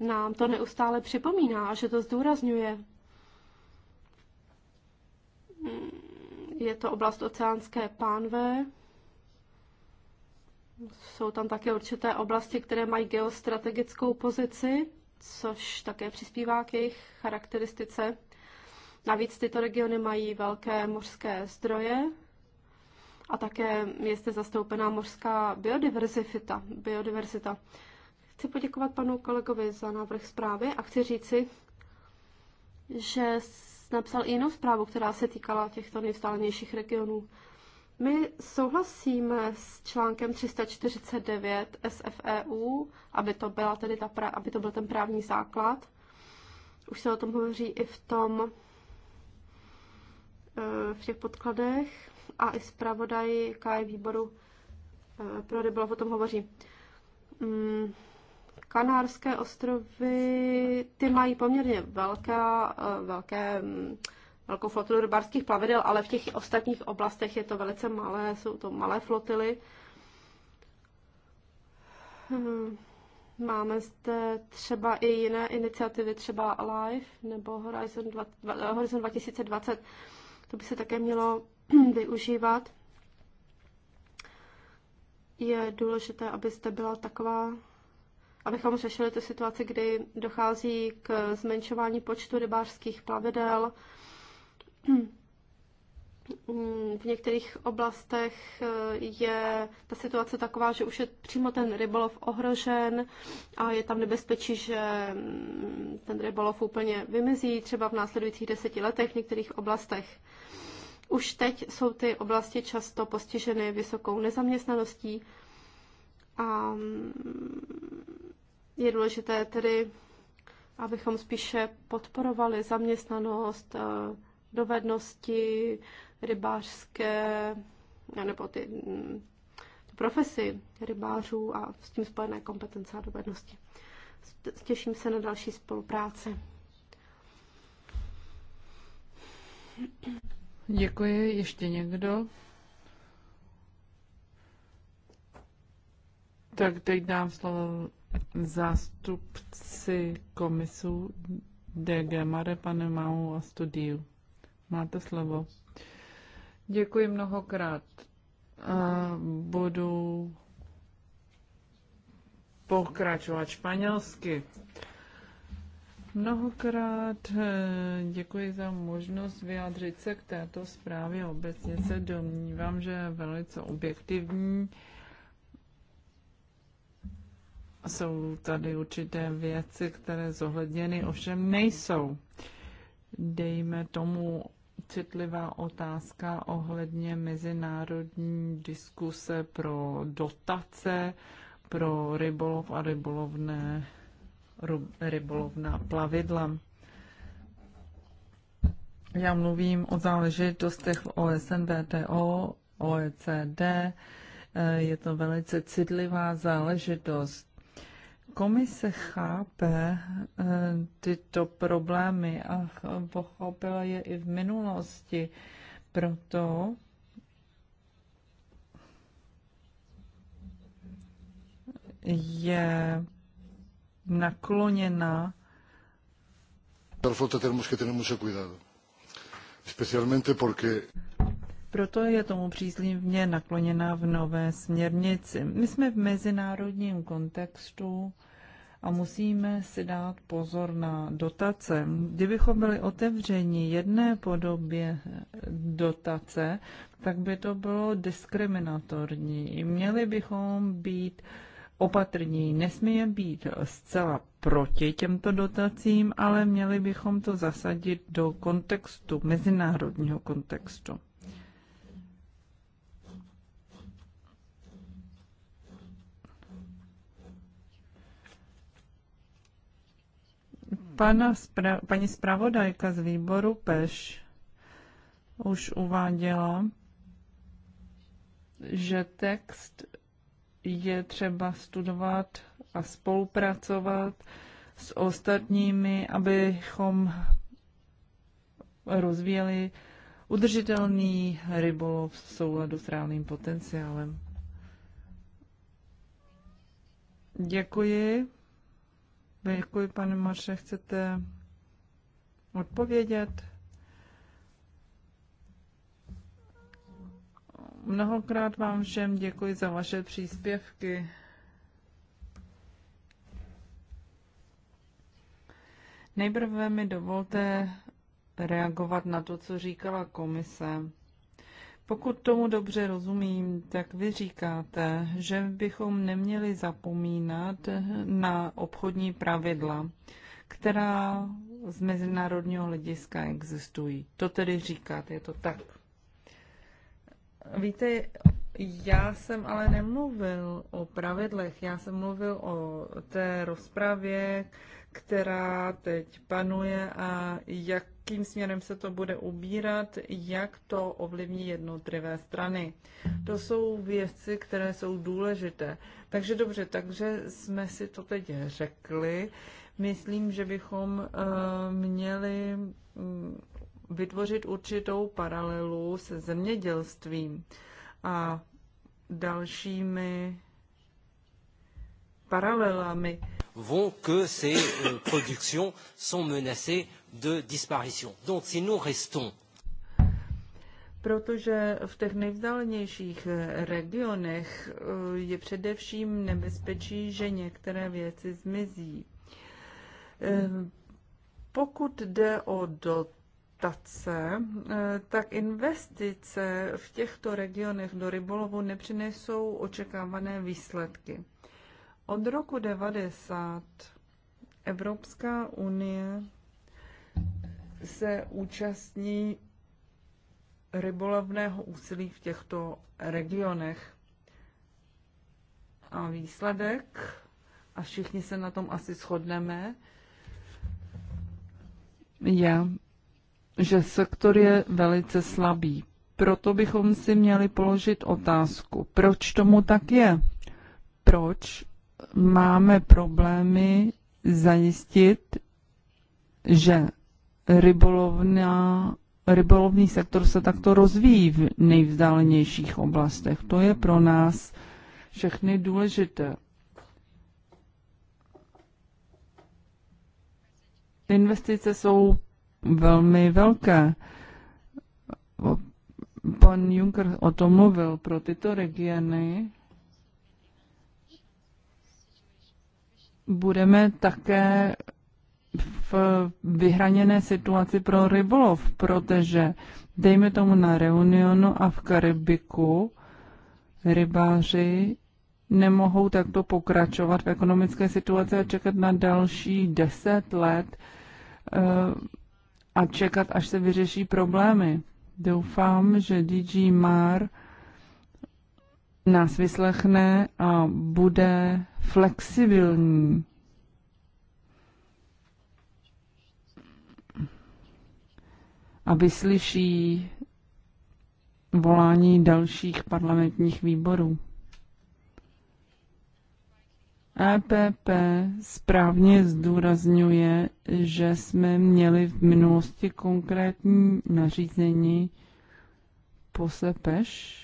nám to neustále připomíná a že to zdůrazňuje. Je to oblast oceánské pánve. Jsou tam také určité oblasti, které mají geostrategickou pozici, což také přispívá k jejich charakteristice. Navíc tyto regiony mají velké mořské zdroje, a také je zde zastoupená mořská biodiverzita. biodiverzita. Chci poděkovat panu kolegovi za návrh zprávy a chci říci, že napsal jinou zprávu, která se týkala těchto nejvzdálenějších regionů. My souhlasíme s článkem 349 SFEU, aby to, byla tedy ta, pra, aby to byl ten právní základ. Už se o tom hovoří i v tom eh, v těch podkladech a i zpravodaj kaj výboru eh, pro rybolov o tom hovoří. Mm, Kanárské ostrovy, ty mají poměrně velká, eh, velké, mm, velkou flotilu rybářských plavidel, ale v těch ostatních oblastech je to velice malé, jsou to malé flotily. Eh, máme zde třeba i jiné iniciativy, třeba Alive nebo Horizon, 20, Horizon 2020. To by se také mělo využívat. Je důležité, abyste byla taková, abychom řešili tu situaci, kdy dochází k zmenšování počtu rybářských plavidel. V některých oblastech eh, je ta situace taková, že už je přímo ten rybolov ohrožen a je tam nebezpečí, že mm, ten rybolov úplně vymizí třeba v následujících deseti letech v některých oblastech. Už teď jsou ty oblasti často postiženy vysokou nezaměstnaností a je důležité tedy, abychom spíše podporovali zaměstnanost, eh, dovednosti rybářské, eh, nebo mm, ty profesy rybářů a s tím spojené kompetence a dovednosti. Těším se na další spolupráci. Děkuji. Ještě někdo? Tak teď dám slovo zástupci komisu DG Mare, pane Mau a studiu. Máte slovo. Děkuji mnohokrát. A budu pokračovat španělsky. Mnohokrát eh, děkuji za možnost vyjádřit se k této zprávě. Obecně se domnívám, že je velice objektivní. Jsou tady určité věci, které zohledněny ovšem nejsou. Dejme tomu citlivá otázka ohledně mezinárodní diskuse pro dotace, pro rybolov a rybolovné rybolovná plavidla. Já mluvím o záležitostech OSN, VTO, OECD. Eh, je to velice citlivá záležitost. Komise chápe eh, tyto problémy a pochopila je i v minulosti. Proto je nakloněna. Proto je tomu příznivně nakloněna v nové směrnici. My jsme v mezinárodním kontextu a musíme si dát pozor na dotace. Kdybychom byli otevřeni jedné podobě dotace, tak by to bylo diskriminatorní. Měli bychom být opatrní. Nesmíme být zcela proti těmto dotacím, ale měli bychom to zasadit do kontextu, mezinárodního kontextu. Pana spra- paní zpravodajka z výboru PEŠ už uváděla, že text je třeba studovat a spolupracovat s ostatními, abychom rozvíjeli udržitelný rybolov v souladu s reálným potenciálem. Děkuji. Děkuji, pane Marše. Chcete odpovědět? Mnohokrát vám všem děkuji za vaše příspěvky. Nejprve mi dovolte reagovat na to, co říkala komise. Pokud tomu dobře rozumím, tak vy říkáte, že bychom neměli zapomínat na obchodní pravidla, která z mezinárodního hlediska existují. To tedy říkáte, je to tak. Víte, já jsem ale nemluvil o pravidlech, já jsem mluvil o té rozpravě, která teď panuje a jakým směrem se to bude ubírat, jak to ovlivní jednotlivé strany. To jsou věci, které jsou důležité. Takže dobře, takže jsme si to teď řekli. Myslím, že bychom eh, měli mm, vytvořit určitou paralelu se zemědělstvím a dalšími paralelami. Vont que ces euh, productions sont menacées de disparition. Donc si nous restons protože v těch nejvzdálenějších eh, regionech eh, je především nebezpečí, že některé věci zmizí. Eh, pokud jde o dot dotace, eh, tak investice v těchto regionech do rybolovu nepřinesou očekávané výsledky. Od roku 90 Evropská unie se účastní rybolovného úsilí v těchto regionech. A výsledek, a všichni se na tom asi shodneme, je že sektor je velice slabý. Proto bychom si měli položit otázku, proč tomu tak je? Proč máme problémy zajistit, že rybolovná, rybolovný sektor se takto rozvíjí v nejvzdálenějších oblastech. To je pro nás všechny důležité. Investice jsou velmi velké. Pan Juncker o tom mluvil pro tyto regiony. Budeme také v vyhraněné situaci pro rybolov, protože dejme tomu na Reunionu a v Karibiku rybáři nemohou takto pokračovat v ekonomické situaci a čekat na další deset let eh, a čekat, až se vyřeší problémy. Doufám, že DG Mar nás vyslechne a bude flexibilní. A vyslyší volání dalších parlamentních výborů. EPP správně zdůrazňuje, že jsme měli v minulosti konkrétní nařízení posepeš.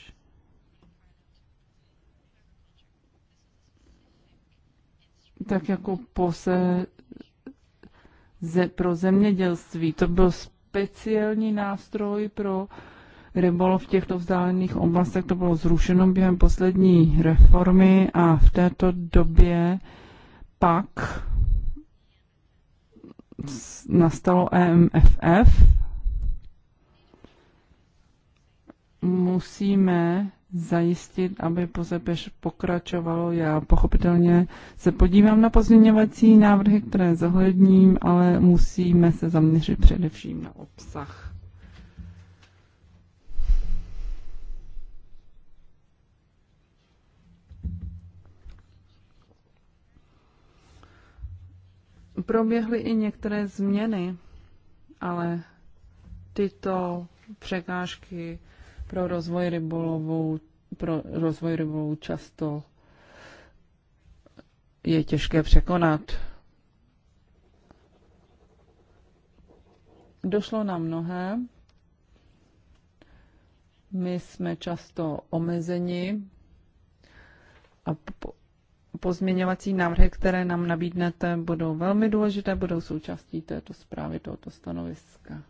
Tak jako pose ze, pro zemědělství. To byl speciální nástroj pro uh, rybolov v těchto vzdálených oblastech. To bylo zrušeno během poslední reformy a v této době pak nastalo EMFF. Musíme zajistit, aby pozepeš pokračovalo. Já pochopitelně se podívám na pozměňovací návrhy, které zohledním, ale musíme se zaměřit především na obsah. proběhly i některé změny, ale tyto překážky pro rozvoj rybolovu, pro rozvoj rybolovu často je těžké překonat. Došlo na mnohé. My jsme často omezeni a pozměňovací návrhy, které nám nabídnete, budou velmi důležité, budou součástí této zprávy, tohoto stanoviska.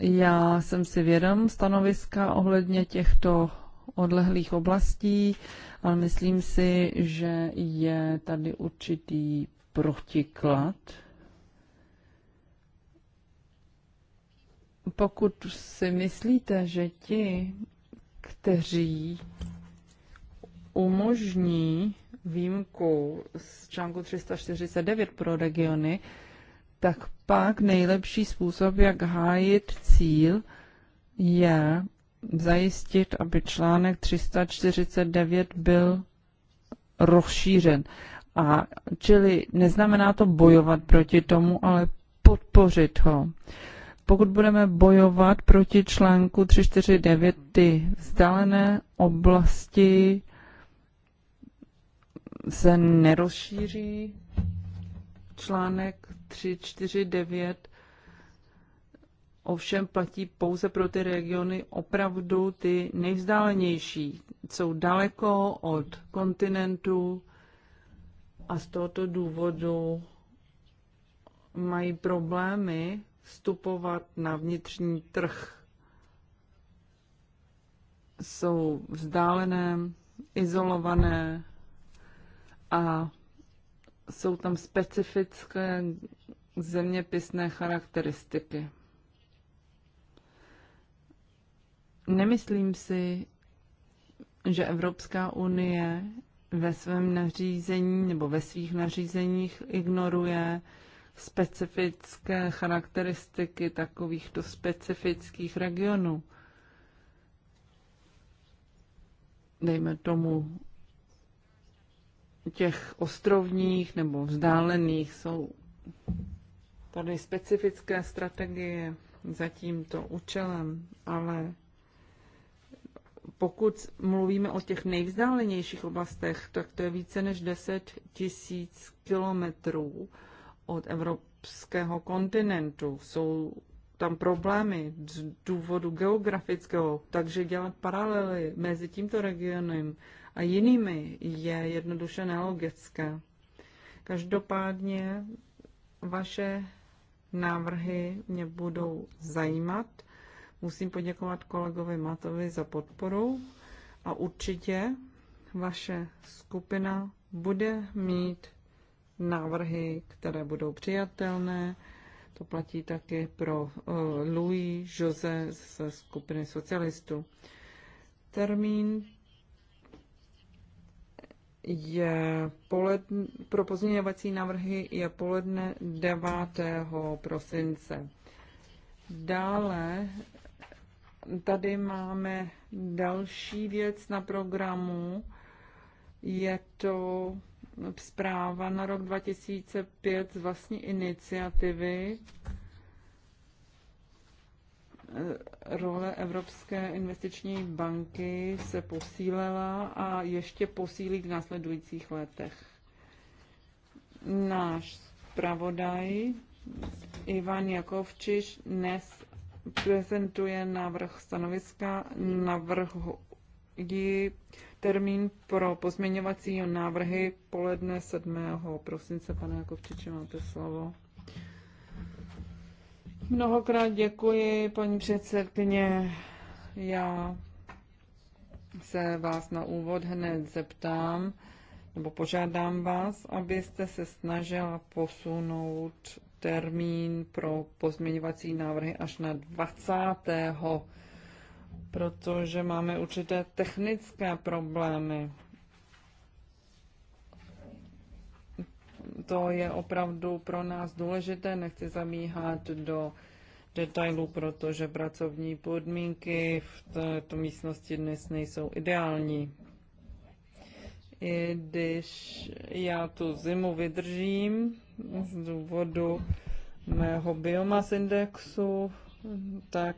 Já jsem si vědom stanoviska ohledně těchto odlehlých oblastí, ale myslím si, že je tady určitý protiklad. Pokud si myslíte, že ti, kteří umožní výjimku z článku 349 pro regiony, tak pak nejlepší způsob, jak hájit cíl, je zajistit, aby článek 349 byl rozšířen. A čili neznamená to bojovat proti tomu, ale podpořit ho. Pokud budeme bojovat proti článku 349, ty vzdálené oblasti se nerozšíří článek 349 ovšem platí pouze pro ty regiony opravdu ty nejvzdálenější. Jsou daleko od kontinentu a z tohoto důvodu mají problémy vstupovat na vnitřní trh. Jsou vzdálené, izolované a jsou tam specifické zeměpisné charakteristiky. Nemyslím si, že Evropská unie ve svém nařízení nebo ve svých nařízeních ignoruje specifické charakteristiky takovýchto specifických regionů. Dejme tomu těch ostrovních nebo vzdálených jsou tady specifické strategie za tímto účelem, ale pokud mluvíme o těch nejvzdálenějších oblastech, tak to je více než 10 tisíc kilometrů od evropského kontinentu. Jsou tam problémy z důvodu geografického, takže dělat paralely mezi tímto regionem a jinými je jednoduše nelogické. Každopádně vaše návrhy mě budou zajímat. Musím poděkovat kolegovi Matovi za podporu a určitě vaše skupina bude mít návrhy, které budou přijatelné. To platí také pro eh, Louis Jose ze skupiny socialistů. Termín je poledne, pro pozměňovací návrhy je poledne 9. prosince. Dále tady máme další věc na programu. Je to zpráva na rok 2005 z vlastní iniciativy eh, role Evropské investiční banky se posílila a ještě posílí v následujících letech. Náš zpravodaj Ivan Jakovčiš dnes prezentuje návrh stanoviska, navrhu, ji termín pro pozměňovací návrhy poledne 7. prosince. Pane Jakovčiče, máte slovo. Mnohokrát děkuji, paní předsedkyně. Já se vás na úvod hned zeptám, nebo požádám vás, abyste se snažila posunout termín pro pozměňovací návrhy až na 20 protože máme určité technické problémy. To je opravdu pro nás důležité, nechci zamíhat do detailů, protože pracovní podmínky v této místnosti dnes nejsou ideální. I když já tu zimu vydržím z důvodu mého biomas indexu, tak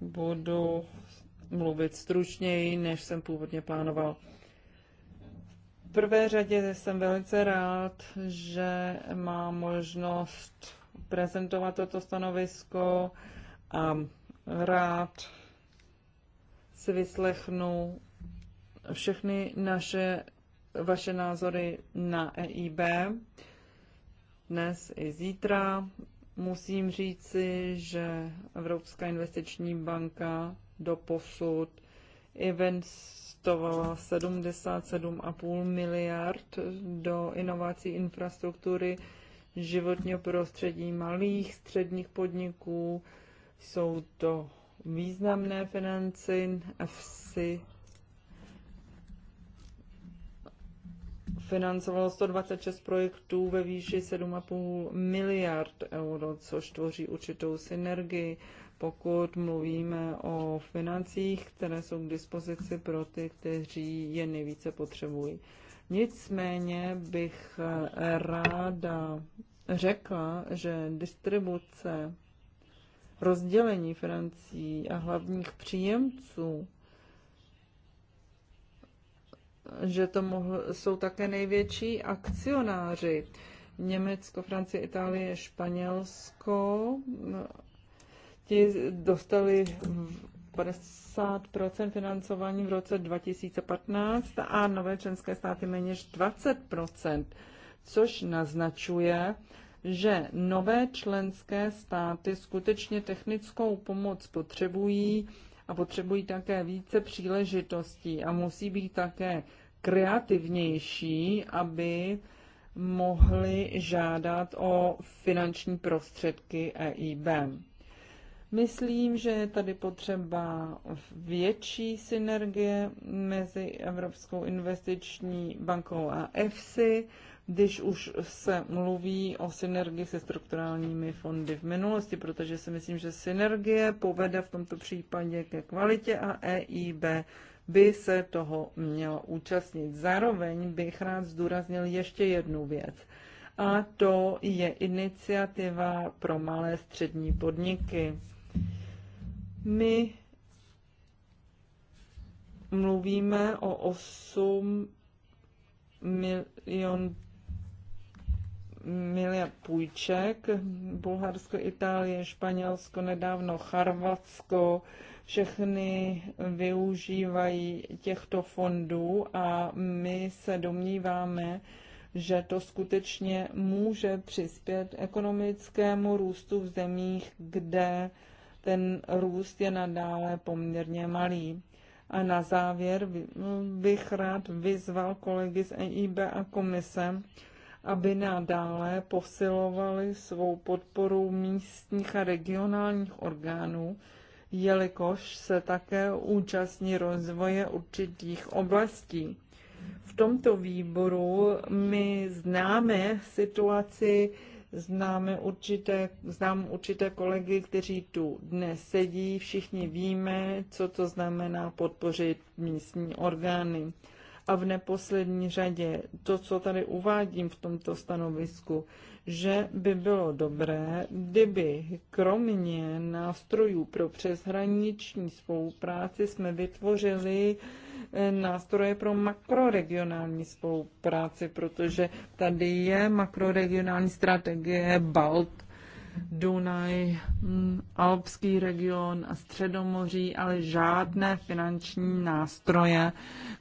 budu mluvit stručněji, než jsem původně plánoval. V prvé řadě jsem velice rád, že mám možnost prezentovat toto stanovisko a rád si vyslechnu všechny naše, vaše názory na EIB dnes i zítra. Musím říci, že Evropská investiční banka do posud investovala 77,5 miliard do inovací infrastruktury životního prostředí malých, středních podniků. Jsou to významné finance, FSI financovalo 126 projektů ve výši 7,5 miliard euro, což tvoří určitou synergii, pokud mluvíme o financích, které jsou k dispozici pro ty, kteří je nejvíce potřebují. Nicméně bych eh, ráda řekla, že distribuce rozdělení financí a hlavních příjemců že to mohl, jsou také největší akcionáři. Německo, Francie, Itálie, Španělsko. No, ti dostali 50 financování v roce 2015 a nové členské státy méně než 20 což naznačuje, že nové členské státy skutečně technickou pomoc potřebují a potřebují také více příležitostí a musí být také kreativnější, aby mohli žádat o finanční prostředky EIB. Myslím, že je tady potřeba větší synergie mezi Evropskou investiční bankou a EFSI když už se mluví o synergii se strukturálními fondy v minulosti, protože si myslím, že synergie povede v tomto případě ke kvalitě a EIB by se toho měla účastnit. Zároveň bych rád zdůraznil ještě jednu věc. A to je iniciativa pro malé střední podniky. My mluvíme o 8 milion miliard půjček. Bulharsko, Itálie, Španělsko, nedávno Chorvatsko, všechny využívají těchto fondů a my se domníváme, že to skutečně může přispět ekonomickému růstu v zemích, kde ten růst je nadále poměrně malý. A na závěr bych rád vyzval kolegy z EIB a komise, aby nadále posilovali svou podporu místních a regionálních orgánů, jelikož se také účastní rozvoje určitých oblastí. V tomto výboru my známe situaci, známe určité, znám určité kolegy, kteří tu dnes sedí, všichni víme, co to znamená podpořit místní orgány. A v neposlední řadě to, co tady uvádím v tomto stanovisku, že by bylo dobré, kdyby kromě nástrojů pro přeshraniční spolupráci jsme vytvořili eh, nástroje pro makroregionální spolupráci, protože tady je makroregionální strategie BALT, Dunaj, mm, Alpský region a Středomoří, ale žádné finanční nástroje,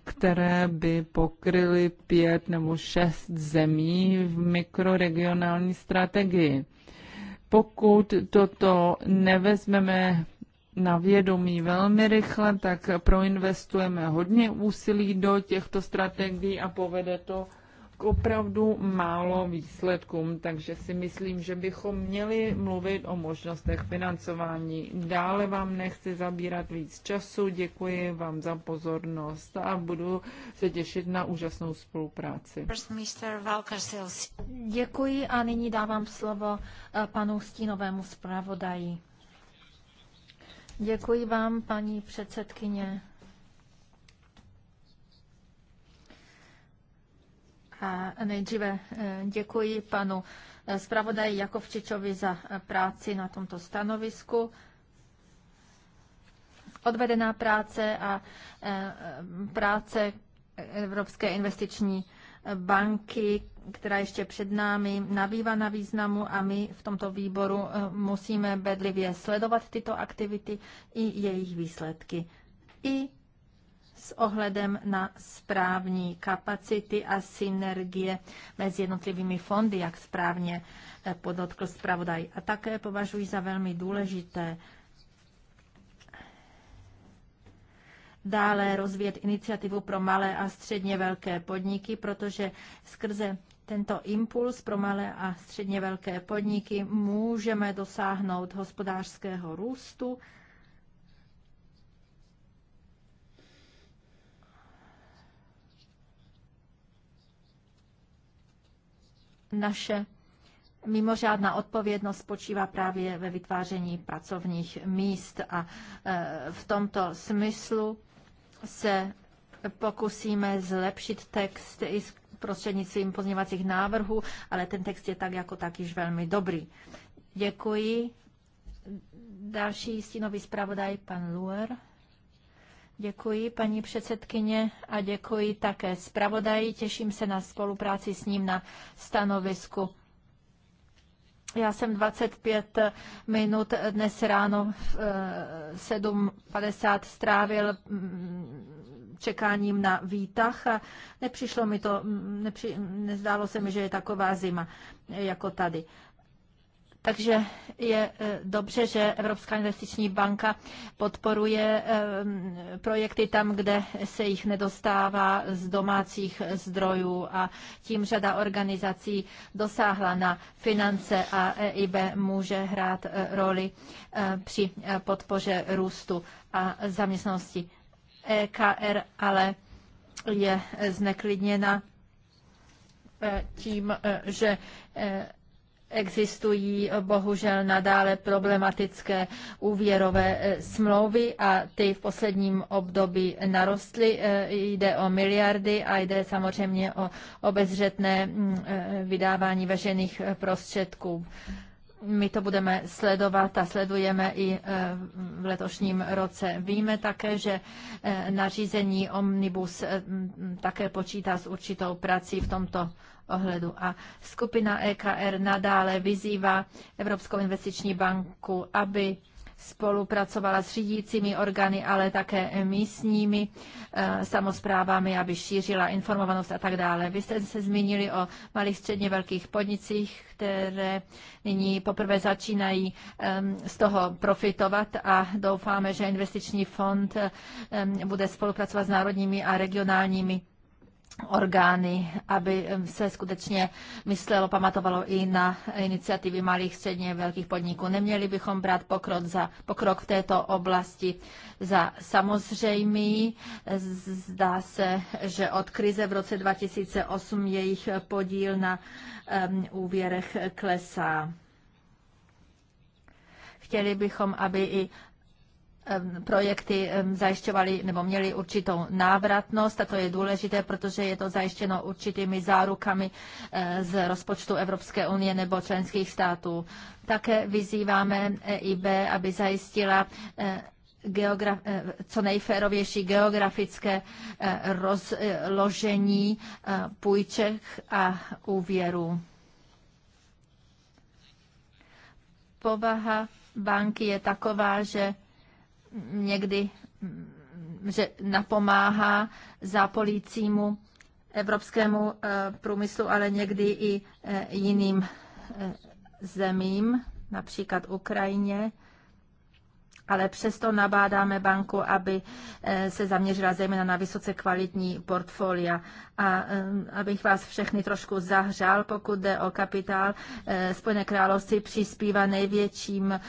které by pokryly pět nebo šest zemí v mikroregionální strategii. Pokud toto nevezmeme na vědomí velmi rychle, tak proinvestujeme hodně úsilí do těchto strategií a povede to k opravdu málo výsledkům, takže si myslím, že bychom měli mluvit o možnostech financování. Dále vám nechci zabírat víc času, děkuji vám za pozornost a budu se těšit na úžasnou spolupráci. Děkuji a nyní dávám slovo eh, panu Stínovému zpravodaji. Děkuji vám, paní předsedkyně. A nejdříve eh, děkuji panu eh, zpravodaji Jakovčičovi za eh, práci na tomto stanovisku. Odvedená práce a práce Evropské investiční banky, která ještě před námi nabývá na významu a my v tomto výboru musíme bedlivě sledovat tyto aktivity i jejich výsledky. I s ohledem na správní kapacity a synergie mezi jednotlivými fondy, jak správně eh, podotkl zpravodaj. A také považuji za velmi důležité dále rozvíjet iniciativu pro malé a středně velké podniky, protože skrze tento impuls pro malé a středně velké podniky můžeme dosáhnout hospodářského růstu naše mimořádná odpovědnost spočívá právě ve vytváření pracovních míst a e, v tomto smyslu se pokusíme zlepšit text i s prostřednictvím pozměňovacích návrhů, ale ten text je tak jako tak již velmi dobrý. Děkuji. Další stínový zpravodaj, pan Luer. Děkuji, paní předsedkyně, a děkuji také zpravodaji. Těším se na spolupráci s ním na stanovisku. Já jsem 25 minut dnes ráno v 7.50 eh, strávil mm, čekáním na výtah a nepřišlo mi to, mm, nepři, nezdálo se mi, že je taková zima eh, jako tady. Takže je eh, dobře, že Evropská investiční banka podporuje eh, projekty tam, kde se jich nedostává z domácích zdrojů a tím řada organizací dosáhla na finance a EIB může hrát eh, roli při podpoře růstu a zaměstnanosti. EKR ale je zneklidněna tím, že existují bohužel nadále problematické úvěrové eh, smlouvy a ty v posledním období narostly. Eh, jde o miliardy a jde samozřejmě o obezřetné mm, eh, vydávání veřejných prostředků. My to budeme sledovat a sledujeme i v letošním roce. Víme také, že nařízení Omnibus také počítá s určitou prací v tomto ohledu. A skupina EKR nadále vyzývá Evropskou investiční banku, aby spolupracovala s řídícími orgány, ale také místními e, samozprávami, aby šířila informovanost a tak dále. Vy jste se zmínili o malých středně velkých podnicích, které nyní poprvé začínají e, z toho profitovat a doufáme, že investiční fond e, bude spolupracovat s národními a regionálními orgány, aby se skutečně myslelo, pamatovalo i na iniciativy malých, středně velkých podniků. Neměli bychom brát pokrok, za, pokrok v této oblasti za samozřejmý. Zdá se, že od krize v roce 2008 jejich podíl na um, úvěrech klesá. Chtěli bychom, aby i projekty zajišťovaly nebo měly určitou návratnost a to je důležité, protože je to zajištěno určitými zárukami eh, z rozpočtu Evropské unie nebo členských států. Také vyzýváme EIB, aby zajistila eh, eh, co nejférovější geografické rozložení půjček a úvěrů. Povaha banky je taková, že někdy mm, že napomáhá zápolícímu evropskému eh, průmyslu, ale někdy i eh, jiným eh, zemím, například Ukrajině ale přesto nabádáme banku, aby eh, se zaměřila zejména na vysoce kvalitní portfolia. A eh, abych vás všechny trošku zahřál, pokud jde o kapitál, eh, Spojené království přispívá největším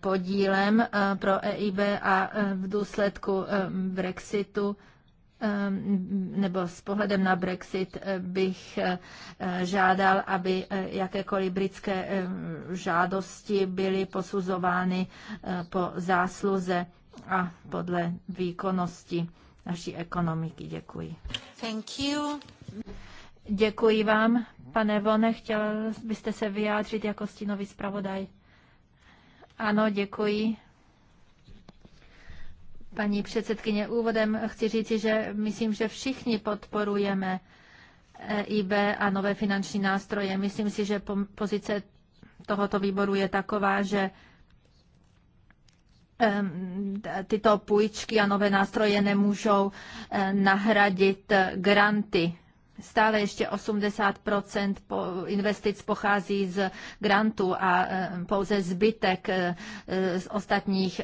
podílem pro EIB a v důsledku Brexitu Ehm, nebo s pohledem na Brexit eh, bych eh, žádal, aby eh, jakékoliv britské žádosti byly posuzovány po zásluze a podle výkonnosti naší ekonomiky. Děkuji. Thank you. Děkuji vám, pane Vone. Chtěl byste se vyjádřit jako stínový zpravodaj? Ano, děkuji. Paní předsedkyně, úvodem chci říci, že myslím, že všichni podporujeme EIB a nové finanční nástroje. Myslím si, že pozice tohoto výboru je taková, že tyto půjčky a nové nástroje nemůžou e, nahradit granty. Stále ještě 80 investic pochází z grantu a e, pouze zbytek e, z ostatních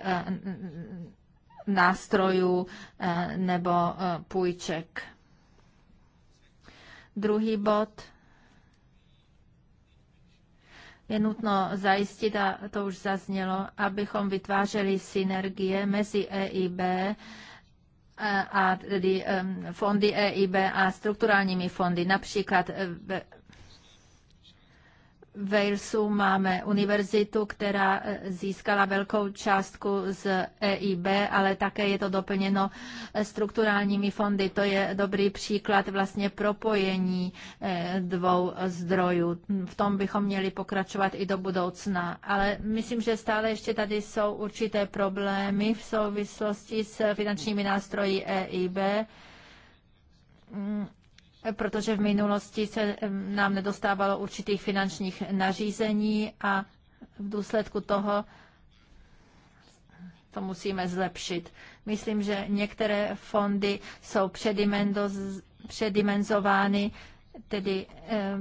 nástrojů eh, nebo eh, půjček. Druhý bod je nutno zajistit, a to už zaznělo, abychom vytvářeli synergie mezi EIB eh, a tedy fondy EIB a strukturálními fondy, například Walesu máme univerzitu, která eh, získala velkou částku z EIB, ale také je to doplněno eh, strukturálními fondy. To je dobrý příklad vlastně propojení eh, dvou zdrojů. V tom bychom měli pokračovat i do budoucna. Ale myslím, že stále ještě tady jsou určité problémy v souvislosti s finančními nástroji EIB mm, protože v minulosti se nám nedostávalo určitých finančních nařízení a v důsledku toho to musíme zlepšit. Myslím, že některé fondy jsou předimenzovány tedy eh,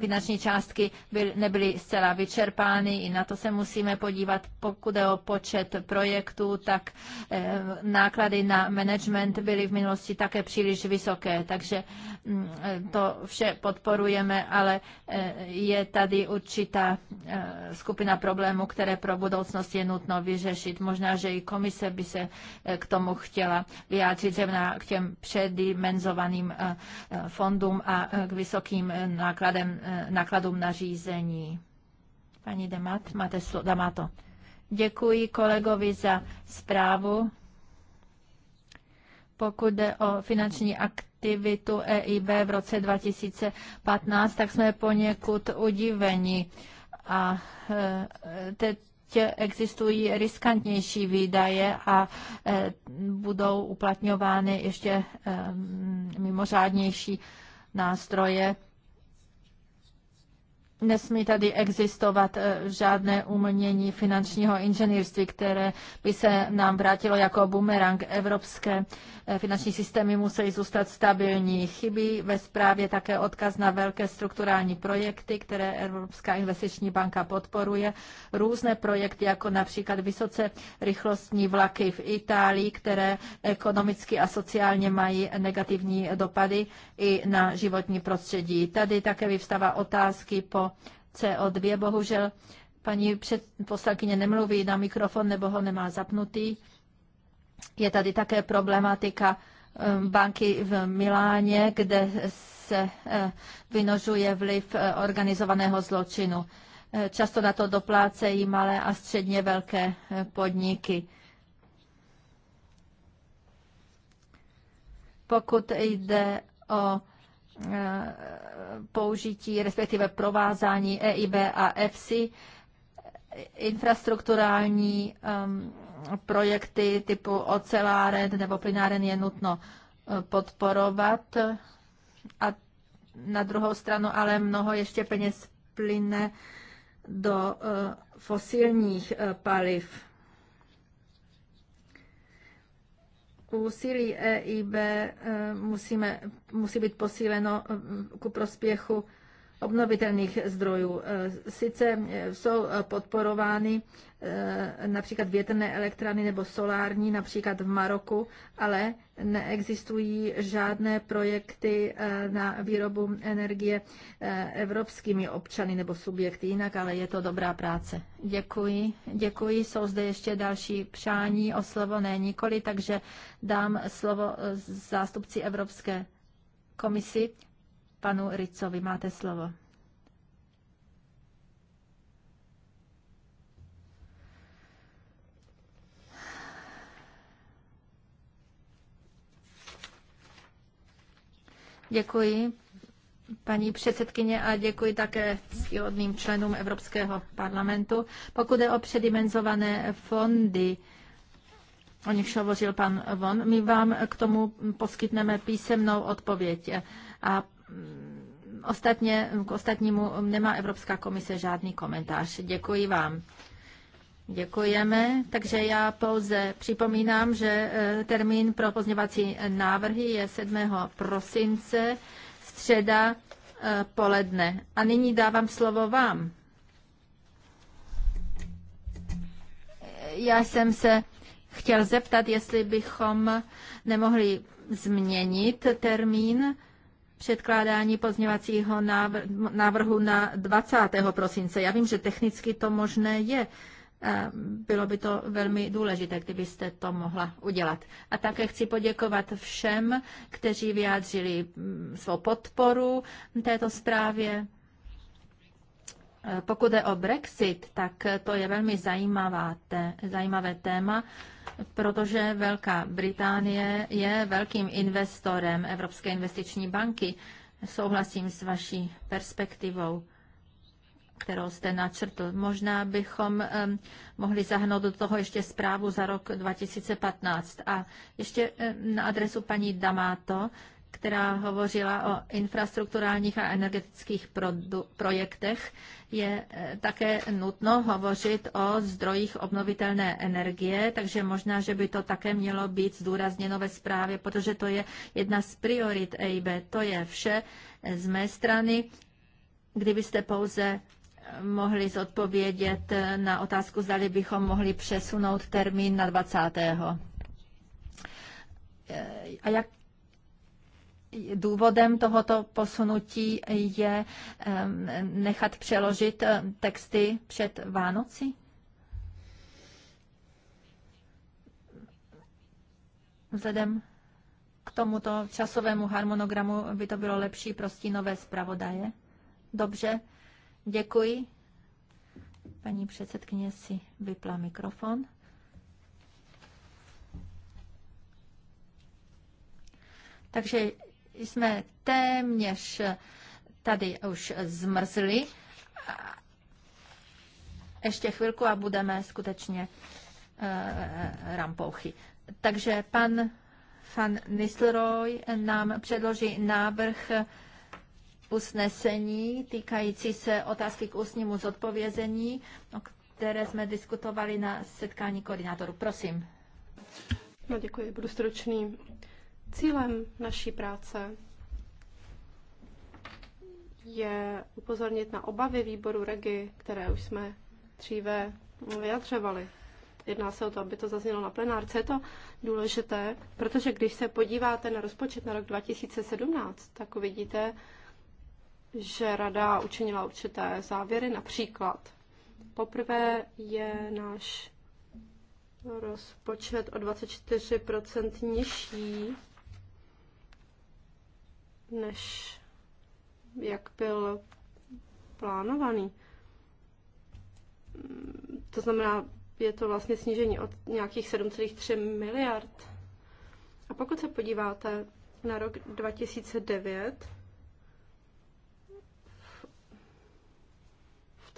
finanční částky byl, nebyly zcela vyčerpány, i na to se musíme podívat. Pokud je o počet projektů, tak eh, náklady na management byly v minulosti také příliš vysoké, takže mm, eh, to vše podporujeme, ale je tady určitá skupina problémů, které pro budoucnost je nutno vyřešit. Možná, že i komise by se k tomu chtěla vyjádřit, zejména k těm předimenzovaným fondům a k vysokým eh, nákladem, eh, nákladům na řízení. Paní Demat, máte slovo. Damato. Děkuji kolegovi za zprávu. Pokud jde o finanční aktivitu EIB v roce 2015, tak jsme poněkud udiveni. A eh, teď existují riskantnější výdaje a budou uplatňovány ještě mimořádnější nástroje Nesmí tady existovat eh, žádné umění finančního inženýrství, které by se nám vrátilo jako bumerang. Evropské eh, finanční systémy musí zůstat stabilní. Chybí ve zprávě také odkaz na velké strukturální projekty, které Evropská investiční banka podporuje. Různé projekty, jako například vysoce rychlostní vlaky v Itálii, které ekonomicky a sociálně mají negativní dopady i na životní prostředí. Tady také vyvstává otázky po CO2. Bohužel paní před, poslankyně nemluví na mikrofon nebo ho nemá zapnutý. Je tady také problematika eh, banky v Miláně, kde se eh, vynožuje vliv eh, organizovaného zločinu. Často na to doplácejí malé a středně velké podniky. Pokud jde o Eh, použití, respektive provázání EIB a EFSI, infrastrukturální projekty typu oceláren nebo plynáren je nutno eh, podporovat a na druhou stranu ale mnoho ještě peněz plyne do eh, fosilních paliv. úsilí EIB eh, musíme, musí být posíleno eh, ku prospěchu obnovitelných zdrojů. Eh, sice jsou podporovány Eh, například větrné elektrárny nebo solární, například v Maroku, ale neexistují žádné projekty eh, na výrobu energie eh, evropskými občany nebo subjekty jinak, ale je to dobrá práce. Děkuji. Děkuji. Jsou zde ještě další přání o slovo, ne nikoli, takže dám slovo zástupci Evropské komisi, panu Ricovi. Máte slovo. Děkuji paní předsedkyně a děkuji také ctihodným členům Evropského parlamentu. Pokud je o předimenzované fondy, o nichž hovořil pan Von, my vám k tomu poskytneme písemnou odpověď. A mm, ostatně, k ostatnímu nemá Evropská komise žádný komentář. Děkuji vám. Děkujeme. Takže já pouze připomínám, že e, termín pro pozněvací návrhy je 7. prosince, středa e, poledne. A nyní dávám slovo vám. Já jsem se chtěl zeptat, jestli bychom nemohli změnit termín předkládání pozněvacího návrhu na 20. prosince. Já vím, že technicky to možné je. Bylo by to velmi důležité, kdybyste to mohla udělat. A také chci poděkovat všem, kteří vyjádřili mm, svou podporu této zprávě. E, pokud je o Brexit, tak to je velmi zajímavá té, zajímavé téma, protože Velká Británie je velkým investorem Evropské investiční banky. Souhlasím s vaší perspektivou kterou jste načrtl. Možná bychom mohli zahnout do toho ještě zprávu za rok 2015. A ještě na adresu paní Damato, která hovořila o infrastrukturálních a energetických projektech, je eh, také nutno hovořit o zdrojích obnovitelné energie, takže možná, že by to také mělo být zdůrazněno ve zprávě, protože to je jedna z priorit EIB. To je vše z mé strany. Kdybyste pouze mohli zodpovědět na otázku, zda bychom mohli přesunout termín na 20. Eh, a jak Důvodem tohoto posunutí je ehm, nechat přeložit eh, texty před Vánoci? Vzhledem k tomuto časovému harmonogramu by to bylo lepší pro stínové zpravodaje. Dobře, Děkuji. Paní předsedkyně si vypla mikrofon. Takže jsme téměř tady už zmrzli. Ještě chvilku a budeme skutečně eh, rampouchy. Takže pan van Nisleroy nám předloží návrh usnesení týkající se otázky k ústnímu zodpovězení, o které jsme diskutovali na setkání koordinátorů. Prosím. No děkuji, budu stručný. Cílem naší práce je upozornit na obavy výboru REGI, které už jsme dříve vyjadřovali. Jedná se o to, aby to zaznělo na plenárce. Je to důležité, protože když se podíváte na rozpočet na rok 2017, tak uvidíte, že rada učinila určité závěry. Například poprvé je náš rozpočet o 24% nižší, než jak byl plánovaný. To znamená, je to vlastně snížení od nějakých 7,3 miliard. A pokud se podíváte na rok 2009,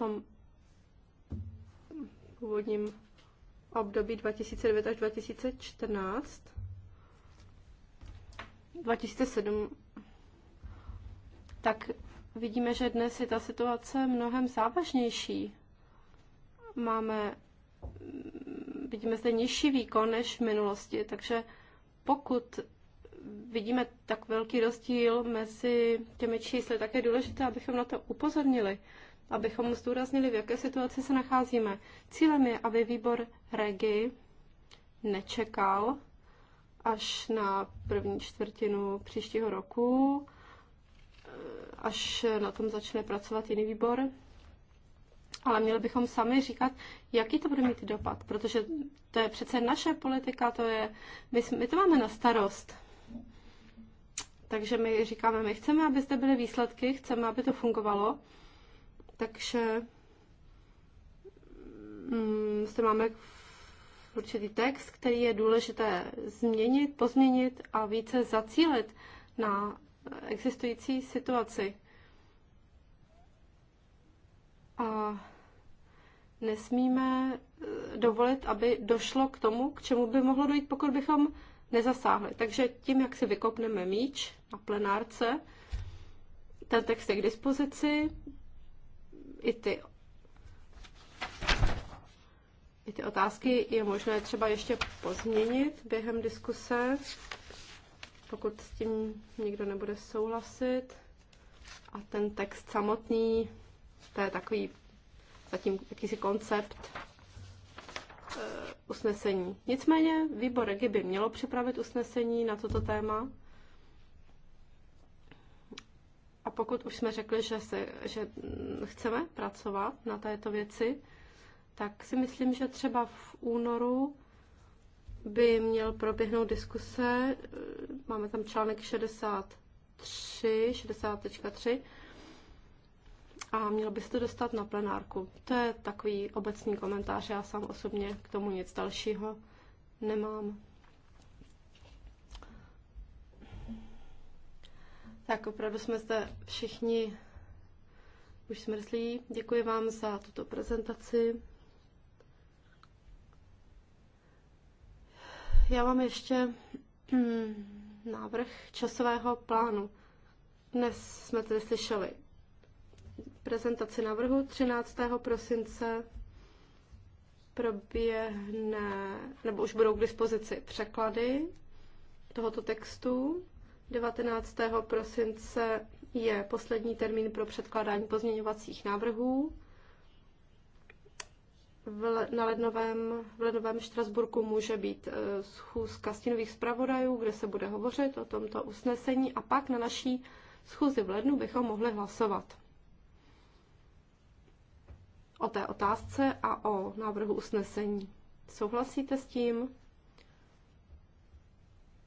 tom původním období 2009 až 2014. 2007 tak vidíme, že dnes je ta situace mnohem závažnější. Máme, vidíme zde nižší výkon než v minulosti, takže pokud vidíme tak velký rozdíl mezi těmi čísly, tak je důležité, abychom na to upozornili abychom zdůraznili, v jaké situaci se nacházíme. Cílem je, aby výbor Regi nečekal až na první čtvrtinu příštího roku, až na tom začne pracovat jiný výbor. Ale měli bychom sami říkat, jaký to bude mít dopad, protože to je přece naše politika, to je, my, my to máme na starost. Takže my říkáme, my chceme, aby zde byly výsledky, chceme, aby to fungovalo, takže se mm, máme určitý text, který je důležité změnit, pozměnit a více zacílit na existující situaci. A nesmíme eh, dovolit, aby došlo k tomu, k čemu by mohlo dojít, pokud bychom nezasáhli. Takže tím, jak si vykopneme míč na plenárce, ten text je k dispozici, i ty i ty otázky je možné třeba ještě pozměnit během diskuse, pokud s tím někdo nebude souhlasit. A ten text samotný, to je takový zatím jakýsi koncept eh, usnesení. Nicméně výbor Regi by mělo připravit usnesení na toto téma. A pokud už jsme řekli, že, se, že mm, chceme pracovat na této věci, tak si myslím, že třeba v únoru by měl proběhnout diskuse, e, máme tam článek 63, 60.3, a mělo by se to dostat na plenárku. To je takový obecný komentář, já sám osobně k tomu nic dalšího nemám. Tak opravdu jsme zde všichni už smrzlí. Děkuji vám za tuto prezentaci. Já mám ještě mm, návrh časového plánu. Dnes jsme tedy slyšeli prezentaci návrhu 13. prosince proběhne, nebo už budou k dispozici překlady tohoto textu. 19. prosince je poslední termín pro předkládání pozměňovacích návrhů. V, na lednovém, v lednovém Štrasburku může být e, schůzka stínových zpravodajů, kde se bude hovořit o tomto usnesení a pak na naší schůzi v lednu bychom mohli hlasovat o té otázce a o návrhu usnesení. Souhlasíte s tím?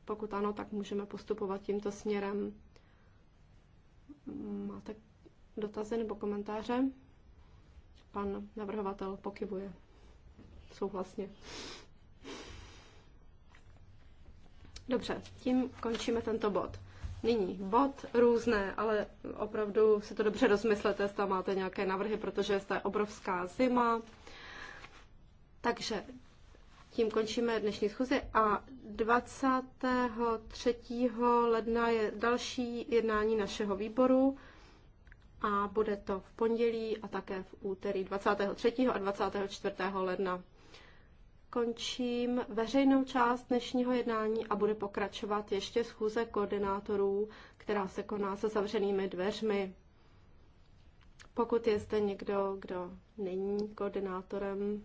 Pokud ano, tak můžeme postupovat tímto směrem. Máte dotazy nebo komentáře? Pan navrhovatel pokivuje souhlasně. Dobře, tím končíme tento bod. Nyní bod různé, ale opravdu si to dobře rozmyslete, zda máte nějaké návrhy, protože je obrovská zima. Takže tím končíme dnešní schůzi a 23. ledna je další jednání našeho výboru a bude to v pondělí a také v úterý 23. a 24. ledna. Končím veřejnou část dnešního jednání a bude pokračovat ještě schůze koordinátorů, která se koná se zavřenými dveřmi. Pokud je zde někdo, kdo není koordinátorem,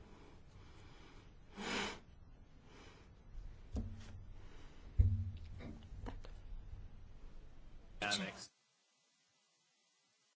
dynamics